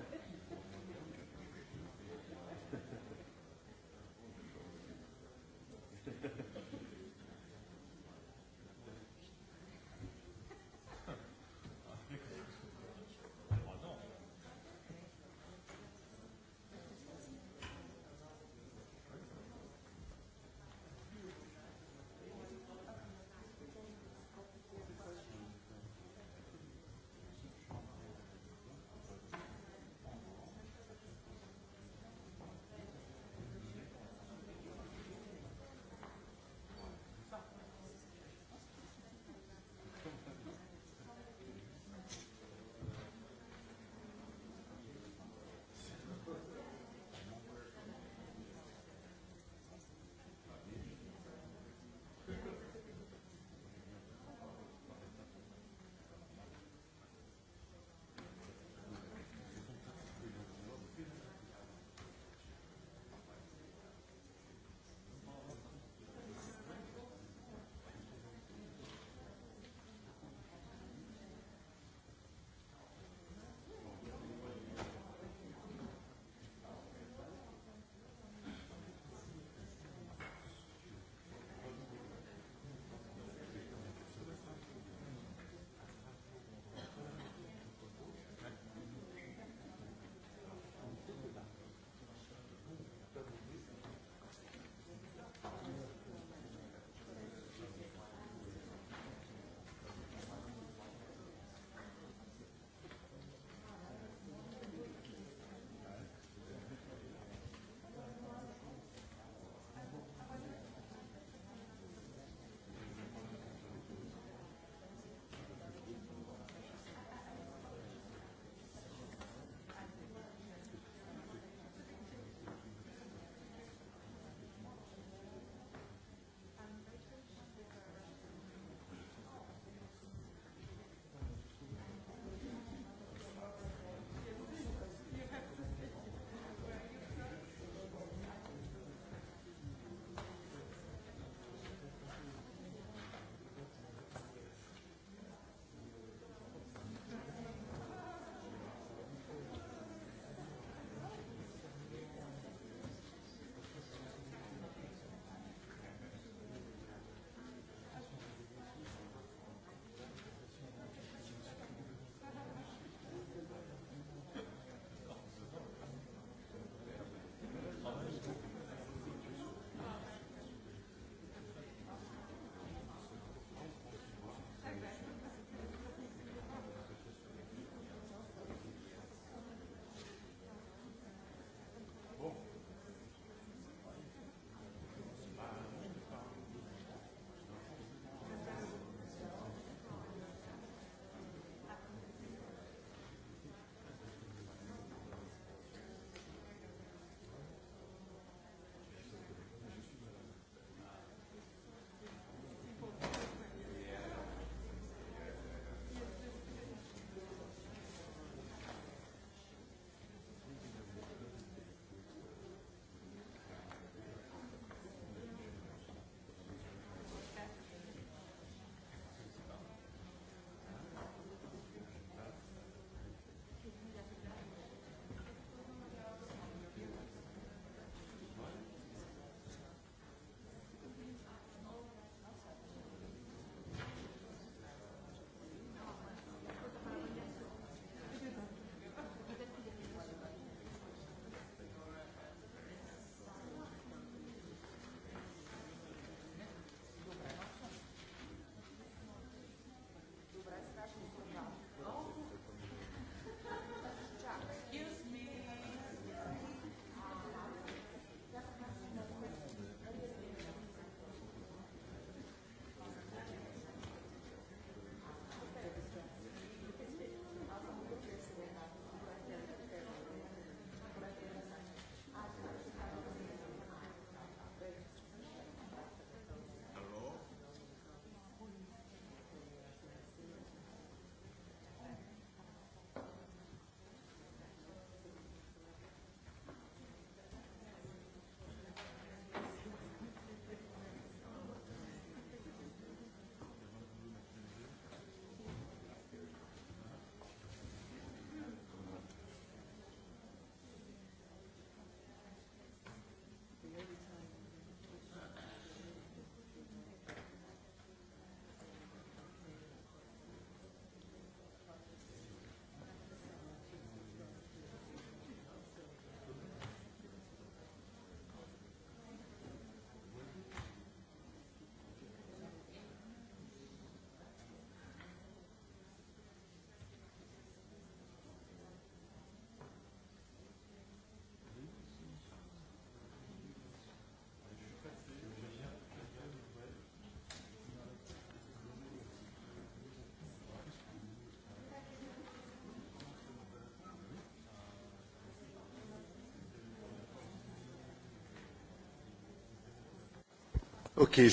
Okay,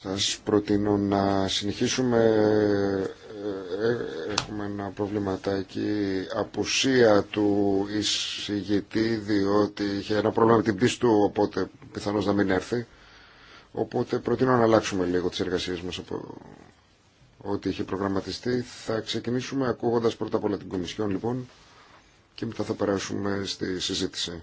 Σας προτείνω να συνεχίσουμε. Ε, ε, έχουμε ένα προβληματάκι απουσία του εισηγητή, διότι είχε ένα πρόβλημα με την πίστη του, οπότε πιθανώς να μην έρθει. Οπότε προτείνω να αλλάξουμε λίγο τις εργασίες μας από ό,τι είχε προγραμματιστεί. Θα ξεκινήσουμε ακούγοντας πρώτα απ' όλα την Κομισιόν, λοιπόν, και μετά θα περάσουμε στη συζήτηση.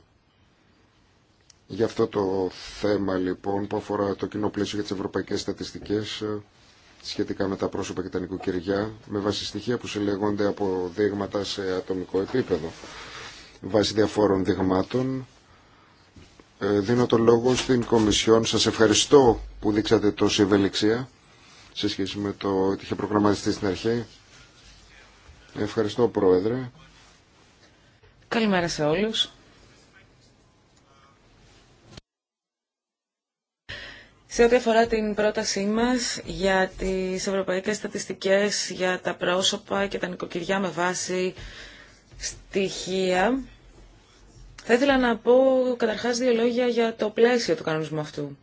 Για αυτό το θέμα λοιπόν που αφορά το κοινό πλαίσιο για τις ευρωπαϊκές στατιστικές ε, σχετικά με τα πρόσωπα και τα νοικοκυριά με βάση στοιχεία που συλλέγονται από δείγματα σε ατομικό επίπεδο. Βάσει διαφόρων δειγμάτων ε, δίνω το λόγο στην Κομισιόν. Σας ευχαριστώ που δείξατε τόση ευελιξία σε σχέση με το ότι είχε προγραμματιστεί στην αρχή. Ευχαριστώ Πρόεδρε. Καλημέρα σε όλους. Σε ό,τι αφορά την πρότασή μας για τις ευρωπαϊκές στατιστικές για τα πρόσωπα και τα νοικοκυριά με βάση στοιχεία, θα ήθελα να πω καταρχάς δύο λόγια για το πλαίσιο του κανονισμού αυτού.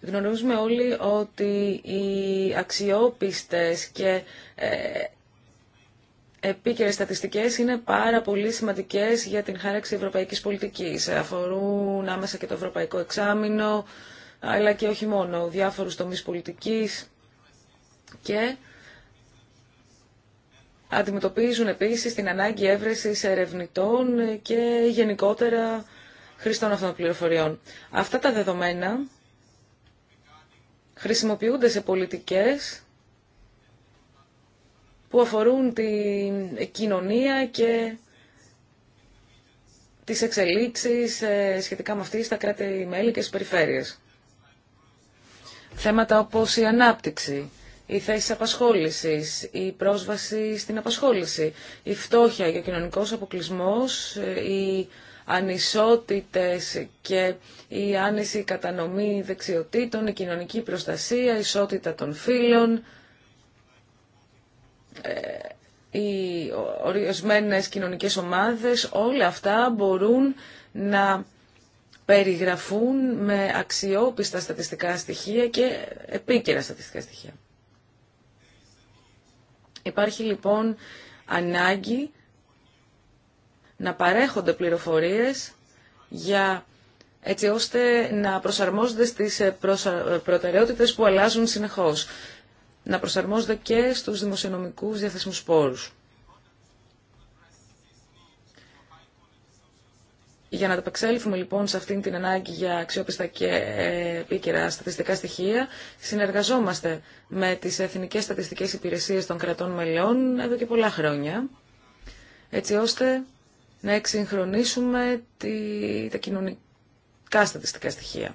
Γνωρίζουμε όλοι ότι οι αξιόπιστες και ε, επίκαιρες στατιστικές είναι πάρα πολύ σημαντικές για την χάραξη ευρωπαϊκής πολιτικής. Αφορούν άμεσα και το ευρωπαϊκό εξάμεινο, αλλά και όχι μόνο, διάφορους τομείς πολιτικής και αντιμετωπίζουν επίσης την ανάγκη έβρεσης ερευνητών και γενικότερα χρηστών αυτών των πληροφοριών. Αυτά τα δεδομένα χρησιμοποιούνται σε πολιτικές που αφορούν την κοινωνία και τις εξελίξεις ε, σχετικά με αυτή στα κράτη-μέλη και στις περιφέρειες. Θέματα όπως η ανάπτυξη, οι θέση απασχόλησης, η πρόσβαση στην απασχόληση, η φτώχεια και ο αποκλεισμός, αποκλεισμό, οι ανισότητες και η άνεση κατανομή δεξιοτήτων, η κοινωνική προστασία, η ισότητα των φύλων, ε, οι ορισμένες κοινωνικές ομάδες, όλα αυτά μπορούν να περιγραφούν με αξιόπιστα στατιστικά στοιχεία και επίκαιρα στατιστικά στοιχεία. Υπάρχει λοιπόν ανάγκη να παρέχονται πληροφορίες για έτσι ώστε να προσαρμόζονται στις ε, ε, προτεραιότητες που αλλάζουν συνεχώς να προσαρμόζονται και στους δημοσιονομικούς διαθεσιμούς πόρους. Για να ανταπεξέλθουμε λοιπόν σε αυτήν την ανάγκη για αξιόπιστα και ε, επίκαιρα στατιστικά στοιχεία, συνεργαζόμαστε με τις Εθνικές Στατιστικές Υπηρεσίες των κρατών μελών εδώ και πολλά χρόνια, έτσι ώστε να εξυγχρονίσουμε τα κοινωνικά στατιστικά στοιχεία.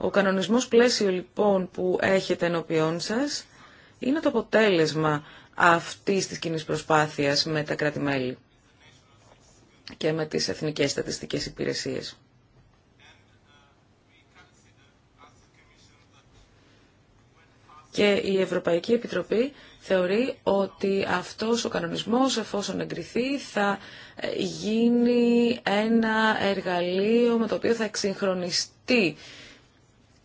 Ο κανονισμός πλαίσιο λοιπόν που έχετε ενώπιόν σας είναι το αποτέλεσμα αυτής της κοινή προσπάθειας με τα κράτη-μέλη και με τις Εθνικές Στατιστικές Υπηρεσίες. Και η Ευρωπαϊκή Επιτροπή θεωρεί ότι αυτός ο κανονισμός, εφόσον εγκριθεί, θα γίνει ένα εργαλείο με το οποίο θα εξυγχρονιστεί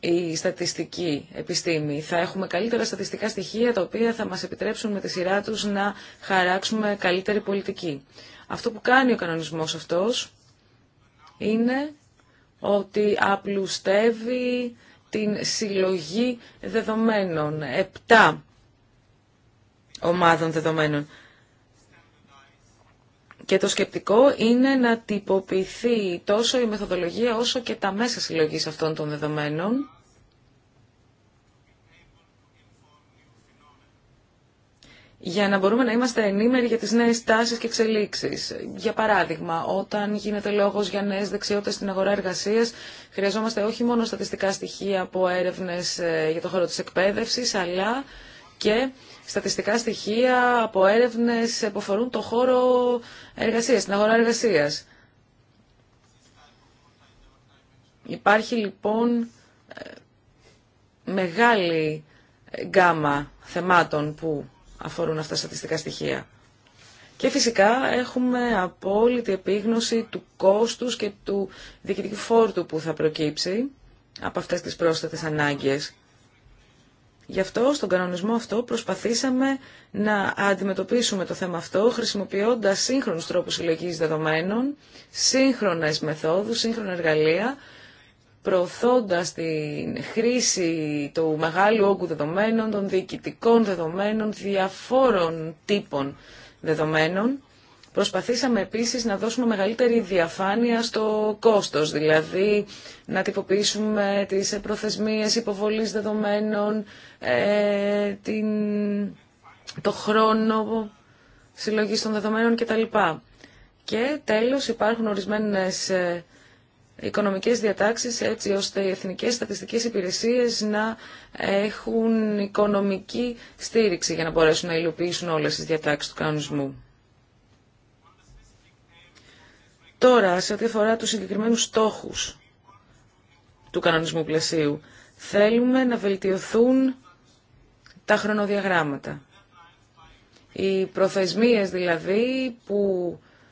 η στατιστική επιστήμη. Θα έχουμε καλύτερα στατιστικά στοιχεία τα οποία θα μας επιτρέψουν με τη σειρά τους να χαράξουμε καλύτερη πολιτική. Αυτό που κάνει ο κανονισμός αυτός είναι ότι απλουστεύει την συλλογή δεδομένων, επτά ομάδων δεδομένων. Και το σκεπτικό είναι να τυποποιηθεί τόσο η μεθοδολογία όσο και τα μέσα συλλογής αυτών των δεδομένων. για να μπορούμε να είμαστε ενήμεροι για τις νέες τάσεις και εξελίξεις. Για παράδειγμα, όταν γίνεται λόγος για νέες δεξιότητες στην αγορά εργασίας, χρειαζόμαστε όχι μόνο στατιστικά στοιχεία από έρευνες ε, για το χώρο της εκπαίδευσης, αλλά και στατιστικά στοιχεία από έρευνε που αφορούν το χώρο εργασίας, την αγορά εργασίας. Υπάρχει λοιπόν ε, μεγάλη γκάμα θεμάτων που αφορούν αυτά τα στατιστικά στοιχεία. Και φυσικά έχουμε απόλυτη επίγνωση του κόστους και του διοικητικού φόρτου που θα προκύψει από αυτές τις πρόσθετες ανάγκες. Γι' αυτό στον κανονισμό αυτό προσπαθήσαμε να αντιμετωπίσουμε το θέμα αυτό χρησιμοποιώντας σύγχρονους τρόπους συλλογής δεδομένων, σύγχρονες μεθόδους, σύγχρονα εργαλεία, προωθώντας την χρήση του μεγάλου όγκου δεδομένων, των διοικητικών δεδομένων, διαφόρων τύπων δεδομένων Προσπαθήσαμε επίσης να δώσουμε μεγαλύτερη διαφάνεια στο κόστος, δηλαδή να τυποποιήσουμε τις προθεσμίες υποβολής δεδομένων, ε, την, το χρόνο συλλογής των δεδομένων κτλ. Και τέλος υπάρχουν ορισμένες ε, οικονομικές διατάξεις έτσι ώστε οι εθνικές στατιστικές υπηρεσίες να έχουν οικονομική στήριξη για να μπορέσουν να υλοποιήσουν όλες τις διατάξεις του κανονισμού. Τώρα, σε ό,τι αφορά τους συγκεκριμένους στόχους του κανονισμού πλαισίου, θέλουμε να βελτιωθούν τα χρονοδιαγράμματα. Οι προθεσμίες δηλαδή που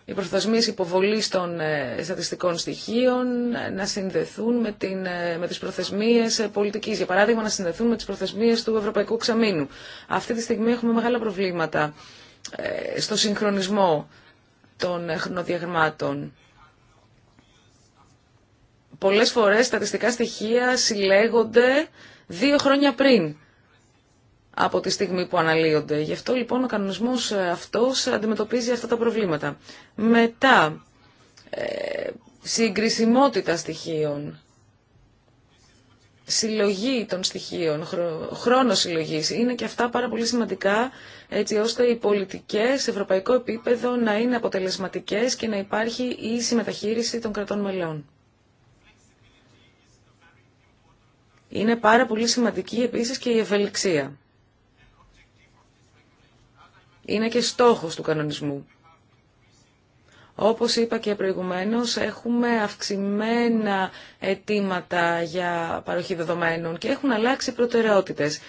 οι προθεσμίες υποβολής των ε, στατιστικών στοιχείων ε, να συνδεθούν με, την, ε, με τις προθεσμίες πολιτικής. Για παράδειγμα, να συνδεθούν με τις προθεσμίες του Ευρωπαϊκού Ξαμήνου. Αυτή τη στιγμή έχουμε μεγάλα προβλήματα στο συγχρονισμό των χρονοδιαγραμμάτων πολλές φορές στατιστικά στοιχεία συλλέγονται δύο χρόνια πριν από τη στιγμή που αναλύονται. Γι' αυτό λοιπόν ο κανονισμός ε, αυτός αντιμετωπίζει αυτά τα προβλήματα. Μετά, ε, συγκρισιμότητα στοιχείων, συλλογή των στοιχείων, χρόνο συλλογής, είναι και αυτά πάρα πολύ σημαντικά έτσι ώστε οι πολιτικές σε ευρωπαϊκό επίπεδο να είναι αποτελεσματικές και να υπάρχει η μεταχείριση των κρατών μελών. Είναι πάρα πολύ σημαντική επίσης και η ευελιξία. Είναι και στόχος του κανονισμού. Όπως είπα και προηγουμένως, έχουμε αυξημένα αιτήματα για παροχή δεδομένων και έχουν αλλάξει προτεραιότητες.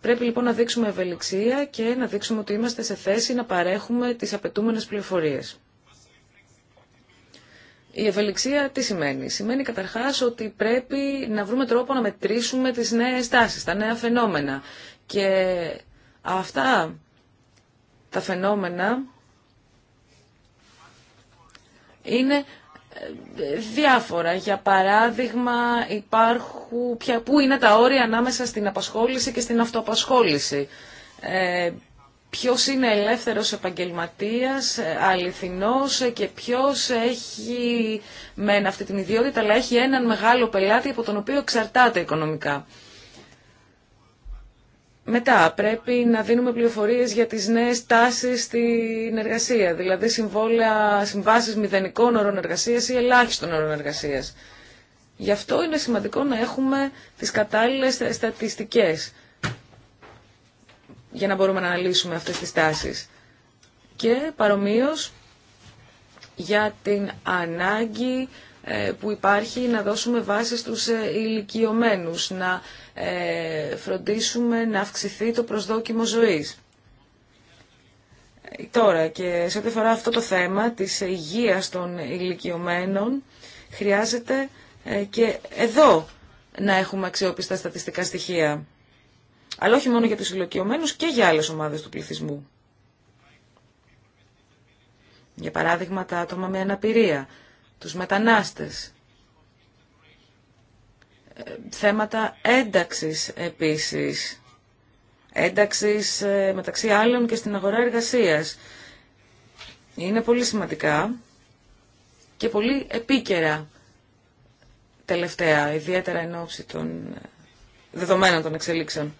Πρέπει λοιπόν να δείξουμε ευελιξία και να δείξουμε ότι είμαστε σε θέση να παρέχουμε τις απαιτούμενες πληροφορίες. Η ευελιξία τι σημαίνει. Σημαίνει καταρχάς ότι πρέπει να βρούμε τρόπο να μετρήσουμε τις νέες τάσεις, τα νέα φαινόμενα. Και αυτά τα φαινόμενα είναι ε, διάφορα. Για παράδειγμα, υπάρχουν, πια, πού είναι τα όρια ανάμεσα στην απασχόληση και στην αυτοαπασχόληση. Ε, ποιος είναι ελεύθερος επαγγελματίας, ε, αληθινός ε, και ποιος έχει μεν αυτή την ιδιότητα, αλλά έχει έναν μεγάλο πελάτη από τον οποίο εξαρτάται οικονομικά. Μετά πρέπει να δίνουμε πληροφορίες για τις νέες τάσεις στην εργασία, δηλαδή συμβόλαια, συμβάσεις μηδενικών όρων εργασίας ή ελάχιστων όρων εργασίας. Γι' αυτό είναι σημαντικό να έχουμε τις κατάλληλες στατιστικές για να μπορούμε να αναλύσουμε αυτές τις τάσεις. Και παρομοίως για την ανάγκη ε, που υπάρχει να δώσουμε βάση στους ε, ηλικιωμένους, να ε, φροντίσουμε να αυξηθεί το προσδόκιμο ζωής. Τώρα και σε ό,τι αφορά αυτό το θέμα της υγείας των ηλικιωμένων, χρειάζεται και εδώ να έχουμε αξιόπιστα στατιστικά στοιχεία αλλά όχι μόνο για τους ηλικιωμένους και για άλλες ομάδες του πληθυσμού. Για παράδειγμα τα άτομα με αναπηρία, τους μετανάστες. Ε, θέματα ένταξης επίσης. Ένταξης ε, μεταξύ άλλων και στην αγορά εργασίας. Είναι πολύ σημαντικά και πολύ επίκαιρα τελευταία, ιδιαίτερα εν ώψη των δεδομένων των εξελίξεων.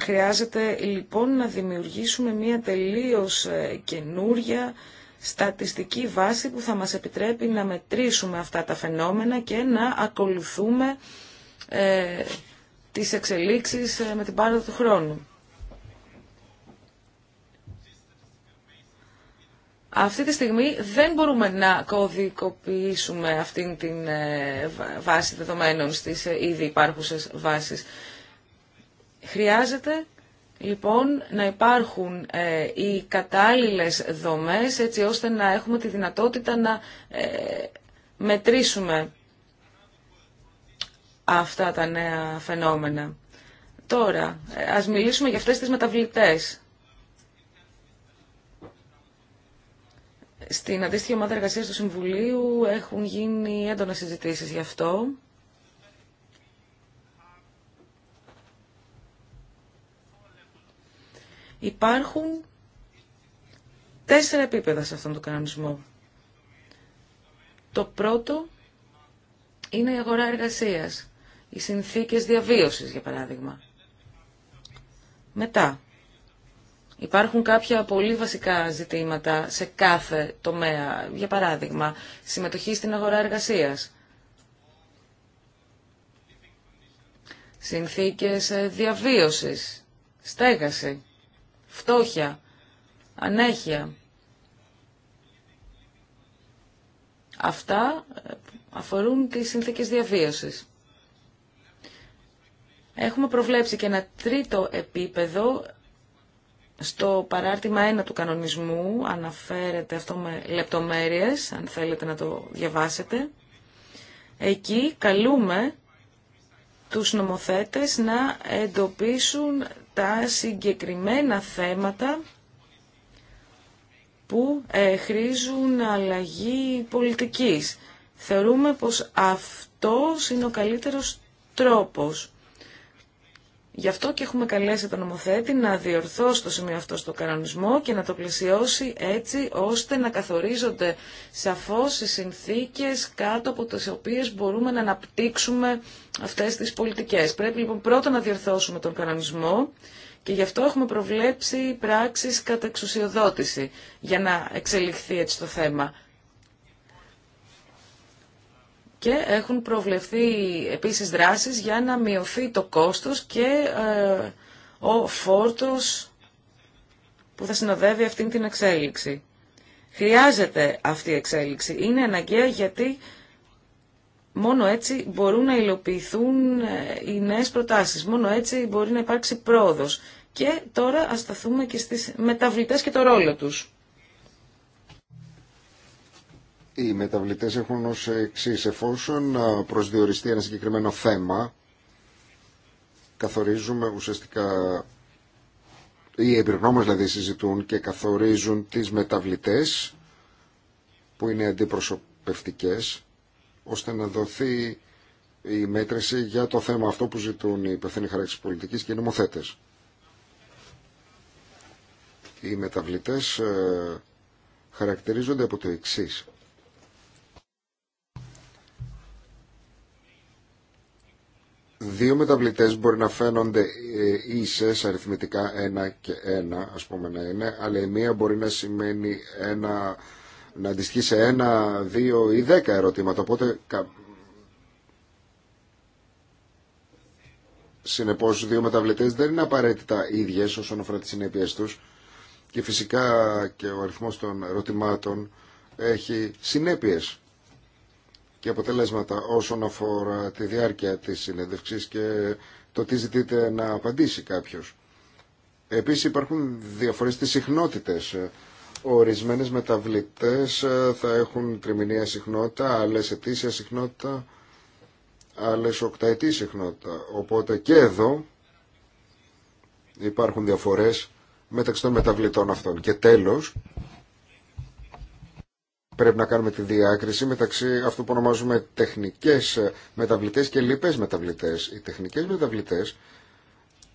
Χρειάζεται λοιπόν να δημιουργήσουμε μια τελείως ε, καινούρια στατιστική βάση που θα μας επιτρέπει να μετρήσουμε αυτά τα φαινόμενα και να ακολουθούμε ε, τις εξελίξεις ε, με την πάροδο του χρόνου. Αυτή τη στιγμή δεν μπορούμε να κωδικοποιήσουμε αυτήν την ε, βάση δεδομένων στις ήδη υπάρχουσες βάσεις. Χρειάζεται λοιπόν να υπάρχουν ε, οι κατάλληλες δομές έτσι ώστε να έχουμε τη δυνατότητα να ε, μετρήσουμε αυτά τα νέα φαινόμενα. Τώρα, ε, ας μιλήσουμε για αυτές τις μεταβλητές. Στην αντίστοιχη ομάδα εργασίας του Συμβουλίου έχουν γίνει έντονα συζητήσεις γι' αυτό. Υπάρχουν τέσσερα επίπεδα σε αυτόν τον κανονισμό. Το πρώτο είναι η αγορά εργασίας, οι συνθήκες διαβίωσης για παράδειγμα. Μετά, υπάρχουν κάποια πολύ βασικά ζητήματα σε κάθε τομέα, για παράδειγμα, συμμετοχή στην αγορά εργασίας. Συνθήκες ε, διαβίωσης, στέγαση φτώχεια, ανέχεια. Αυτά ε, αφορούν τις συνθήκες διαβίωσης. Έχουμε προβλέψει και ένα τρίτο επίπεδο στο παράρτημα 1 του κανονισμού αναφέρεται αυτό με λεπτομέρειες, αν θέλετε να το διαβάσετε. Εκεί καλούμε τους νομοθέτες να εντοπίσουν τα συγκεκριμένα θέματα που ε, χρήζουν αλλαγή πολιτικής. Θεωρούμε πως αυτός είναι ο καλύτερος τρόπος. Γι' αυτό και έχουμε καλέσει τον νομοθέτη να διορθώσει το σημείο αυτό στο κανονισμό και να το πλησιώσει έτσι ώστε να καθορίζονται σαφώς οι συνθήκες κάτω από τις οποίες μπορούμε να αναπτύξουμε αυτές τις πολιτικές. Πρέπει λοιπόν πρώτα να διορθώσουμε τον κανονισμό και γι' αυτό έχουμε προβλέψει πράξεις κατά εξουσιοδότηση για να εξελιχθεί έτσι το θέμα και έχουν προβλεφθεί επίσης δράσεις για να μειωθεί το κόστος και ε, ο φόρτος που θα συνοδεύει αυτή την εξέλιξη. Χρειάζεται αυτή η εξέλιξη. Είναι αναγκαία γιατί μόνο έτσι μπορούν να υλοποιηθούν ε, οι νέες προτάσεις. Μόνο έτσι μπορεί να υπάρξει πρόοδος. Και τώρα ασταθούμε και στις μεταβλητές και το ρόλο τους. Οι μεταβλητές έχουν ως εξή Εφόσον προσδιοριστεί ένα συγκεκριμένο θέμα, καθορίζουμε ουσιαστικά οι εμπειρογνώμες δηλαδή συζητούν και καθορίζουν τις μεταβλητές που είναι αντιπροσωπευτικές ώστε να δοθεί η μέτρηση για το θέμα αυτό που ζητούν οι υπευθύνοι χαράξεις πολιτικής και οι νομοθέτες. Οι μεταβλητές ε, χαρακτηρίζονται από το εξής. δύο μεταβλητές μπορεί να φαίνονται ε, ίσες αριθμητικά ένα και ένα ας πούμε να είναι αλλά η μία μπορεί να σημαίνει ένα να αντιστοιχεί σε ένα, δύο ή δέκα ερωτήματα οπότε συνεπώς δύο μεταβλητές δεν είναι απαραίτητα ίδιες όσον αφορά τις συνέπειες τους και φυσικά και ο αριθμός των ερωτημάτων έχει συνέπειες και αποτελέσματα όσον αφορά τη διάρκεια της συνέντευξης και το τι ζητείτε να απαντήσει κάποιος. Επίσης υπάρχουν διαφορές στις συχνότητες. Ορισμένες μεταβλητές ε, θα έχουν τριμηνία συχνότητα, άλλες ετήσια συχνότητα, άλλες οκταετή συχνότητα. Οπότε και εδώ υπάρχουν διαφορές μεταξύ των μεταβλητών αυτών. Και τέλος, Πρέπει να κάνουμε τη διάκριση μεταξύ αυτού που ονομάζουμε τεχνικές μεταβλητές και λοιπές μεταβλητές. Οι τεχνικές μεταβλητές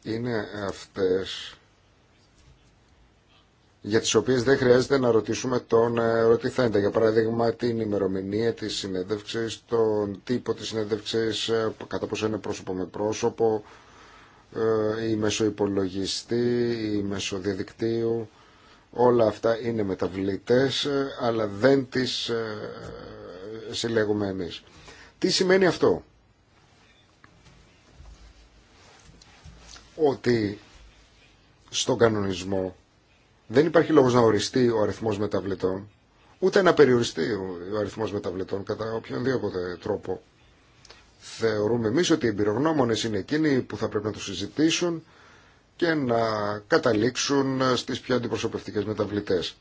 είναι αυτές για τις οποίες δεν χρειάζεται να ρωτήσουμε τον ε, ρωτηθέντα. Για παράδειγμα την ημερομηνία της συνέντευξης, τον τύπο της συνέντευξης, ε, κατά πόσο είναι πρόσωπο με πρόσωπο, ε, η υπολογιστή, η διαδικτύου. Όλα αυτά είναι μεταβλητές, ε, αλλά δεν τις ε, συλλέγουμε εμείς. Τι σημαίνει αυτό. Ότι στον κανονισμό δεν υπάρχει λόγος να οριστεί ο αριθμός μεταβλητών, ούτε να περιοριστεί ο αριθμός μεταβλητών κατά οποιονδήποτε τρόπο. Θεωρούμε εμείς ότι οι εμπειρογνώμονες είναι εκείνοι που θα πρέπει να το συζητήσουν και να καταλήξουν στις πιο αντιπροσωπευτικές μεταβλητές.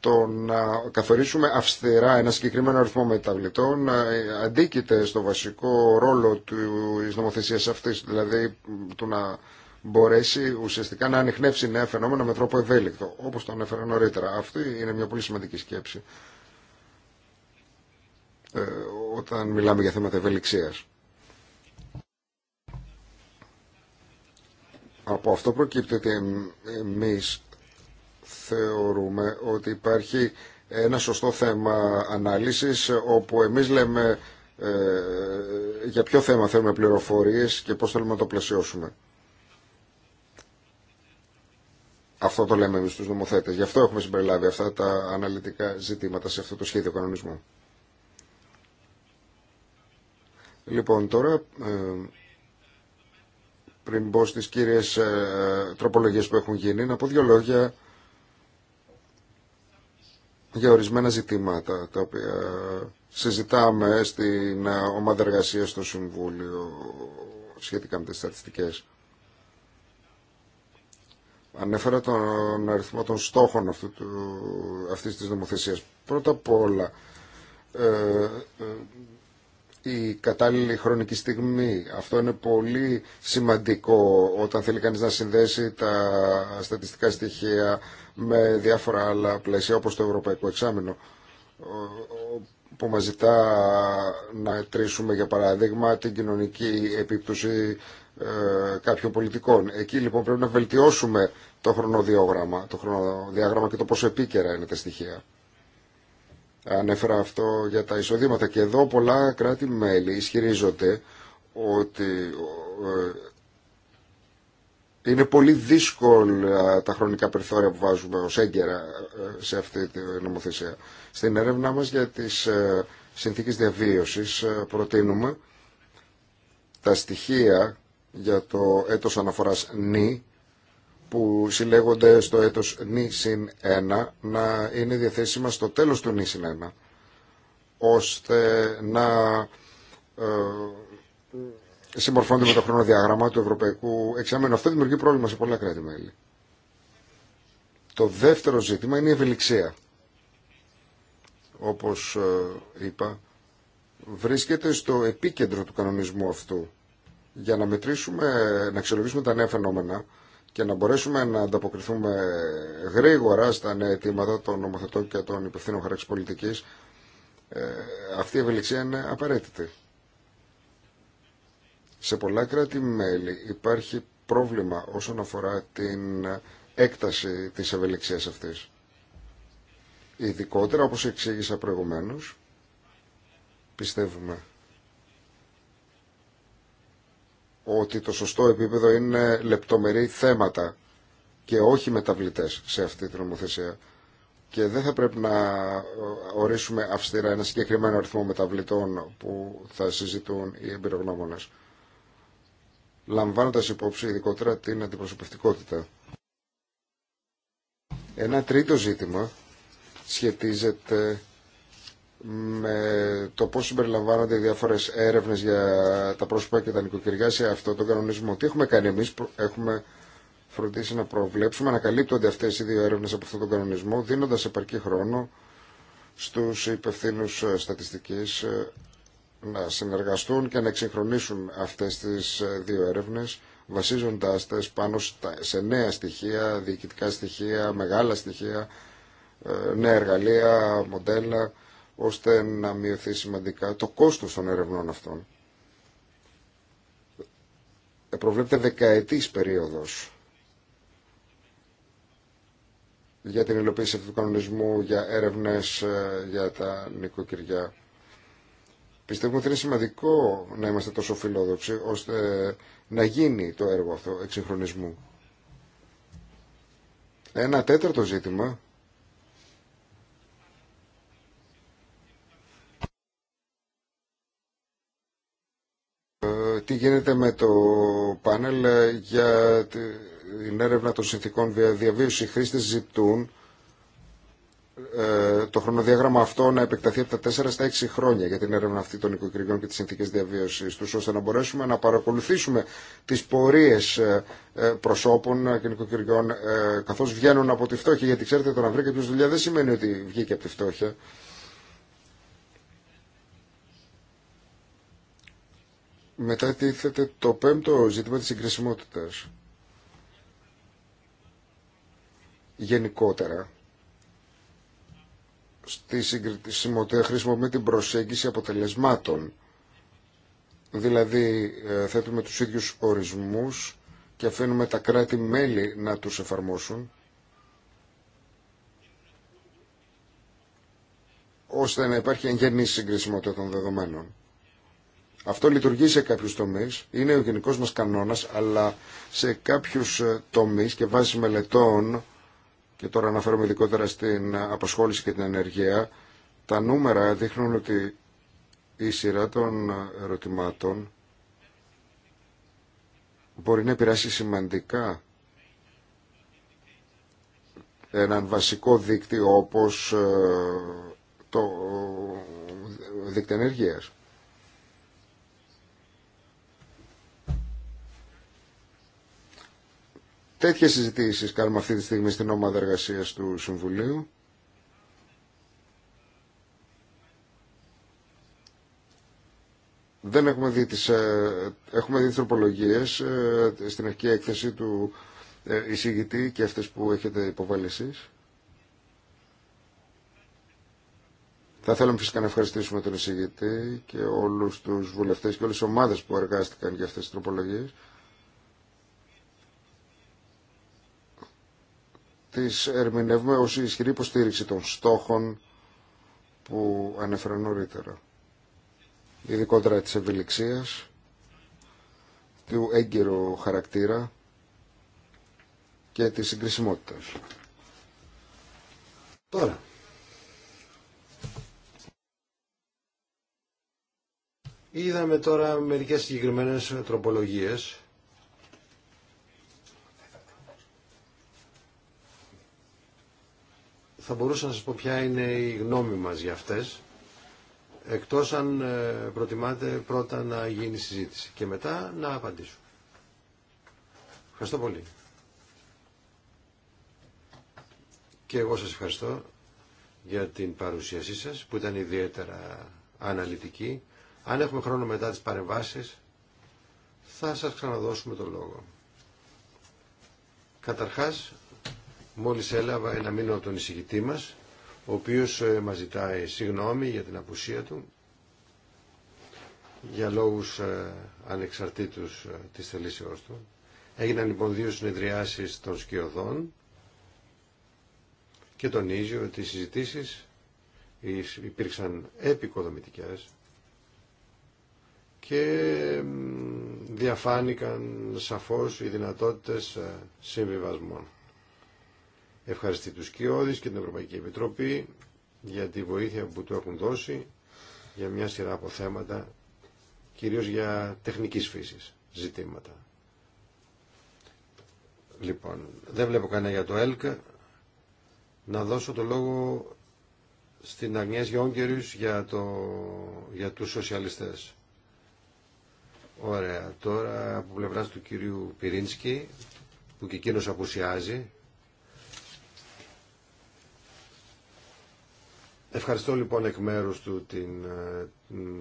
Το να καθορίσουμε αυστηρά ένα συγκεκριμένο αριθμό μεταβλητών ε, αντίκειται στο βασικό ρόλο της νομοθεσίας αυτής, δηλαδή του να μπορέσει ουσιαστικά να ανοιχνεύσει νέα φαινόμενα με τρόπο ευέλικτο, όπως το ανέφερα νωρίτερα. Αυτή είναι μια πολύ σημαντική σκέψη ε, όταν μιλάμε για θέματα ευελιξίας. Από αυτό προκύπτει ότι εμείς θεωρούμε ότι υπάρχει ένα σωστό θέμα ανάλυσης όπου εμείς λέμε ε, για ποιο θέμα θέλουμε πληροφορίες και πώς θέλουμε να το πλαισιώσουμε. Αυτό το λέμε εμείς στους νομοθέτες. Γι' αυτό έχουμε συμπεριλάβει αυτά τα αναλυτικά ζητήματα σε αυτό το σχέδιο κανονισμού. Λοιπόν, τώρα... Ε, πριν μπω στις κύριες ε, τροπολογίες που έχουν γίνει, να πω δύο λόγια για ορισμένα ζητήματα τα οποία συζητάμε στην ε, ομάδα εργασίας στο Συμβούλιο σχετικά με τις στατιστικές. Ανέφερα τον αριθμό των στόχων αυτού του, αυτής της νομοθεσίας. Πρώτα απ' όλα, ε, η κατάλληλη χρονική στιγμή. Αυτό είναι πολύ σημαντικό όταν θέλει κανείς να συνδέσει τα στατιστικά στοιχεία με διάφορα άλλα πλαίσια όπως το Ευρωπαϊκό Εξάμεινο που μας ζητά να τρίσουμε για παράδειγμα την κοινωνική επίπτωση ε, κάποιων πολιτικών. Εκεί λοιπόν πρέπει να βελτιώσουμε το χρονοδιάγραμμα, το χρονοδιάγραμμα και το πόσο επίκαιρα είναι τα στοιχεία. Ανέφερα αυτό για τα εισοδήματα και εδώ πολλά κράτη-μέλη ισχυρίζονται ότι ε, είναι πολύ δύσκολα τα χρονικά περιθώρια που βάζουμε ως έγκαιρα ε, σε αυτή τη νομοθεσία. Στην έρευνά μας για τις ε, συνθήκες διαβίωσης προτείνουμε τα στοιχεία για το έτος αναφοράς νη που συλλέγονται στο έτος νη συν 1 να είναι διαθέσιμα στο τέλος του νη συν 1 ώστε να ε, με το χρονοδιάγραμμα του Ευρωπαϊκού Εξάμενου. Αυτό δημιουργεί πρόβλημα σε πολλά κράτη-μέλη. Το δεύτερο ζήτημα είναι η ευελιξία. Όπως ε, είπα, βρίσκεται στο επίκεντρο του κανονισμού αυτού. Για να μετρήσουμε, να αξιολογήσουμε τα νέα φαινόμενα, και να μπορέσουμε να ανταποκριθούμε γρήγορα στα νέα αιτήματα των νομοθετών και των υπευθύνων χαράξη πολιτική, ε, αυτή η ευελιξία είναι απαραίτητη. Σε πολλά κράτη-μέλη υπάρχει πρόβλημα όσον αφορά την έκταση της ευελιξίας αυτής. Ειδικότερα, όπως εξήγησα προηγουμένως, πιστεύουμε ότι το σωστό επίπεδο είναι λεπτομερή θέματα και όχι μεταβλητές σε αυτή την νομοθεσία. Και δεν θα πρέπει να ορίσουμε αυστηρά ένα συγκεκριμένο αριθμό μεταβλητών που θα συζητούν οι εμπειρογνώμονες, λαμβάνοντας υπόψη ειδικότερα την αντιπροσωπευτικότητα. Ένα τρίτο ζήτημα σχετίζεται με το πώς συμπεριλαμβάνονται οι διάφορες έρευνες για τα πρόσωπα και τα νοικοκυριά σε αυτό τον κανονισμό. Τι έχουμε κάνει εμείς, έχουμε φροντίσει να προβλέψουμε, να καλύπτονται αυτές οι δύο έρευνες από αυτόν τον κανονισμό, δίνοντας επαρκή χρόνο στους υπευθύνου ε, στατιστικής ε, να συνεργαστούν και να εξυγχρονίσουν αυτές τις ε, δύο έρευνες, βασίζοντάς πάνω σε νέα στοιχεία, διοικητικά στοιχεία, μεγάλα στοιχεία, νέα εργαλεία, μοντέλα ώστε να μειωθεί σημαντικά το κόστος των ερευνών αυτών. Ε, προβλέπεται δεκαετής περίοδος για την υλοποίηση αυτού του κανονισμού για έρευνες ε, για τα νοικοκυριά. Πιστεύουμε ότι είναι σημαντικό να είμαστε τόσο φιλόδοξοι ώστε να γίνει το έργο αυτό εξυγχρονισμού. Ένα τέταρτο ζήτημα τι γίνεται με το πάνελ ε, για την έρευνα των συνθήκων διαβίωση. Οι χρήστε ζητούν ε, το χρονοδιάγραμμα αυτό να επεκταθεί από τα 4 στα 6 χρόνια για την έρευνα αυτή των οικοκυριών και τι συνθήκε διαβίωση του, ώστε να μπορέσουμε να παρακολουθήσουμε τις πορείες ε, προσώπων και νοικοκυριών καθώ βγαίνουν από τη φτώχεια. Γιατί ξέρετε, το να βρει κάποιο δουλειά δεν σημαίνει ότι βγήκε από τη φτώχεια. Μετά τίθεται το πέμπτο ζήτημα της συγκρισιμότητας. Γενικότερα, στη συγκρισιμότητα χρησιμοποιούμε την προσέγγιση αποτελεσμάτων. Δηλαδή, ε, θέτουμε τους ίδιους ορισμούς και αφήνουμε τα κράτη-μέλη να τους εφαρμόσουν. ώστε να υπάρχει εγγενή συγκρισιμότητα των δεδομένων. Αυτό λειτουργεί σε κάποιου τομεί, είναι ο γενικό μα κανόνα, αλλά σε κάποιου ε, τομεί και βάσει μελετών, και τώρα αναφέρομαι ειδικότερα στην απασχόληση και την ενεργεία, τα νούμερα δείχνουν ότι η σειρά των ερωτημάτων μπορεί να επηρεάσει σημαντικά έναν βασικό δίκτυο όπως ε, το δίκτυο ενεργείας. Τέτοιες συζητήσεις κάνουμε αυτή τη στιγμή στην ομάδα εργασίας του Συμβουλίου. Δεν έχουμε δει τις, ε, έχουμε δει τροπολογίες ε, στην αρχική έκθεση του ε, εισηγητή και αυτές που έχετε υποβάλει εσείς. Θα θέλαμε φυσικά να ευχαριστήσουμε τον εισηγητή και όλους τους βουλευτές και όλες τις ομάδες που εργάστηκαν για αυτές τις τροπολογίες. τις ερμηνεύουμε ως ισχυρή υποστήριξη των στόχων που ανέφερα νωρίτερα. Ειδικότερα της ευελιξίας, του έγκυρου χαρακτήρα και της συγκρισιμότητας. Τώρα. Είδαμε τώρα μερικές συγκεκριμένες τροπολογίες θα μπορούσα να σας πω ποια είναι η γνώμη μας για αυτές, εκτός αν ε, προτιμάτε πρώτα να γίνει συζήτηση και μετά να απαντήσω. Ευχαριστώ πολύ. Και εγώ σας ευχαριστώ για την παρουσίασή σας που ήταν ιδιαίτερα αναλυτική. Αν έχουμε χρόνο μετά τις παρεμβάσεις θα σας ξαναδώσουμε το λόγο. Καταρχάς Μόλις έλαβα ένα μήνο από τον εισηγητή μας, ο οποίος ε, μας ζητάει συγγνώμη για την απουσία του, για λόγους ε, ανεξαρτήτους ε, της θελήσεώς του. Έγιναν λοιπόν δύο συνεδριάσεις των σκιωδών και τονίζει ότι οι συζητήσεις υπήρξαν επικοδομητικές και διαφάνηκαν σαφώς οι δυνατότητες συμβιβασμών ευχαριστεί τους Κιώδης και την Ευρωπαϊκή Επιτροπή για τη βοήθεια που του έχουν δώσει για μια σειρά από θέματα, κυρίως για τεχνικής φύσης ζητήματα. Λοιπόν, δεν βλέπω κανένα για το ΕΛΚΑ. Να δώσω το λόγο στην Αγνιές Γιόγκερης για, το, για τους σοσιαλιστές. Ωραία. Τώρα από πλευρά του κυρίου Πυρίνσκι, που και εκείνος απουσιάζει, Ευχαριστώ λοιπόν εκ μέρους του την, ε,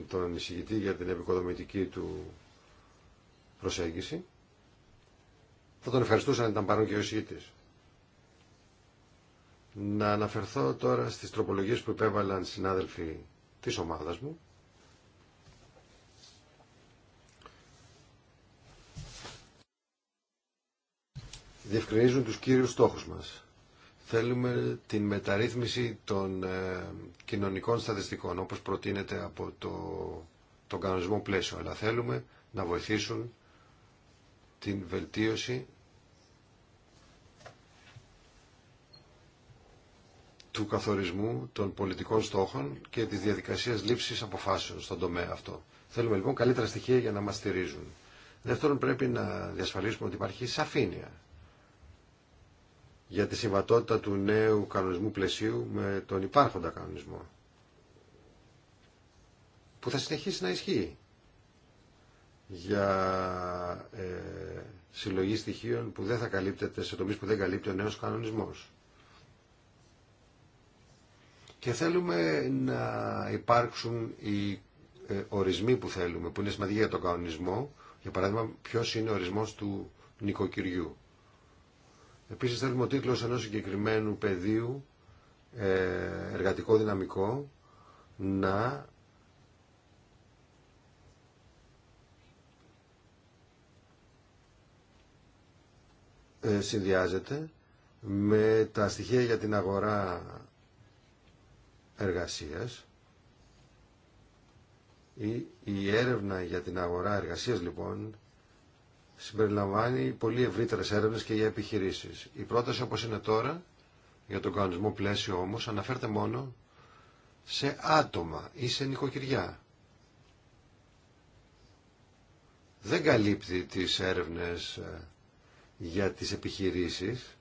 τον εισηγητή για την επικοδομητική του προσέγγιση. Θα τον ευχαριστούσα αν ήταν παρόν και ο εισηγητής. Να αναφερθώ τώρα στις τροπολογίες που υπέβαλαν συνάδελφοι της ομάδας μου. Διευκρινίζουν τους κύριους στόχους μας. Θέλουμε την μεταρρύθμιση των ε, κοινωνικών στατιστικών, όπως προτείνεται από το, τον κανονισμό πλαίσιο, αλλά θέλουμε να βοηθήσουν την βελτίωση του καθορισμού των πολιτικών στόχων και της διαδικασίας λήψης αποφάσεων στον τομέα αυτό. Θέλουμε λοιπόν καλύτερα στοιχεία για να μας στηρίζουν. Δεύτερον πρέπει να διασφαλίσουμε ότι υπάρχει σαφήνεια για τη συμβατότητα του νέου κανονισμού πλαισίου με τον υπάρχοντα κανονισμό που θα συνεχίσει να ισχύει για ε, συλλογή στοιχείων που δεν θα καλύπτεται σε τομείς που δεν καλύπτει ο νέος κανονισμός. Και θέλουμε να υπάρξουν οι ε, ορισμοί που θέλουμε, που είναι σημαντικοί για τον κανονισμό, για παράδειγμα ποιος είναι ο ορισμός του νοικοκυριού. Επίσης θέλουμε ο τίτλος ενός συγκεκριμένου πεδίου ε, εργατικό δυναμικό να ε, συνδυάζεται με τα στοιχεία για την αγορά εργασίας η, η έρευνα για την αγορά εργασίας λοιπόν συμπεριλαμβάνει πολύ ευρύτερε έρευνε και για επιχειρήσεις. Η πρόταση όπως είναι τώρα, για τον κανονισμό πλαίσιο όμω, αναφέρεται μόνο σε άτομα ή σε νοικοκυριά. Δεν καλύπτει τις έρευνες ε, για τις επιχειρήσεις,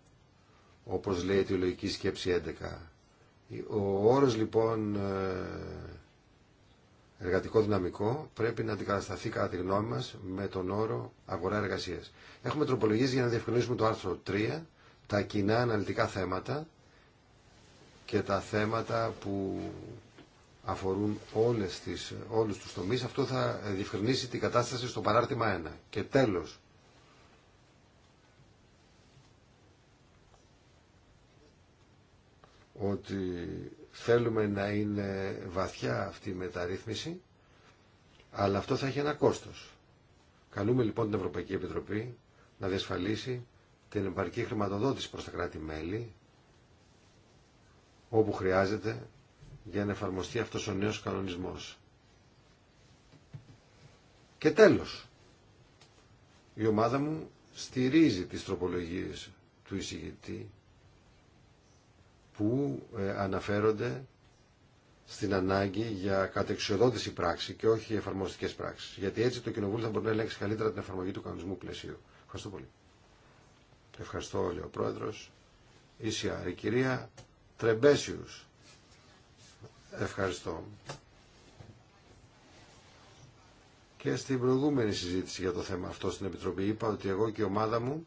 όπως λέει η αιτιολογική σκέψη 11. Ο όρος λοιπόν ε, εργατικό δυναμικό πρέπει να αντικατασταθεί κατά τη γνώμη μας με τον όρο αγορά εργασίας. Έχουμε τροπολογίες για να διευκρινίσουμε το άρθρο 3, τα κοινά αναλυτικά θέματα και τα θέματα που αφορούν όλες τις, όλους τους τομείς. Αυτό θα διευκρινίσει την κατάσταση στο παράρτημα 1. Και τέλος, ότι Θέλουμε να είναι βαθιά αυτή η μεταρρύθμιση, αλλά αυτό θα έχει ένα κόστος. Καλούμε λοιπόν την Ευρωπαϊκή Επιτροπή να διασφαλίσει την επαρκή χρηματοδότηση προς τα κράτη-μέλη, όπου χρειάζεται για να εφαρμοστεί αυτός ο νέος κανονισμός. Και τέλος, η ομάδα μου στηρίζει τις τροπολογίες του εισηγητή που ε, αναφέρονται στην ανάγκη για κατεξοδότηση πράξη και όχι εφαρμοστικέ πράξει. Γιατί έτσι το Κοινοβούλιο θα μπορεί να ελέγξει καλύτερα την εφαρμογή του κανονισμού πλαισίου. Ευχαριστώ πολύ. Ευχαριστώ, λέει ο Πρόεδρο. Ίσια, η κυρία Τρεμπέσιου. Ευχαριστώ. Και στην προηγούμενη συζήτηση για το θέμα αυτό στην Επιτροπή είπα ότι εγώ και η ομάδα μου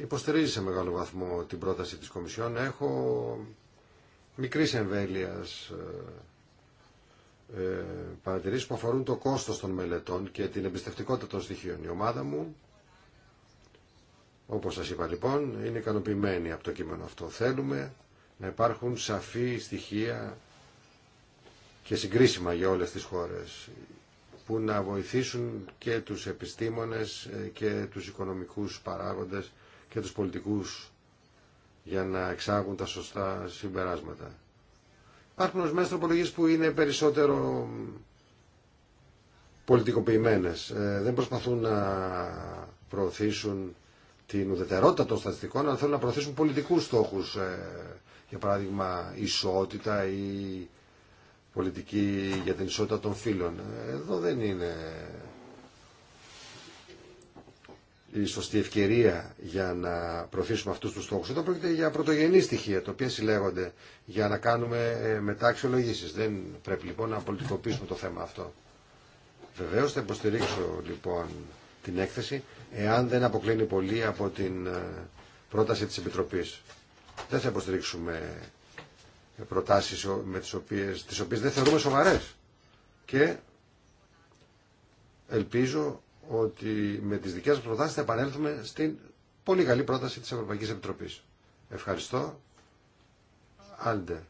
υποστηρίζει σε μεγάλο βαθμό την πρόταση της Κομισιόν. Έχω μικρή εμβέλεια ε, ε, παρατηρήσεις που αφορούν το κόστος των μελετών και την εμπιστευτικότητα των στοιχείων. Η ομάδα μου, όπως σας είπα λοιπόν, είναι ικανοποιημένη από το κείμενο αυτό. Θέλουμε να υπάρχουν σαφή στοιχεία και συγκρίσιμα για όλες τις χώρες που να βοηθήσουν και τους επιστήμονες ε, και τους οικονομικούς παράγοντες και τους πολιτικούς για να εξάγουν τα σωστά συμπεράσματα. Υπάρχουν ορισμένε τροπολογίε που είναι περισσότερο πολιτικοποιημένε. Ε, δεν προσπαθούν να προωθήσουν την ουδετερότητα των στατιστικών, αλλά θέλουν να προωθήσουν πολιτικού στόχου. Ε, για παράδειγμα, ισότητα ή πολιτική για την ισότητα των φύλων. Ε, εδώ δεν είναι η σωστή ευκαιρία για να προωθήσουμε αυτούς τους στόχου Εδώ πρόκειται για πρωτογενή στοιχεία, τα οποία συλλέγονται για να κάνουμε ε, μετά αξιολογήσει. Δεν πρέπει λοιπόν να πολιτικοποιήσουμε το θέμα αυτό. Βεβαίω θα υποστηρίξω λοιπόν την έκθεση, εάν δεν αποκλίνει πολύ από την ε, πρόταση τη Επιτροπή. Δεν θα υποστηρίξουμε προτάσει με τι οποίε δεν θεωρούμε σοβαρέ. Και ελπίζω ότι με τις δικές μας προτάσεις θα επανέλθουμε στην πολύ καλή πρόταση της Ευρωπαϊκής Επιτροπής. Ευχαριστώ. Άντε.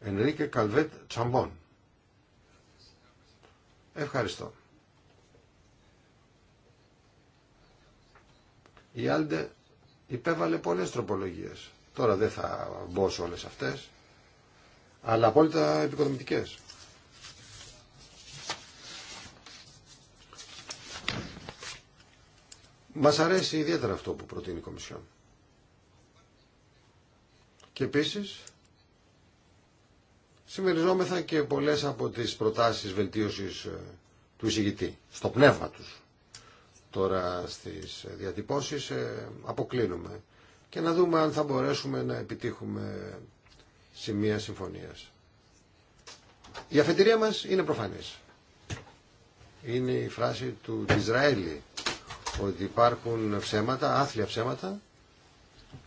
Ενρίκε Καλβέτ Τσαμπόν. Ευχαριστώ. Η Άλντε υπέβαλε πολλές τροπολογίες. Τώρα δεν θα μπω σε όλες αυτές, αλλά απόλυτα επικοδομητικές. Μας αρέσει ιδιαίτερα αυτό που προτείνει η Κομισιόν. Και επίσης, συμμεριζόμεθα και πολλές από τις προτάσεις βελτίωσης ε, του εισηγητή, στο πνεύμα τους. Τώρα στις ε, διατυπώσεις ε, αποκλίνουμε και να δούμε αν θα μπορέσουμε να επιτύχουμε σημεία συμφωνίας. Η αφετηρία μας είναι προφανής. Είναι η φράση του Ισραήλ ότι υπάρχουν ψέματα, άθλια ψέματα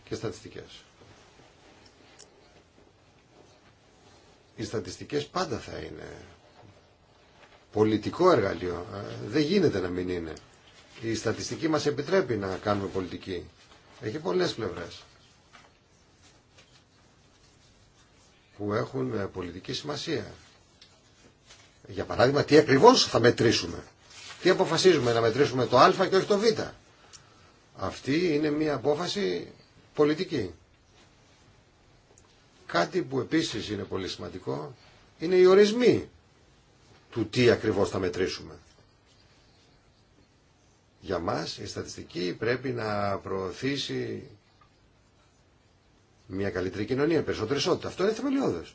και στατιστικές. Οι στατιστικές πάντα θα είναι πολιτικό εργαλείο. Ε, δεν γίνεται να μην είναι. Η στατιστική μας επιτρέπει να κάνουμε πολιτική. Έχει πολλές πλευρές που έχουν ε, πολιτική σημασία. Για παράδειγμα, τι ακριβώς θα μετρήσουμε. Τι αποφασίζουμε, να μετρήσουμε το α και όχι το β. Αυτή είναι μια απόφαση πολιτική. Κάτι που επίσης είναι πολύ σημαντικό είναι οι ορισμοί του τι ακριβώς θα μετρήσουμε. Για μας η στατιστική πρέπει να προωθήσει μια καλύτερη κοινωνία, περισσότερη ισότητα. Αυτό είναι θεμελιώδες.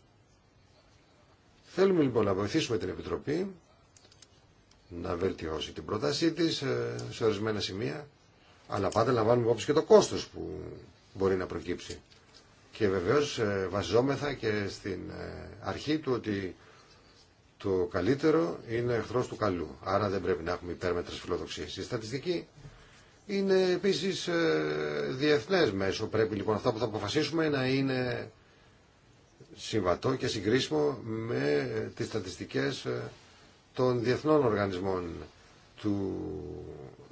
Θέλουμε λοιπόν να βοηθήσουμε την Επιτροπή να βελτιώσει την πρότασή τη ε, σε ορισμένα σημεία, αλλά πάντα λαμβάνουμε υπόψη και το κόστος που μπορεί να προκύψει. Και βεβαίως ε, βασιζόμεθα και στην ε, αρχή του ότι το καλύτερο είναι εχθρό του καλού. Άρα δεν πρέπει να έχουμε υπέρμετρε φιλοδοξίε. Η στατιστική είναι επίσης διεθνέ μέσο. Πρέπει λοιπόν αυτά που θα αποφασίσουμε να είναι συμβατό και συγκρίσιμο με τις στατιστικές των διεθνών οργανισμών του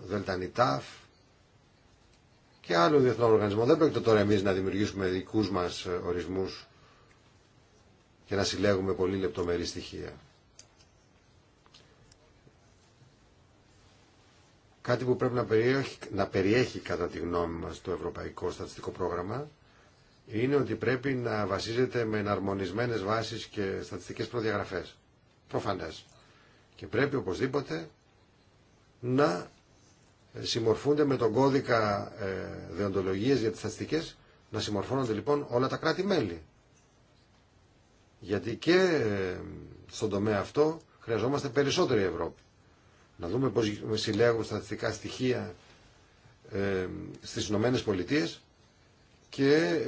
ΔΕΛΤΑΝΙΤΑΦ και άλλων διεθνών οργανισμών. Δεν πρέπει τώρα εμείς να δημιουργήσουμε δικούς μας ορισμούς και να συλλέγουμε πολύ λεπτομερή στοιχεία. Κάτι που πρέπει να περιέχει, να περιέχει κατά τη γνώμη μας το Ευρωπαϊκό Στατιστικό Πρόγραμμα είναι ότι πρέπει να βασίζεται με εναρμονισμένες βάσεις και στατιστικές προδιαγραφές. Προφανές και πρέπει οπωσδήποτε να συμμορφούνται με τον κώδικα ε, δεοντολογίας για τις στατιστικές, να συμμορφώνονται λοιπόν όλα τα κράτη-μέλη. Γιατί και ε, στον τομέα αυτό χρειαζόμαστε περισσότερη Ευρώπη. Να δούμε πώς συλλέγουν στατιστικά στοιχεία ε, στις Ηνωμένες Πολιτείες και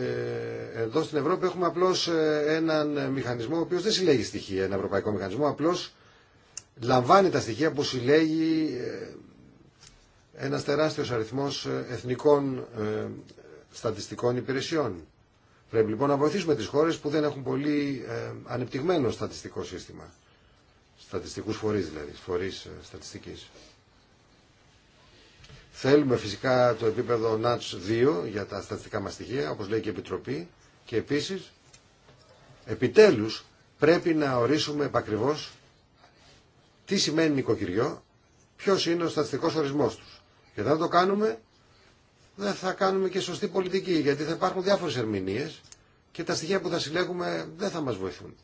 εδώ στην Ευρώπη έχουμε απλώς έναν μηχανισμό ο οποίος δεν συλλέγει στοιχεία, ένα ευρωπαϊκό μηχανισμό, απλώς λαμβάνει τα στοιχεία που συλλέγει ε, ένας τεράστιος αριθμός ε, εθνικών ε, στατιστικών υπηρεσιών. Πρέπει λοιπόν να βοηθήσουμε τις χώρες που δεν έχουν πολύ ανεπτυγμένο στατιστικό σύστημα. Στατιστικούς φορείς δηλαδή, φορείς στατιστικής. Θέλουμε φυσικά το επίπεδο ΝΑΤΣ 2 για τα στατιστικά μας στοιχεία, όπως λέει και η Επιτροπή. Και επίσης, επιτέλους, πρέπει να ορίσουμε επακριβώς τι σημαίνει νοικοκυριό, ποιο είναι ο στατιστικό ορισμό του. Και δεν το κάνουμε, δεν θα κάνουμε και σωστή πολιτική, γιατί θα υπάρχουν διάφορε ερμηνείε και τα στοιχεία που θα συλλέγουμε δεν θα μα βοηθούν.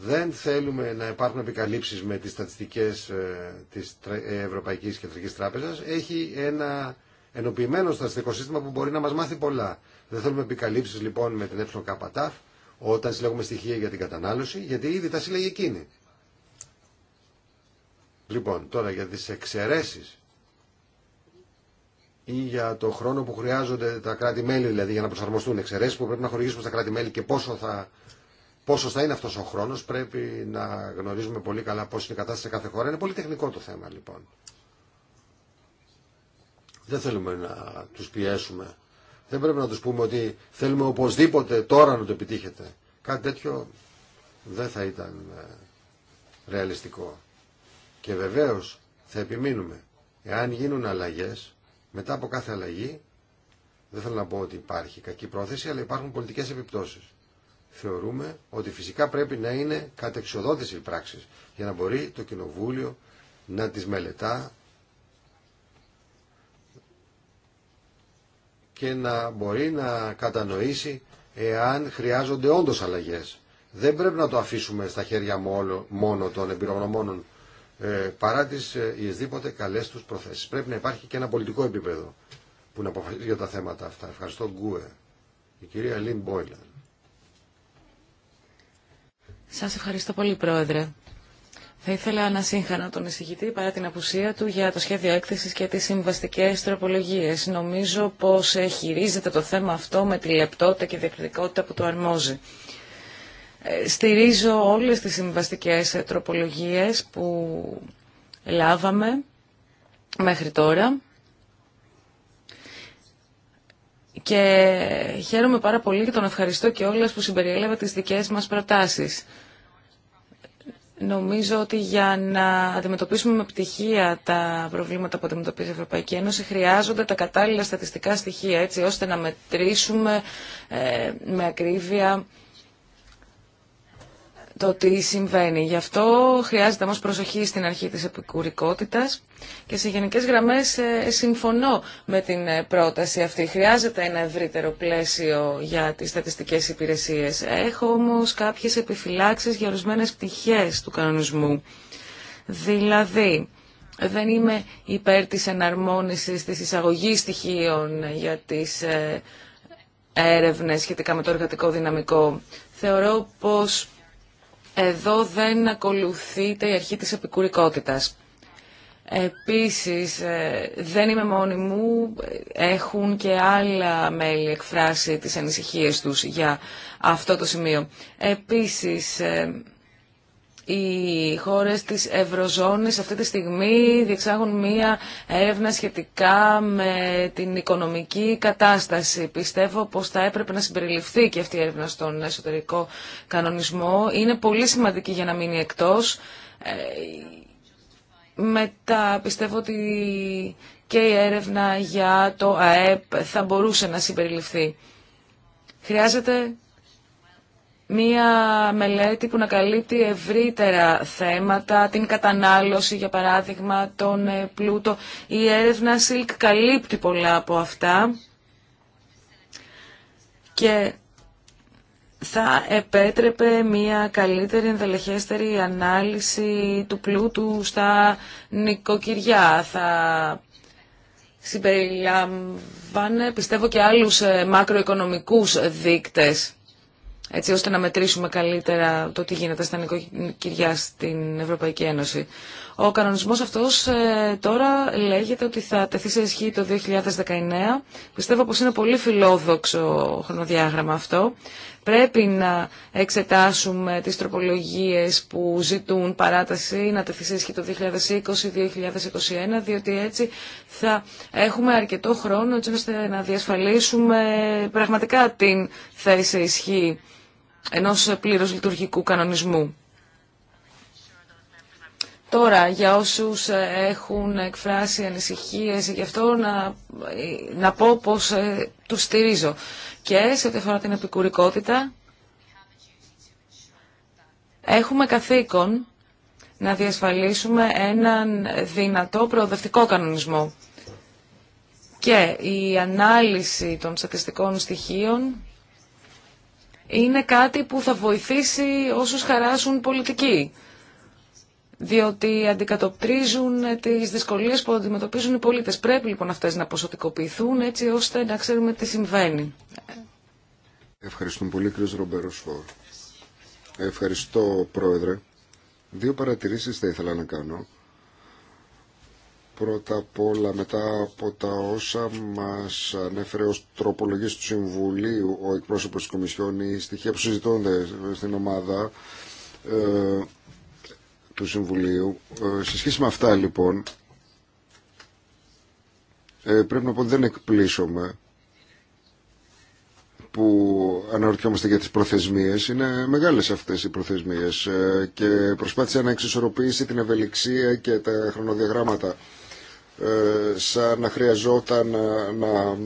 Δεν θέλουμε να υπάρχουν επικαλύψεις με τις στατιστικές ε, της ε, Ευρωπαϊκής Κεντρική Τράπεζα, Έχει ένα ενοποιημένο στατιστικό σύστημα που μπορεί να μα μάθει πολλά. Δεν θέλουμε επικαλύψεις λοιπόν με την ΕΚΤΑΦ όταν συλλέγουμε στοιχεία για την κατανάλωση, γιατί ήδη τα συλλέγει εκείνη. Λοιπόν, τώρα για τις εξαιρέσεις ή για το χρόνο που χρειάζονται τα κράτη-μέλη, δηλαδή για να προσαρμοστούν εξαιρέσεις που πρέπει να χορηγήσουμε στα κράτη-μέλη και πόσο θα, πόσο θα είναι αυτός ο χρόνος, πρέπει να γνωρίζουμε πολύ καλά πώς είναι η κατάσταση σε κάθε χώρα. Είναι πολύ τεχνικό το θέμα λοιπόν. Δεν θέλουμε να τους πιέσουμε δεν πρέπει να τους πούμε ότι θέλουμε οπωσδήποτε τώρα να το επιτύχετε. Κάτι τέτοιο δεν θα ήταν ε, ρεαλιστικό. Και βεβαίως θα επιμείνουμε. Εάν γίνουν αλλαγές, μετά από κάθε αλλαγή, δεν θέλω να πω ότι υπάρχει κακή πρόθεση, αλλά υπάρχουν πολιτικές επιπτώσεις. Θεωρούμε ότι φυσικά πρέπει να είναι κατεξοδότηση οι για να μπορεί το Κοινοβούλιο να τις μελετά, και να μπορεί να κατανοήσει εάν χρειάζονται όντως αλλαγές. Δεν πρέπει να το αφήσουμε στα χέρια μόνο των εμπειρογνωμόνων ε, παρά τις ε, ιεσδήποτε καλές τους προθέσεις. Πρέπει να υπάρχει και ένα πολιτικό επίπεδο που να αποφασίζει για τα θέματα αυτά. Ευχαριστώ Γκούε. Η κυρία Λίν Μπόιλαν. Σας ευχαριστώ πολύ Πρόεδρε. Θα ήθελα να σύγχανα τον εισηγητή παρά την απουσία του για το σχέδιο έκθεσης και τις συμβαστικές τροπολογίες. Νομίζω πως χειρίζεται το θέμα αυτό με τη λεπτότητα και διακριτικότητα που το αρμόζει. Ε, στηρίζω όλες τις συμβαστικές ε, τροπολογίες που λάβαμε μέχρι τώρα και χαίρομαι πάρα πολύ και τον ευχαριστώ και όλες που συμπεριέλαβα τις δικές μας προτάσεις. Νομίζω ότι για να αντιμετωπίσουμε με πτυχία τα προβλήματα που αντιμετωπίζει η Ευρωπαϊκή Ένωση χρειάζονται τα κατάλληλα στατιστικά στοιχεία έτσι ώστε να μετρήσουμε ε, με ακρίβεια το τι συμβαίνει. Γι' αυτό χρειάζεται όμως προσοχή στην αρχή της επικουρικότητας και σε γενικές γραμμές ε, συμφωνώ με την ε, πρόταση αυτή. Χρειάζεται ένα ευρύτερο πλαίσιο για τις στατιστικές υπηρεσίες. Έχω όμως κάποιες επιφυλάξεις για ορισμένε πτυχές του κανονισμού. Δηλαδή, δεν είμαι υπέρ της εναρμόνισης της εισαγωγής στοιχείων για τις ε, έρευνες σχετικά με το εργατικό δυναμικό. Θεωρώ πως εδώ δεν ακολουθείται η αρχή της επικουρικότητας. Επίσης, ε, δεν είμαι μόνη μου, έχουν και άλλα μέλη εκφράσει τις ανησυχίες τους για αυτό το σημείο. Επίσης, ε, οι χώρες της Ευρωζώνης αυτή τη στιγμή διεξάγουν μία έρευνα σχετικά με την οικονομική κατάσταση. Πιστεύω πως θα έπρεπε να συμπεριληφθεί και αυτή η έρευνα στον εσωτερικό κανονισμό. Είναι πολύ σημαντική για να μείνει εκτός. Ε, μετά πιστεύω ότι και η έρευνα για το ΑΕΠ θα μπορούσε να συμπεριληφθεί. Χρειάζεται μία μελέτη που να καλύπτει ευρύτερα θέματα, την κατανάλωση για παράδειγμα, τον ε, πλούτο. Η έρευνα ΣΥΛΚ καλύπτει πολλά από αυτά και θα επέτρεπε μια καλύτερη, ενδελεχέστερη ανάλυση του πλούτου στα νοικοκυριά. Θα συμπεριλαμβάνε, πιστεύω, και άλλους ε, μακροοικονομικούς δείκτες έτσι ώστε να μετρήσουμε καλύτερα το τι γίνεται στα νοικοκυριά στην Ευρωπαϊκή Ένωση. Ο κανονισμός αυτός ε, τώρα λέγεται ότι θα τεθεί σε ισχύ το 2019. Πιστεύω πως είναι πολύ φιλόδοξο χρονοδιάγραμμα αυτό. Πρέπει να εξετάσουμε τις τροπολογίες που ζητούν παράταση να τεθεί σε ισχύ το 2020-2021, διότι έτσι θα έχουμε αρκετό χρόνο έτσι ώστε να διασφαλίσουμε πραγματικά την θέση ισχύ ενός πλήρως λειτουργικού κανονισμού. Τώρα, για όσους ε, έχουν εκφράσει ανησυχίες γι' αυτό, να, ε, να πω πως ε, τους στηρίζω. Και σε ό,τι αφορά την επικουρικότητα, έχουμε καθήκον να διασφαλίσουμε έναν δυνατό προοδευτικό κανονισμό. Και η ανάλυση των στατιστικών στοιχείων είναι κάτι που θα βοηθήσει όσους χαράσουν πολιτική διότι αντικατοπτρίζουν τις δυσκολίες που αντιμετωπίζουν οι πολίτες. Πρέπει λοιπόν αυτές να ποσοτικοποιηθούν έτσι ώστε να ξέρουμε τι συμβαίνει. Ευχαριστούμε πολύ κύριος Ρομπέρο φορ. Ευχαριστώ πρόεδρε. Δύο παρατηρήσεις θα ήθελα να κάνω Πρώτα απ' όλα μετά από τα όσα μας ανέφερε ως τροπολογής του Συμβουλίου ο εκπρόσωπος της Κομισιόν, οι στοιχεία που συζητώνται στην ομάδα ε, του Συμβουλίου. Ε, σε σχέση με αυτά λοιπόν, ε, πρέπει να πω ότι δεν εκπλήσωμε που αναρωτιόμαστε για τις προθεσμίες. Είναι μεγάλες αυτές οι προθεσμίες ε, και προσπάθησε να εξισορροπήσει την ευελιξία και τα χρονοδιαγράμματα ε, σαν να χρειαζόταν ε, να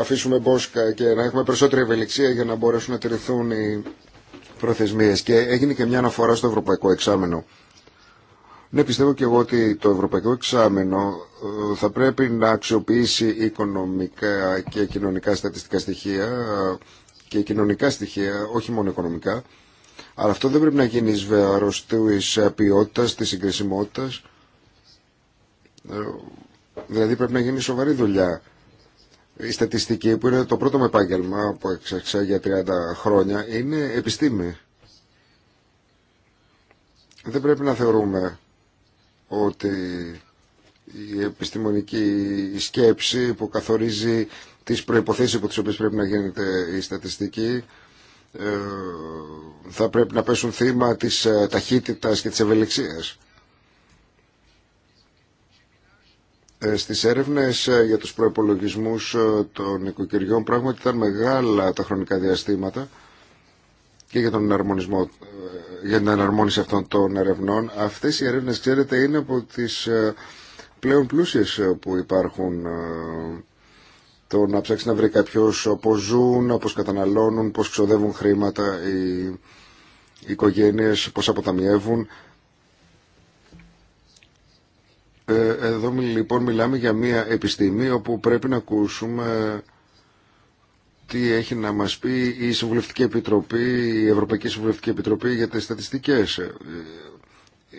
αφήσουμε μπόσκα και να έχουμε περισσότερη ευελιξία για να μπορέσουν να τηρηθούν οι προθεσμίες. Και έγινε και μια αναφορά στο Ευρωπαϊκό Εξάμενο. Ναι, πιστεύω και εγώ ότι το Ευρωπαϊκό Εξάμενο ε, θα πρέπει να αξιοποιήσει οικονομικά και κοινωνικά στατιστικά στοιχεία και κοινωνικά στοιχεία, όχι μόνο οικονομικά, αλλά αυτό δεν πρέπει να γίνει εις βεαρός της ποιότητας, της συγκρισιμότητας, ε, δηλαδή πρέπει να γίνει σοβαρή δουλειά. Η στατιστική που είναι το πρώτο μου επάγγελμα που εξεξά για 30 χρόνια είναι επιστήμη. Δεν πρέπει να θεωρούμε ότι η επιστημονική σκέψη που καθορίζει τις προϋποθέσεις από τις οποίες πρέπει να γίνεται η στατιστική ε, θα πρέπει να πέσουν θύμα της ε, ταχύτητας και της ευελιξίας. Ε, στις έρευνες ε, για τους προϋπολογισμούς ε, των οικοκυριών πράγματι ήταν μεγάλα τα χρονικά διαστήματα και για τον εναρμονισμό, για την εναρμόνιση αυτών των ερευνών. Αυτές οι έρευνες, ξέρετε, είναι από τις πλέον πλούσιες που υπάρχουν. Το να ψάξει να βρει κάποιο πώς ζουν, πώς καταναλώνουν, πώς ξοδεύουν χρήματα οι οικογένειες, πώς αποταμιεύουν. Ε, εδώ λοιπόν μιλάμε για μια επιστήμη όπου πρέπει να ακούσουμε τι έχει να μας πει η Συμβουλευτική Επιτροπή, η Ευρωπαϊκή Συμβουλευτική Επιτροπή για τις στατιστικές. Ε, ε,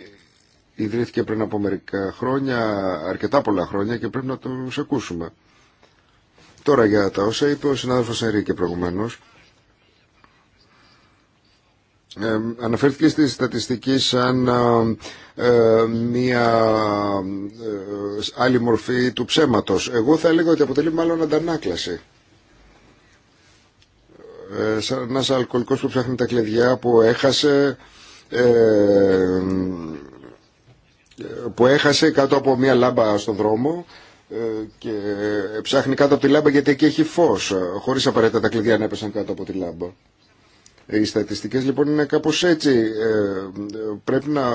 ιδρύθηκε πριν από μερικά χρόνια, αρκετά πολλά χρόνια και πρέπει να τους ακούσουμε. Τώρα για τα όσα είπε ο συνάδελφος Ερήκε προηγουμένως, ε, αναφέρθηκε στη στατιστική σαν μια ε, ε, άλλη μορφή του ψέματος. Εγώ θα έλεγα ότι αποτελεί μάλλον αντανάκλαση. Ε, σαν ένας αλκοολικός που ψάχνει τα κλειδιά που έχασε που έχασε κάτω από μια λάμπα στον δρόμο και ψάχνει κάτω από τη λάμπα γιατί εκεί έχει φως χωρίς απαραίτητα τα κλειδιά να έπεσαν κάτω από τη λάμπα. Οι στατιστικές λοιπόν είναι κάπως έτσι. Ε, πρέπει να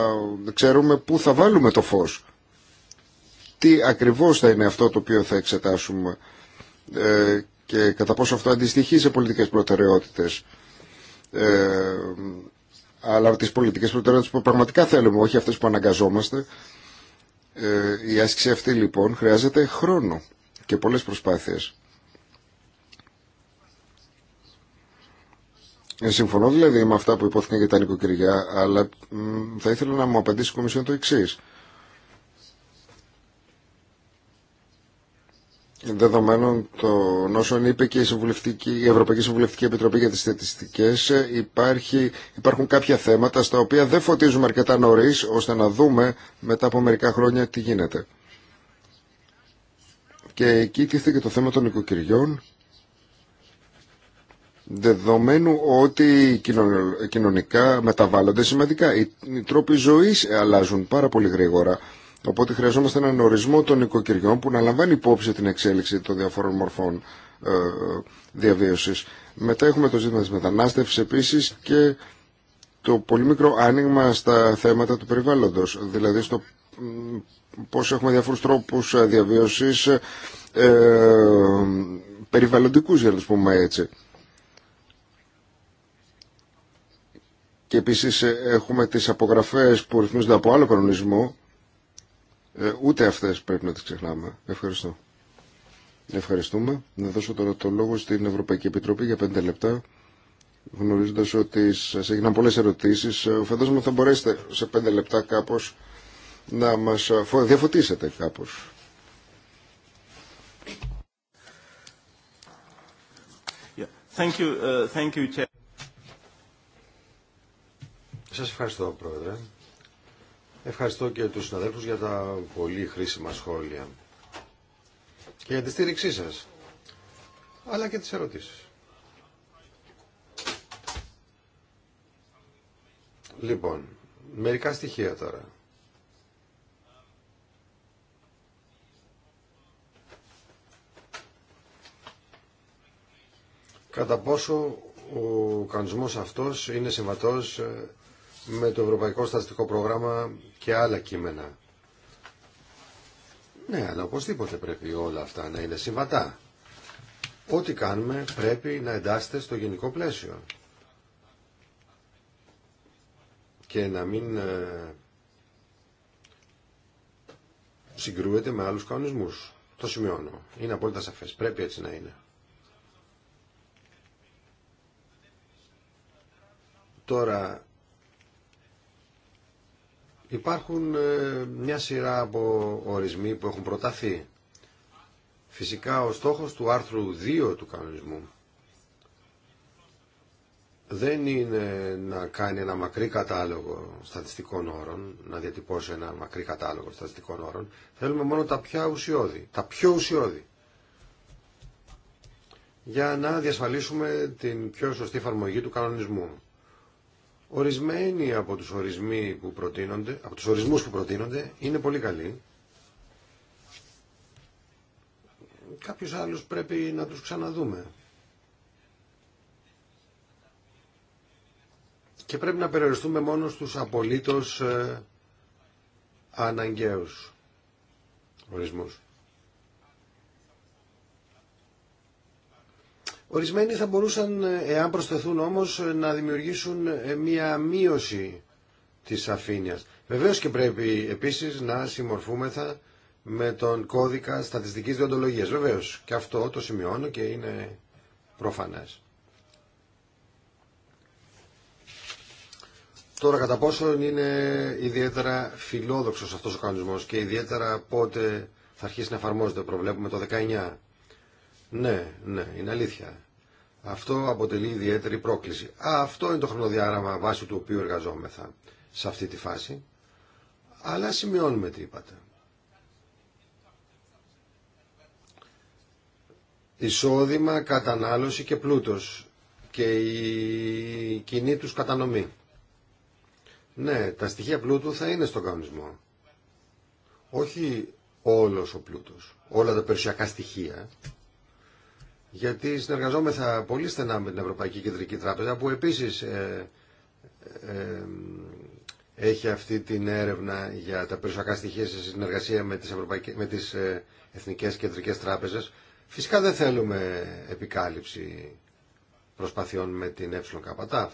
ξέρουμε πού θα βάλουμε το φως. Τι ακριβώς θα είναι αυτό το οποίο θα εξετάσουμε ε, και κατά πόσο αυτό αντιστοιχεί σε πολιτικές προτεραιότητες. Ε, αλλά τις πολιτικές προτεραιότητες που πραγματικά θέλουμε, όχι αυτές που αναγκαζόμαστε. Η άσκηση αυτή λοιπόν χρειάζεται χρόνο και πολλές προσπάθειες. Συμφωνώ δηλαδή με αυτά που υπόθηκαν για τα νοικοκυριά, αλλά θα ήθελα να μου απαντήσει η Κομισιόν το εξή. Δεδομένων των όσων είπε και η, η Ευρωπαϊκή Συμβουλευτική Επιτροπή για τις Στατιστικές, ε, υπάρχει, υπάρχουν κάποια θέματα στα οποία δεν φωτίζουμε αρκετά νωρί ώστε να δούμε μετά από μερικά χρόνια τι γίνεται. Και εκεί τίθεται και το θέμα των νοικοκυριών δεδομένου ότι κοινωνικά μεταβάλλονται σημαντικά. Οι τρόποι ζωής αλλάζουν πάρα πολύ γρήγορα. Οπότε χρειαζόμαστε έναν ορισμό των οικοκυριών που να λαμβάνει υπόψη την εξέλιξη των διαφόρων μορφών ε, διαβίωσης. Μετά έχουμε το ζήτημα της μετανάστευσης επίσης και το πολύ μικρό άνοιγμα στα θέματα του περιβάλλοντος. Δηλαδή στο πώς έχουμε διάφορους τρόπους ε, διαβίωσης ε, ε, περιβαλλοντικούς για να πούμε έτσι. και επίσης ε, έχουμε τις απογραφές που ρυθμίζονται από άλλο κανονισμό. Ε, ούτε αυτές πρέπει να τις ξεχνάμε. Ευχαριστώ. Ευχαριστούμε. Να δώσω τώρα το λόγο στην Ευρωπαϊκή Επιτροπή για πέντε λεπτά. γνωρίζοντα ότι σα έγιναν πολλές ερωτήσεις, ε, φαντάζομαι θα μπορέσετε σε πέντε λεπτά κάπως να μα ε, διαφωτίσετε κάπω. Thank you, uh, thank you, σας ευχαριστώ, Πρόεδρε. Ευχαριστώ και τους συναδέλφους για τα πολύ χρήσιμα σχόλια και για τη στήριξή σας, αλλά και τις ερωτήσεις. Λοιπόν, μερικά στοιχεία τώρα. Κατά πόσο ο κανονισμός αυτός είναι συμβατός ε, με το Ευρωπαϊκό Στατιστικό Πρόγραμμα και άλλα κείμενα. Ναι, αλλά οπωσδήποτε πρέπει όλα αυτά να είναι συμβατά. Ό,τι κάνουμε πρέπει να εντάσσεται στο γενικό πλαίσιο. Και να μην ε, συγκρούεται με άλλους κανονισμούς. Το σημειώνω. Είναι απόλυτα σαφές. Πρέπει έτσι να είναι. Τώρα, Υπάρχουν ε, μια σειρά από ορισμοί που έχουν προταθεί. Φυσικά ο στόχος του άρθρου 2 του κανονισμού δεν είναι να κάνει ένα μακρύ κατάλογο στατιστικών όρων, να διατυπώσει ένα μακρύ κατάλογο στατιστικών όρων. Θέλουμε μόνο τα πιο ουσιώδη, τα πιο ουσιώδη για να διασφαλίσουμε την πιο σωστή εφαρμογή του κανονισμού. Ορισμένοι από τους, ορισμοί που προτείνονται, από τους ορισμούς που προτείνονται είναι πολύ καλοί. Κάποιους άλλους πρέπει να τους ξαναδούμε. Και πρέπει να περιοριστούμε μόνο στους απολύτως ε, αναγκαίους ορισμούς. Ορισμένοι θα μπορούσαν, εάν προσθεθούν όμως, να δημιουργήσουν ε, μία μείωση της αφήνειας. Βεβαίως και πρέπει επίσης να συμμορφούμεθα με τον κώδικα στατιστικής διοντολογίας. Βεβαίως και αυτό το σημειώνω και είναι προφανές. Τώρα κατά πόσο είναι ιδιαίτερα φιλόδοξος αυτός ο κανονισμός και ιδιαίτερα πότε θα αρχίσει να εφαρμόζεται, προβλέπουμε το 19. Ναι, ναι, είναι αλήθεια. Αυτό αποτελεί ιδιαίτερη πρόκληση. Αυτό είναι το χρονοδιάγραμμα βάσει του οποίου εργαζόμεθα σε αυτή τη φάση. Αλλά σημειώνουμε τι είπατε. Εισόδημα, κατανάλωση και πλούτος και η κοινή τους κατανομή. Ναι, τα στοιχεία πλούτου θα είναι στον κανονισμό. Όχι όλος ο πλούτος, όλα τα περιουσιακά στοιχεία γιατί συνεργαζόμεθα πολύ στενά με την Ευρωπαϊκή Κεντρική Τράπεζα που επίσης ε, ε, ε έχει αυτή την έρευνα για τα περισσοκά στοιχεία σε συνεργασία με τις, Ευρωπαϊκές, με τις ε, Εθνικές Κεντρικές Τράπεζες. Φυσικά δεν θέλουμε επικάλυψη προσπαθειών με την ΕΚΤΑΦ.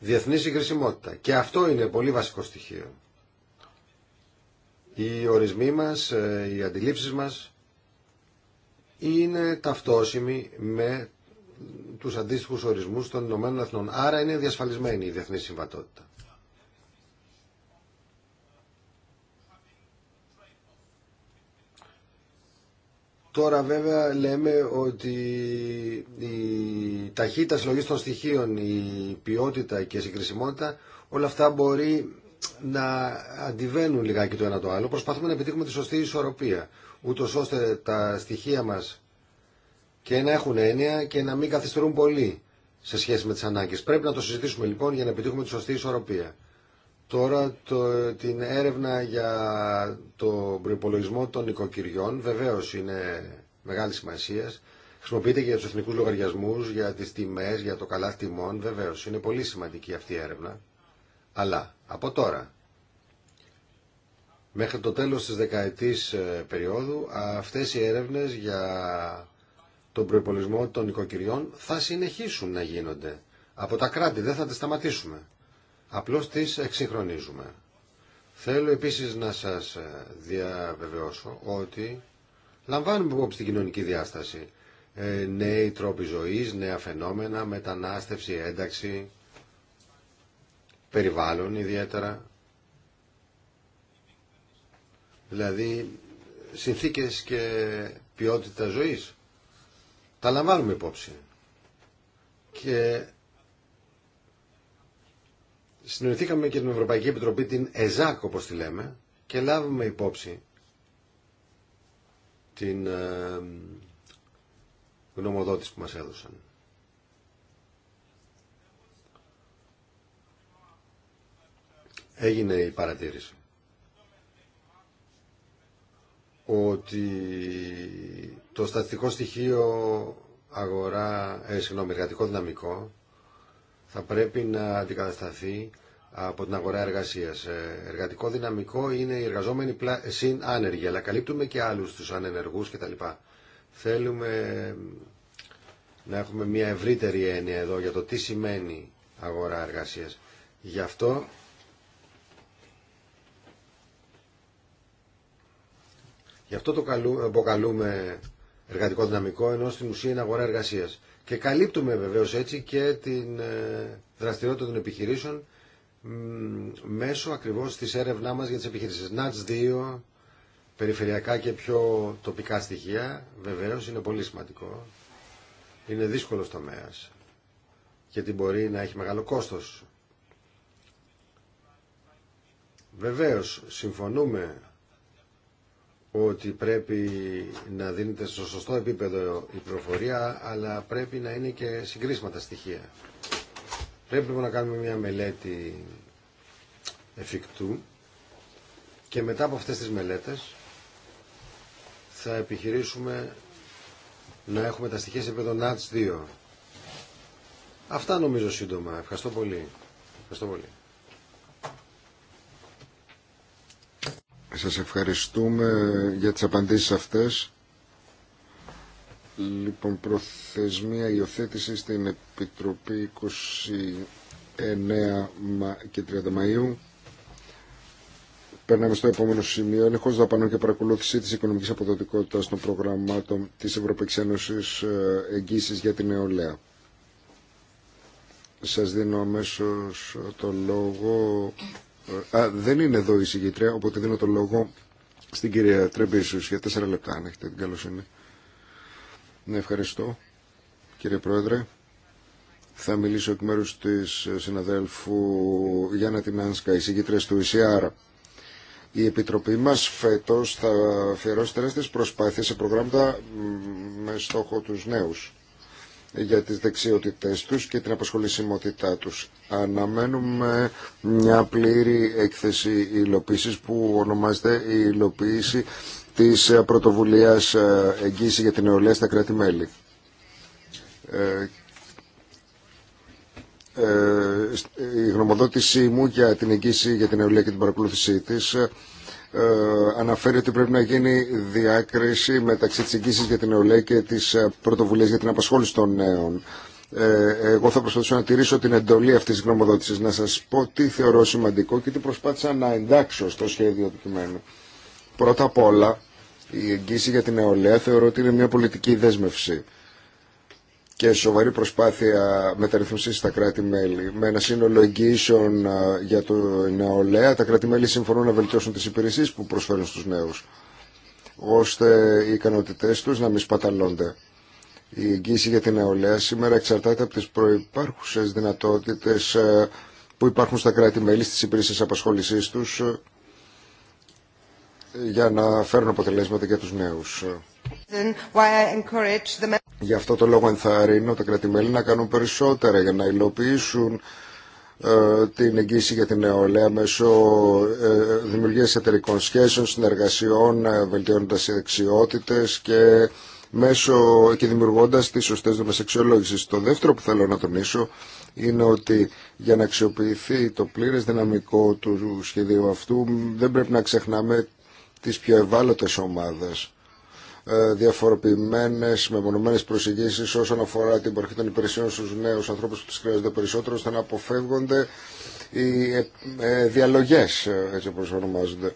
Διεθνή συγκρισιμότητα. Και αυτό είναι πολύ βασικό στοιχείο. Οι ορισμοί μας, ε, οι αντιλήψεις μας είναι ταυτόσιμοι με τους αντίστοιχους ορισμούς των Ηνωμένων Εθνών. Άρα είναι διασφαλισμένη η διεθνή συμβατότητα. Τώρα βέβαια λέμε ότι η ταχύτητα συλλογής των στοιχείων, η ποιότητα και η συγκρισιμότητα όλα αυτά μπορεί να αντιβαίνουν λιγάκι το ένα το άλλο. Προσπαθούμε να επιτύχουμε τη σωστή ισορροπία, ούτω ώστε τα στοιχεία μα και να έχουν έννοια και να μην καθυστερούν πολύ σε σχέση με τι ανάγκε. Πρέπει να το συζητήσουμε λοιπόν για να επιτύχουμε τη σωστή ισορροπία. Τώρα το, την έρευνα για το προπολογισμό των οικοκυριών βεβαίω είναι μεγάλη σημασία. Χρησιμοποιείται και για του εθνικού λογαριασμού, για τι τιμέ, για το καλά τιμών. Βεβαίω είναι πολύ σημαντική αυτή η έρευνα. Αλλά από τώρα μέχρι το τέλος της δεκαετής ε, περίοδου αυτές οι έρευνες για τον προϋπολισμό των οικοκυριών θα συνεχίσουν να γίνονται από τα κράτη, δεν θα τις σταματήσουμε. Απλώς τις εξυγχρονίζουμε. Θέλω επίσης να σας ε, διαβεβαιώσω ότι λαμβάνουμε υπόψη την κοινωνική διάσταση. Ε, νέοι τρόποι ζωής, νέα φαινόμενα, μετανάστευση, ένταξη, περιβάλλον ιδιαίτερα. Δηλαδή συνθήκες και ποιότητα ζωής. Τα λαμβάνουμε υπόψη. Και συνοηθήκαμε και την Ευρωπαϊκή Επιτροπή, την ΕΖΑΚ όπως τη λέμε, και λάβουμε υπόψη την ε, γνωμοδότηση που μας έδωσαν. έγινε η παρατήρηση ότι το στατιστικό στοιχείο αγορά, ε, συγγνώμη, εργατικό δυναμικό θα πρέπει να αντικατασταθεί από την αγορά εργασίας. Ε, εργατικό δυναμικό είναι οι εργαζόμενοι συν άνεργοι, αλλά καλύπτουμε και άλλους τους ανενεργούς κτλ. Θέλουμε να έχουμε μια ευρύτερη έννοια εδώ για το τι σημαίνει αγορά εργασίας. Γι' αυτό Γι' αυτό το αποκαλούμε εργατικό δυναμικό, ενώ στην ουσία είναι αγορά εργασία. Και καλύπτουμε βεβαίω έτσι και την ε, δραστηριότητα των επιχειρήσεων μέσω ακριβώ τη έρευνά μα για τι επιχειρήσει. ΝΑΤΣ 2, περιφερειακά και πιο τοπικά στοιχεία, βεβαίω είναι πολύ σημαντικό. Είναι δύσκολο τομέα γιατί μπορεί να έχει μεγάλο κόστο. Βεβαίω, συμφωνούμε ότι πρέπει να δίνεται στο σωστό επίπεδο η προφορία αλλά πρέπει να είναι και συγκρίσματα στοιχεία. Πρέπει λοιπόν να κάνουμε μια μελέτη εφικτού και μετά από αυτές τις μελέτες θα επιχειρήσουμε να έχουμε τα στοιχεία σε επίπεδο NATS 2. Αυτά νομίζω σύντομα. Ευχαριστώ πολύ. Ευχαριστώ πολύ. Σας ευχαριστούμε για τις απαντήσεις αυτές. Λοιπόν, προθεσμία υιοθέτηση στην Επιτροπή 29 και 30 Μαΐου. Περνάμε στο επόμενο σημείο. Έλεγχο δαπανών και παρακολούθηση της οικονομικής αποδοτικότητας των προγραμμάτων της Ευρωπαϊκής Ένωση ε, Εγγύηση για την Νεολαία. Σας δίνω αμέσω το λόγο ε, δεν είναι εδώ η συγκήτρια, οπότε δίνω το λόγο στην κυρία Τρεμπίσους για τέσσερα λεπτά, αν έχετε την καλοσύνη. Ναι, ευχαριστώ, κύριε Πρόεδρε. Θα μιλήσω εκ μέρους της ε, συναδέλφου Γιάννα Τινάνσκα, η συγκήτρια του ΙΣΙΑΡΑ. Η Επιτροπή μας φέτος θα αφιερώσει τεράστιες προσπάθειες σε προγράμματα με στόχο τους νέους για τις δεξιότητές τους και την απασχολησιμότητά τους. Αναμένουμε μια πλήρη έκθεση υλοποίησης που ονομάζεται η υλοποίηση της ε, πρωτοβουλίας ε, εγγύηση για την νεολαία στα κράτη-μέλη. Ε, η γνωμοδότησή μου για την εγγύηση για την νεολαία και την παρακολούθησή της ε, αναφέρει ότι πρέπει να γίνει διάκριση μεταξύ της εγγύσης για την νεολαία και της ε, πρωτοβουλίας για την απασχόληση των νέων. Ε, εγώ θα προσπαθήσω να τηρήσω την εντολή αυτής της γνωμοδότησης, να σας πω τι θεωρώ σημαντικό και τι προσπάθησα να εντάξω στο σχέδιο του κειμένου. Πρώτα απ' όλα, η εγγύηση για την νεολαία θεωρώ ότι είναι μια πολιτική δέσμευση και σοβαρή προσπάθεια μεταρρυθμίσεις στα κράτη-μέλη. Με ένα σύνολο εγγυήσεων για το νεολαία, τα κράτη-μέλη συμφωνούν να βελτιώσουν τις υπηρεσίες που προσφέρουν στους νέους, ώστε οι ικανότητές τους να μην σπαταλώνται. Η εγγύηση για την νεολαία σήμερα εξαρτάται από τις προϋπάρχουσες δυνατότητες που υπάρχουν στα κράτη-μέλη στις υπηρεσίες απασχόλησής τους για να φέρουν αποτελέσματα για τους νέους. Γι' αυτό το λόγο ενθαρρύνω τα κρατημέλη να κάνουν περισσότερα για να υλοποιήσουν ε, την εγγύηση για την νεολαία μέσω ε, δημιουργίας εταιρικών σχέσεων, συνεργασιών, ε, βελτιώνοντας οι και, μέσω, και δημιουργώντας τις σωστές δομές αξιολόγησης. Το δεύτερο που θέλω να τονίσω είναι ότι για να αξιοποιηθεί το πλήρες δυναμικό του σχεδίου αυτού δεν πρέπει να ξεχνάμε τις πιο ευάλωτες ομάδες ε, διαφοροποιημένες, μεμονωμένες προσεγγίσεις όσον αφορά την παροχή των υπηρεσιών στους νέους ανθρώπους που τις χρειάζονται περισσότερο ώστε να αποφεύγονται οι ε, ε, διαλογές έτσι όπως ονομάζονται.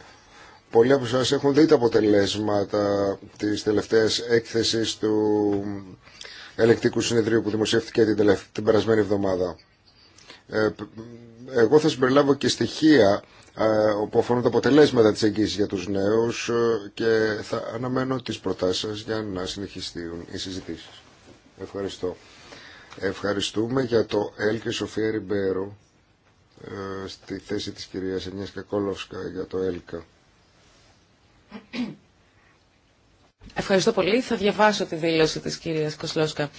Πολλοί από εσάς έχουν δει τα αποτελέσματα της τελευταίας έκθεσης του ελεκτικού συνεδρίου που δημοσιεύτηκε την, την περασμένη εβδομάδα. εγώ θα συμπεριλάβω και στοιχεία που αφορούν τα αποτελέσματα της εγγύησης για τους νέους ε, και θα αναμένω τις προτάσεις σας για να συνεχιστούν οι συζητήσεις. Ευχαριστώ. Ευχαριστούμε για το έλκη Σοφία Ριμπέρο ε, στη θέση της κυρίας Ενιάς Κακόλοφσκα για το ΕΛΚΑ. Ευχαριστώ πολύ. Θα διαβάσω τη δήλωση της κυρίας Κοσλόσκα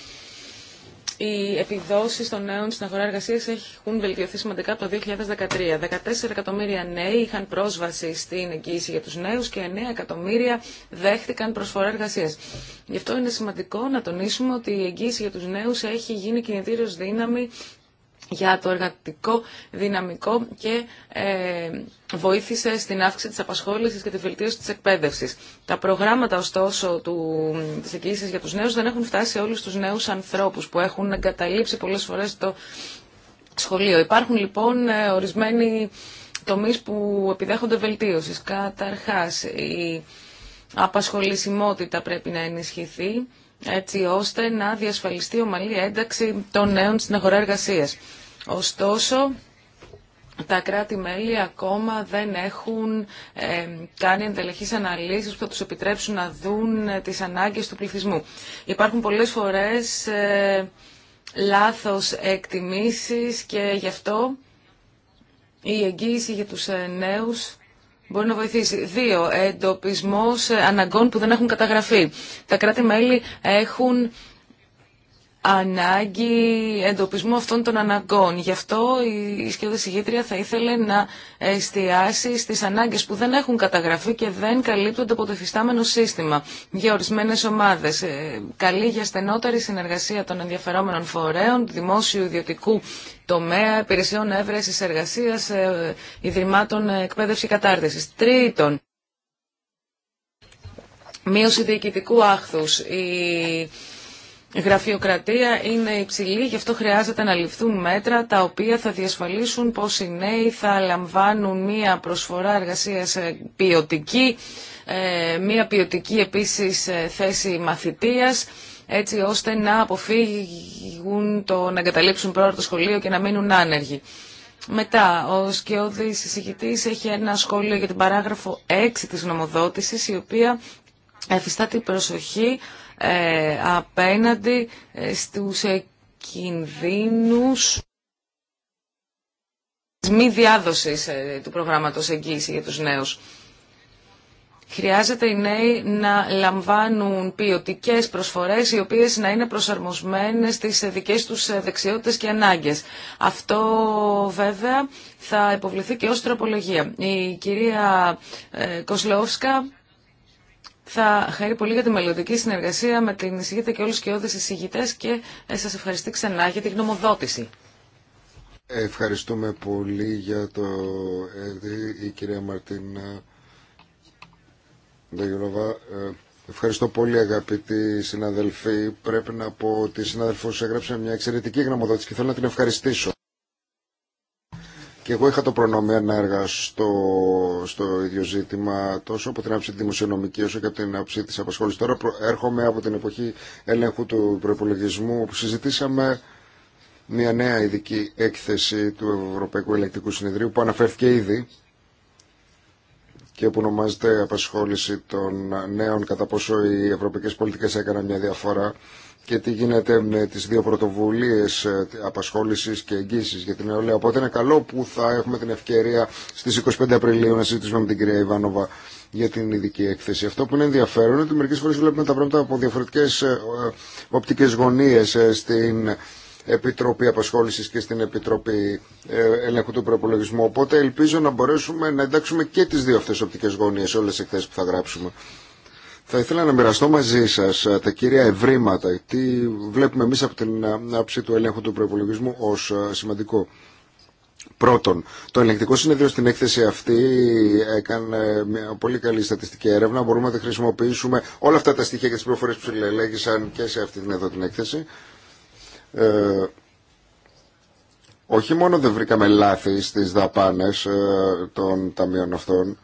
οι επιδόσεις των νέων στην αγορά εργασίας έχουν βελτιωθεί σημαντικά από το 2013. 14 εκατομμύρια νέοι είχαν πρόσβαση στην εγγύηση για τους νέους και 9 εκατομμύρια δέχτηκαν προσφορά εργασίας. Γι' αυτό είναι σημαντικό να τονίσουμε ότι η εγγύηση για τους νέους έχει γίνει κινητήριος δύναμη για το εργατικό δυναμικό και ε, βοήθησε στην αύξηση της απασχόλησης και τη βελτίωση της εκπαίδευσης. Τα προγράμματα ωστόσο του, της για τους νέους δεν έχουν φτάσει σε όλους τους νέους ανθρώπους που έχουν εγκαταλείψει πολλές φορές το σχολείο. Υπάρχουν λοιπόν ε, ορισμένοι τομείς που επιδέχονται βελτίωσης. Καταρχάς η απασχολησιμότητα πρέπει να ενισχυθεί έτσι ώστε να διασφαλιστεί ομαλή ένταξη των νέων στην αγορά εργασίας. Ωστόσο, τα κράτη-μέλη ακόμα δεν έχουν κάνει εντελεχείς αναλύσεις που θα τους επιτρέψουν να δουν ε, τις ανάγκες του πληθυσμού. Υπάρχουν πολλές φορές ε, λάθος εκτιμήσεις και γι' αυτό η εγγύηση για τους ε, νέους μπορεί να βοηθήσει. Δύο, εντοπισμός ε, αναγκών που δεν έχουν καταγραφεί. Τα κράτη-μέλη έχουν ανάγκη εντοπισμού αυτών των αναγκών. Γι' αυτό η σκέδα συγγήτρια θα ήθελε να εστιάσει στις ανάγκες που δεν έχουν καταγραφεί και δεν καλύπτονται από το εφιστάμενο σύστημα για ορισμένες ομάδες. Ε, καλή για στενότερη συνεργασία των ενδιαφερόμενων φορέων, δημόσιου ιδιωτικού τομέα, υπηρεσιών έβρεσης εργασίας, ε, ιδρυμάτων ε, εκπαίδευση κατάρτισης. Τρίτον, μείωση διοικητικού άχθους γραφειοκρατία είναι υψηλή, γι' αυτό χρειάζεται να ληφθούν μέτρα τα οποία θα διασφαλίσουν πως οι νέοι θα λαμβάνουν μία προσφορά εργασίας ε, ποιοτική, ε, μία ποιοτική επίσης ε, θέση μαθητείας, έτσι ώστε να αποφύγουν το να εγκαταλείψουν πρόωρα το σχολείο και να μείνουν άνεργοι. Μετά, ο Σκιώδης συζητητή έχει ένα σχόλιο για την παράγραφο 6 της νομοδότησης, η οποία εφιστά την προσοχή ε, απέναντι ε, στους κινδύνους μη διάδοσης ε, του προγράμματος εγγύηση για τους νέους. Χρειάζεται οι νέοι να λαμβάνουν ποιοτικέ προσφορές οι οποίες να είναι προσαρμοσμένες στις δικές τους δεξιότητες και ανάγκες. Αυτό βέβαια θα υποβληθεί και ως τροπολογία. Η κυρία Κοσλόφσκα θα χαρεί πολύ για τη μελλοντική συνεργασία με την εισηγήτα και όλους και όλες εισηγητές και ε, σας ευχαριστώ ξανά για την γνωμοδότηση. Ευχαριστούμε πολύ για το η κυρία Μαρτίνα Δαγιολοβά. Ε, ευχαριστώ πολύ αγαπητοί συναδελφοί. Πρέπει να πω ότι η συναδελφός έγραψε μια εξαιρετική γνωμοδότηση και θέλω να την ευχαριστήσω. Και εγώ είχα το προνόμιο να εργαστώ στο ίδιο ζήτημα τόσο από την άψη τη δημοσιονομική όσο και από την άψη τη απασχόληση. Τώρα έρχομαι από την εποχή έλεγχου του προπολογισμού όπου συζητήσαμε μια νέα ειδική έκθεση του Ευρωπαϊκού Ελεκτικού Συνεδρίου που αναφέρθηκε ήδη και που ονομάζεται απασχόληση των νέων κατά πόσο οι ευρωπαϊκές πολιτικές έκαναν μια διαφορά και τι γίνεται με τις δύο πρωτοβουλίες ε, απασχόλησης και εγγύησης για την νεολαία. Οπότε είναι καλό που θα έχουμε την ευκαιρία στις 25 Απριλίου να συζητήσουμε με την κυρία Ιβάνοβα για την ειδική έκθεση. Αυτό που είναι ενδιαφέρον είναι ότι μερικές φορές βλέπουμε τα πράγματα από διαφορετικές ε, ε, οπτικές γωνίες στην Επιτροπή Απασχόλησης και στην Επιτροπή Ελέγχου του Προπολογισμού. Οπότε ελπίζω να μπορέσουμε να εντάξουμε και τις δύο αυτές οπτικές γωνίες όλες τις εκθέσεις που θα γράψουμε. Θα ήθελα να μοιραστώ μαζί σας ε, τα κύρια ευρήματα, τι βλέπουμε εμείς από την ε, άψη του ελέγχου του προπολογισμού ως ε, σημαντικό. Πρώτον, το ελεγκτικό συνεδρίο στην έκθεση αυτή έκανε μια πολύ καλή στατιστική έρευνα. Μπορούμε να χρησιμοποιήσουμε όλα αυτά τα στοιχεία και τι πληροφορίε που συλλεγήσαν και σε αυτή την εδώ την έκθεση. Ε, όχι μόνο δεν βρήκαμε λάθη στις δαπάνες των ταμείων αυτών,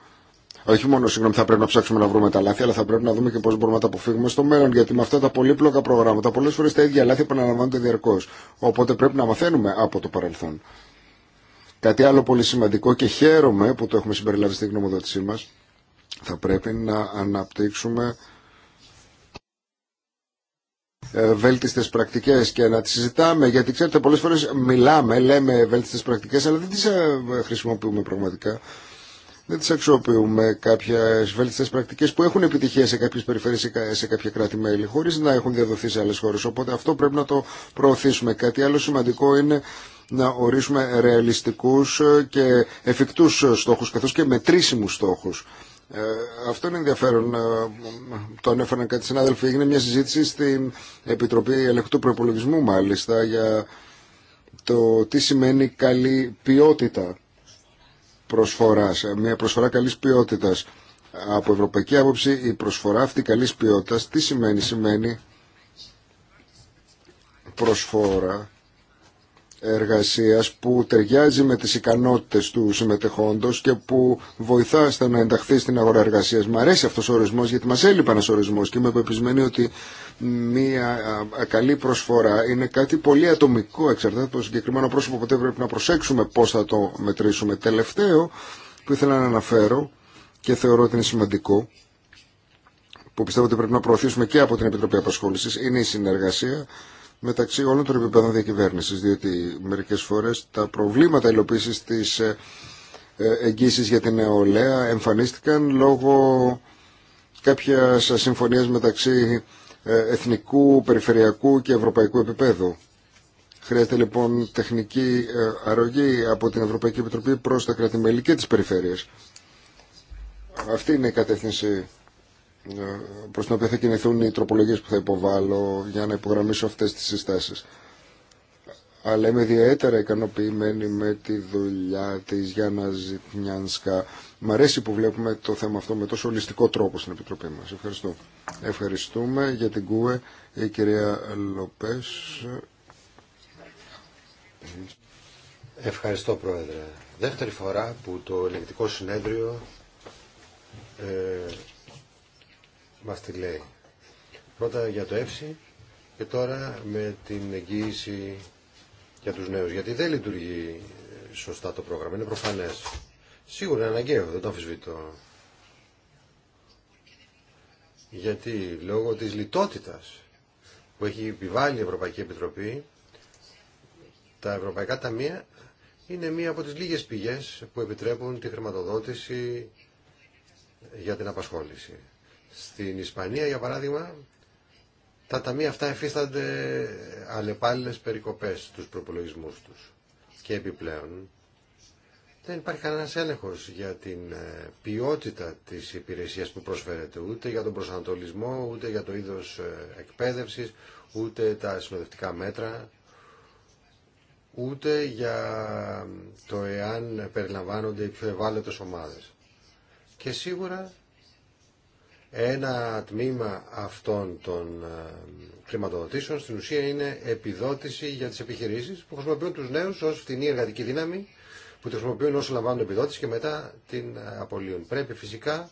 όχι μόνο συγγνώμη, θα πρέπει να ψάξουμε να βρούμε τα λάθη, αλλά θα πρέπει να δούμε και πώ μπορούμε να τα αποφύγουμε στο μέλλον. Γιατί με αυτά τα πολύπλοκα προγράμματα πολλέ φορέ τα ίδια λάθη επαναλαμβάνονται διαρκώ. Οπότε πρέπει να μαθαίνουμε από το παρελθόν. Κάτι άλλο πολύ σημαντικό και χαίρομαι που το έχουμε συμπεριλάβει στην γνωμοδότησή μα. Θα πρέπει να αναπτύξουμε ε, βέλτιστες πρακτικές και να τις συζητάμε γιατί ξέρετε πολλές φορές μιλάμε, λέμε βέλτιστες πρακτικές αλλά δεν τις ε, ε, χρησιμοποιούμε πραγματικά δεν τις αξιοποιούμε κάποιες βελτιστές πρακτικές που έχουν επιτυχία σε κάποιες περιφέρειες, σε κάποια κράτη-μέλη, χωρίς να έχουν διαδοθεί σε άλλες χώρες. Οπότε αυτό πρέπει να το προωθήσουμε. Κάτι άλλο σημαντικό είναι να ορίσουμε ρεαλιστικούς και εφικτούς στόχους, καθώς και μετρήσιμους στόχους. Ε, αυτό είναι ενδιαφέρον. Ε, το ανέφεραν κάτι συνάδελφοι. Έγινε μια συζήτηση στην Επιτροπή Ελεκτού Προπολογισμού, μάλιστα, για το τι σημαίνει καλή ποιότητα προσφοράς, ε, μια προσφορά καλής ποιότητας. Από ευρωπαϊκή άποψη η προσφορά αυτή καλής ποιότητας τι σημαίνει, σημαίνει προσφόρα εργασίας που ταιριάζει με τις ικανότητες του συμμετεχόντος και που βοηθά στο να ενταχθεί στην αγορά εργασίας. Μ' αρέσει αυτός ο ορισμός γιατί μας έλειπε ένας ορισμός και είμαι πεπισμένη ότι μια καλή προσφορά είναι κάτι πολύ ατομικό, εξαρτάται από το συγκεκριμένο πρόσωπο, ποτέ πρέπει να προσέξουμε πώς θα το μετρήσουμε. Τελευταίο που ήθελα να αναφέρω και θεωρώ ότι είναι σημαντικό, που πιστεύω ότι πρέπει να προωθήσουμε και από την Επιτροπή Απασχόλησης, είναι η συνεργασία μεταξύ όλων των επιπέδων διακυβέρνησης, διότι μερικές φορές τα προβλήματα υλοποίησης της ε, ε, εγγύησης για την νεολαία εμφανίστηκαν λόγω κάποια συμφωνία μεταξύ ε, εθνικού, περιφερειακού και ευρωπαϊκού επίπεδου. Χρειάζεται λοιπόν τεχνική ε, αρρωγή από την Ευρωπαϊκή Επιτροπή προς τα κρατημέλη και τις περιφέρειες. Αυτή είναι η κατεύθυνση ε, προς την οποία θα κινηθούν οι τροπολογίες που θα υποβάλω για να υπογραμμίσω αυτές τις συστάσεις. Αλλά είμαι ιδιαίτερα ικανοποιημένη με τη δουλειά της Γιάννα Ζητνιάνσκα Μ' αρέσει που βλέπουμε το θέμα αυτό με τόσο ολιστικό τρόπο στην Επιτροπή μας. Ευχαριστώ. Ευχαριστούμε για την ΚΟΕ, η κυρία Λοπές. Ευχαριστώ Πρόεδρε. Δεύτερη φορά που το ελεγκτικό συνέδριο ε, μας τη λέει. Πρώτα για το ΕΦΣΙ και τώρα με την εγγύηση για τους νέους. Γιατί δεν λειτουργεί σωστά το πρόγραμμα, είναι προφανές. Σίγουρα είναι αναγκαίο, δεν το αμφισβητώ. Γιατί λόγω της λιτότητας που έχει επιβάλει η Ευρωπαϊκή Επιτροπή, τα ευρωπαϊκά ταμεία είναι μία από τις λίγες πηγές που επιτρέπουν τη χρηματοδότηση για την απασχόληση. Στην Ισπανία, για παράδειγμα, τα ταμεία αυτά εφίστανται αλλεπάλληλες περικοπές στους προπολογισμούς τους. Και επιπλέον, δεν υπάρχει κανένα έλεγχος για την ε, ποιότητα της υπηρεσίας που προσφέρεται, ούτε για τον προσανατολισμό, ούτε για το είδο ε, εκπαίδευση, ούτε τα συνοδευτικά μέτρα, ούτε για το εάν περιλαμβάνονται οι πιο ευάλωτε ομάδε. Και σίγουρα ένα τμήμα αυτών των ε, χρηματοδοτήσεων στην ουσία είναι επιδότηση για τις επιχειρήσεις που χρησιμοποιούν τους νέους ως φτηνή εργατική δύναμη που τη χρησιμοποιούν όσο λαμβάνουν επιδότηση και μετά την ε, απολύουν. Πρέπει φυσικά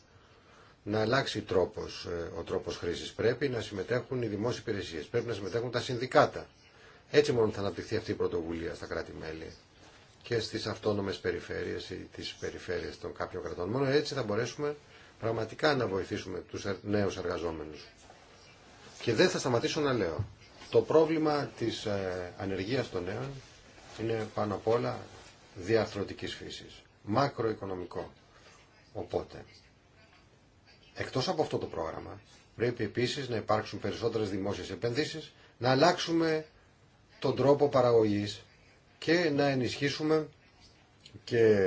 να αλλάξει τρόπος, ε, ο τρόπος χρήσης. Πρέπει να συμμετέχουν οι δημόσιες υπηρεσίες, πρέπει να συμμετέχουν τα συνδικάτα. Έτσι μόνο θα αναπτυχθεί αυτή η πρωτοβουλία στα κράτη-μέλη και στις αυτόνομες περιφέρειες ή τις περιφέρειες των κάποιων κρατών. Μόνο έτσι θα μπορέσουμε πραγματικά να βοηθήσουμε τους νέους εργαζόμενους. Και δεν θα σταματήσω να λέω. Το πρόβλημα της ε, ανεργίας των νέων είναι πάνω απ' όλα διαρθρωτικής φύσης, μακροοικονομικό. Οπότε, εκτός από αυτό το πρόγραμμα, πρέπει επίσης να υπάρξουν περισσότερες δημόσιες επενδύσεις, να αλλάξουμε τον τρόπο παραγωγής και να ενισχύσουμε και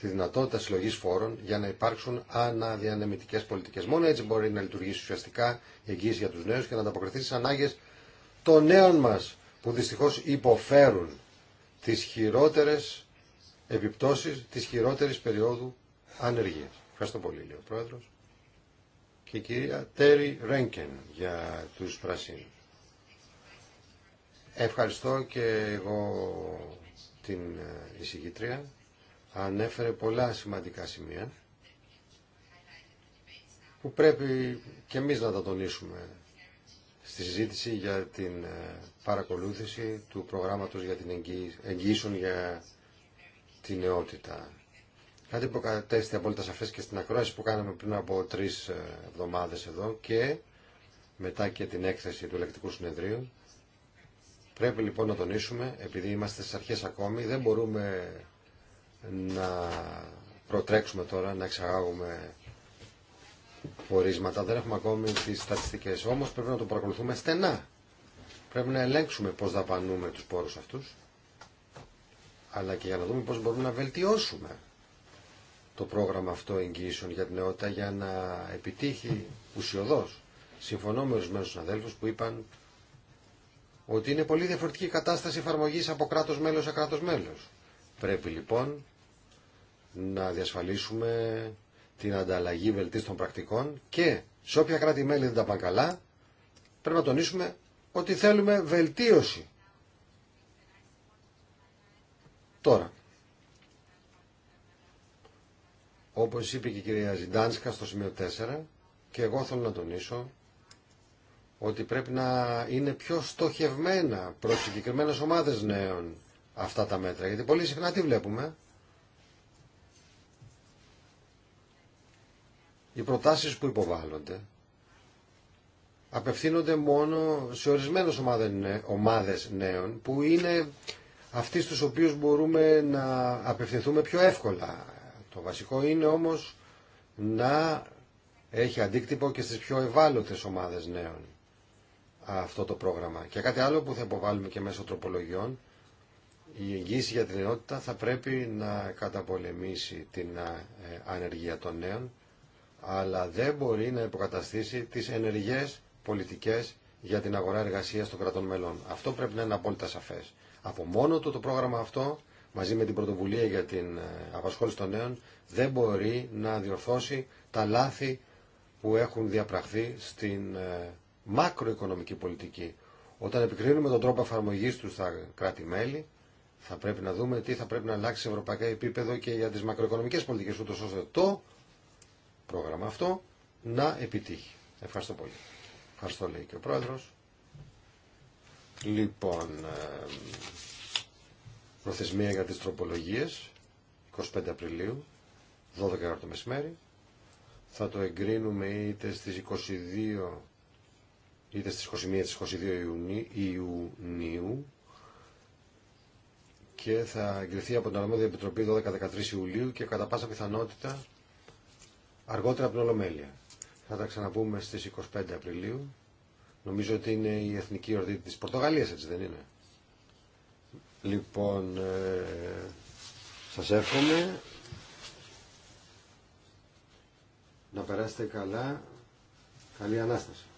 τη δυνατότητα συλλογής φόρων για να υπάρξουν αναδιανεμητικές πολιτικές. Μόνο έτσι μπορεί να λειτουργήσει ουσιαστικά η εγγύηση για τους νέους και να ανταποκριθεί στις ανάγκες των νέων μας που δυστυχώς υποφέρουν τις χειρότερες επιπτώσεις της χειρότερης περίοδου ανεργίας. Ευχαριστώ πολύ, λέει ο Πρόεδρος. Και η κυρία Τέρι Ρένκεν για τους πρασίνους. Ευχαριστώ και εγώ την ε, εισηγήτρια. Ανέφερε πολλά σημαντικά σημεία που πρέπει και εμείς να τα τονίσουμε στη συζήτηση για την ε, παρακολούθηση του προγράμματος για την εγγύησεων για την νεότητα. Κάτι που κατέστη απόλυτα σαφές και στην ακρόαση που κάναμε πριν από τρεις ε, εβδομάδες εδώ και μετά και την έκθεση του ελεκτικού συνεδρίου. Πρέπει λοιπόν να τονίσουμε, επειδή είμαστε στις αρχές ακόμη, δεν μπορούμε να προτρέξουμε τώρα, να εξαγάγουμε δεν έχουμε ακόμη τις στατιστικές. Όμως πρέπει να το παρακολουθούμε στενά. Πρέπει να ελέγξουμε πώς δαπανούμε τους πόρους αυτούς, αλλά και για να δούμε πώς μπορούμε να βελτιώσουμε το πρόγραμμα αυτό εγγύησεων για την νεότητα για να επιτύχει ουσιοδός. Συμφωνώ με ορισμένου συναδέλφου που είπαν ότι είναι πολύ διαφορετική η κατάσταση εφαρμογή από κράτο μέλο σε κράτο μέλο. Πρέπει λοιπόν να διασφαλίσουμε την ανταλλαγή βελτίστων πρακτικών και σε όποια κράτη-μέλη δεν τα πάνε καλά, πρέπει να τονίσουμε ότι θέλουμε βελτίωση. Τώρα, όπως είπε και η κυρία Ζιντάνσκα στο σημείο 4, και εγώ θέλω να τονίσω ότι πρέπει να είναι πιο στοχευμένα προς συγκεκριμένες ομάδες νέων αυτά τα μέτρα, γιατί πολύ συχνά τι βλέπουμε, Οι προτάσεις που υποβάλλονται απευθύνονται μόνο σε ορισμένες ομάδες νέων που είναι αυτοί στους οποίους μπορούμε να απευθυνθούμε πιο εύκολα. Το βασικό είναι όμως να έχει αντίκτυπο και στις πιο ευάλωτες ομάδες νέων αυτό το πρόγραμμα. Και κάτι άλλο που θα υποβάλουμε και μέσω τροπολογιών, η εγγύηση για την ενότητα θα πρέπει να καταπολεμήσει την ε, ανεργία των νέων αλλά δεν μπορεί να υποκαταστήσει τις ενεργές πολιτικές για την αγορά εργασίας των κρατών μελών. Αυτό πρέπει να είναι απόλυτα σαφές. Από μόνο του το πρόγραμμα αυτό, μαζί με την πρωτοβουλία για την ε, απασχόληση των νέων, δεν μπορεί να διορθώσει τα λάθη που έχουν διαπραχθεί στην ε, μακροοικονομική πολιτική. Όταν επικρίνουμε τον τρόπο εφαρμογή του στα κράτη-μέλη, θα πρέπει να δούμε τι θα πρέπει να αλλάξει σε ευρωπαϊκό επίπεδο και για τι μακροοικονομικέ πολιτικέ, ούτω ώστε το πρόγραμμα αυτό να επιτύχει. Ευχαριστώ πολύ. Ευχαριστώ λέει και ο Πρόεδρος. Λοιπόν, προθεσμία για τις τροπολογίες, 25 Απριλίου, 12 το μεσημέρι. Θα το εγκρίνουμε είτε στις 22 είτε στις 21 στις 22 Ιουνίου και θα εγκριθεί από την Αρμόδια Επιτροπή 12-13 Ιουλίου και κατά πάσα πιθανότητα αργότερα από την Ολομέλεια. Θα τα ξαναπούμε στις 25 Απριλίου. Νομίζω ότι είναι η εθνική ορδή τη Πορτογαλίας, έτσι δεν είναι. Λοιπόν, ε, σας εύχομαι να περάσετε καλά. Καλή Ανάσταση.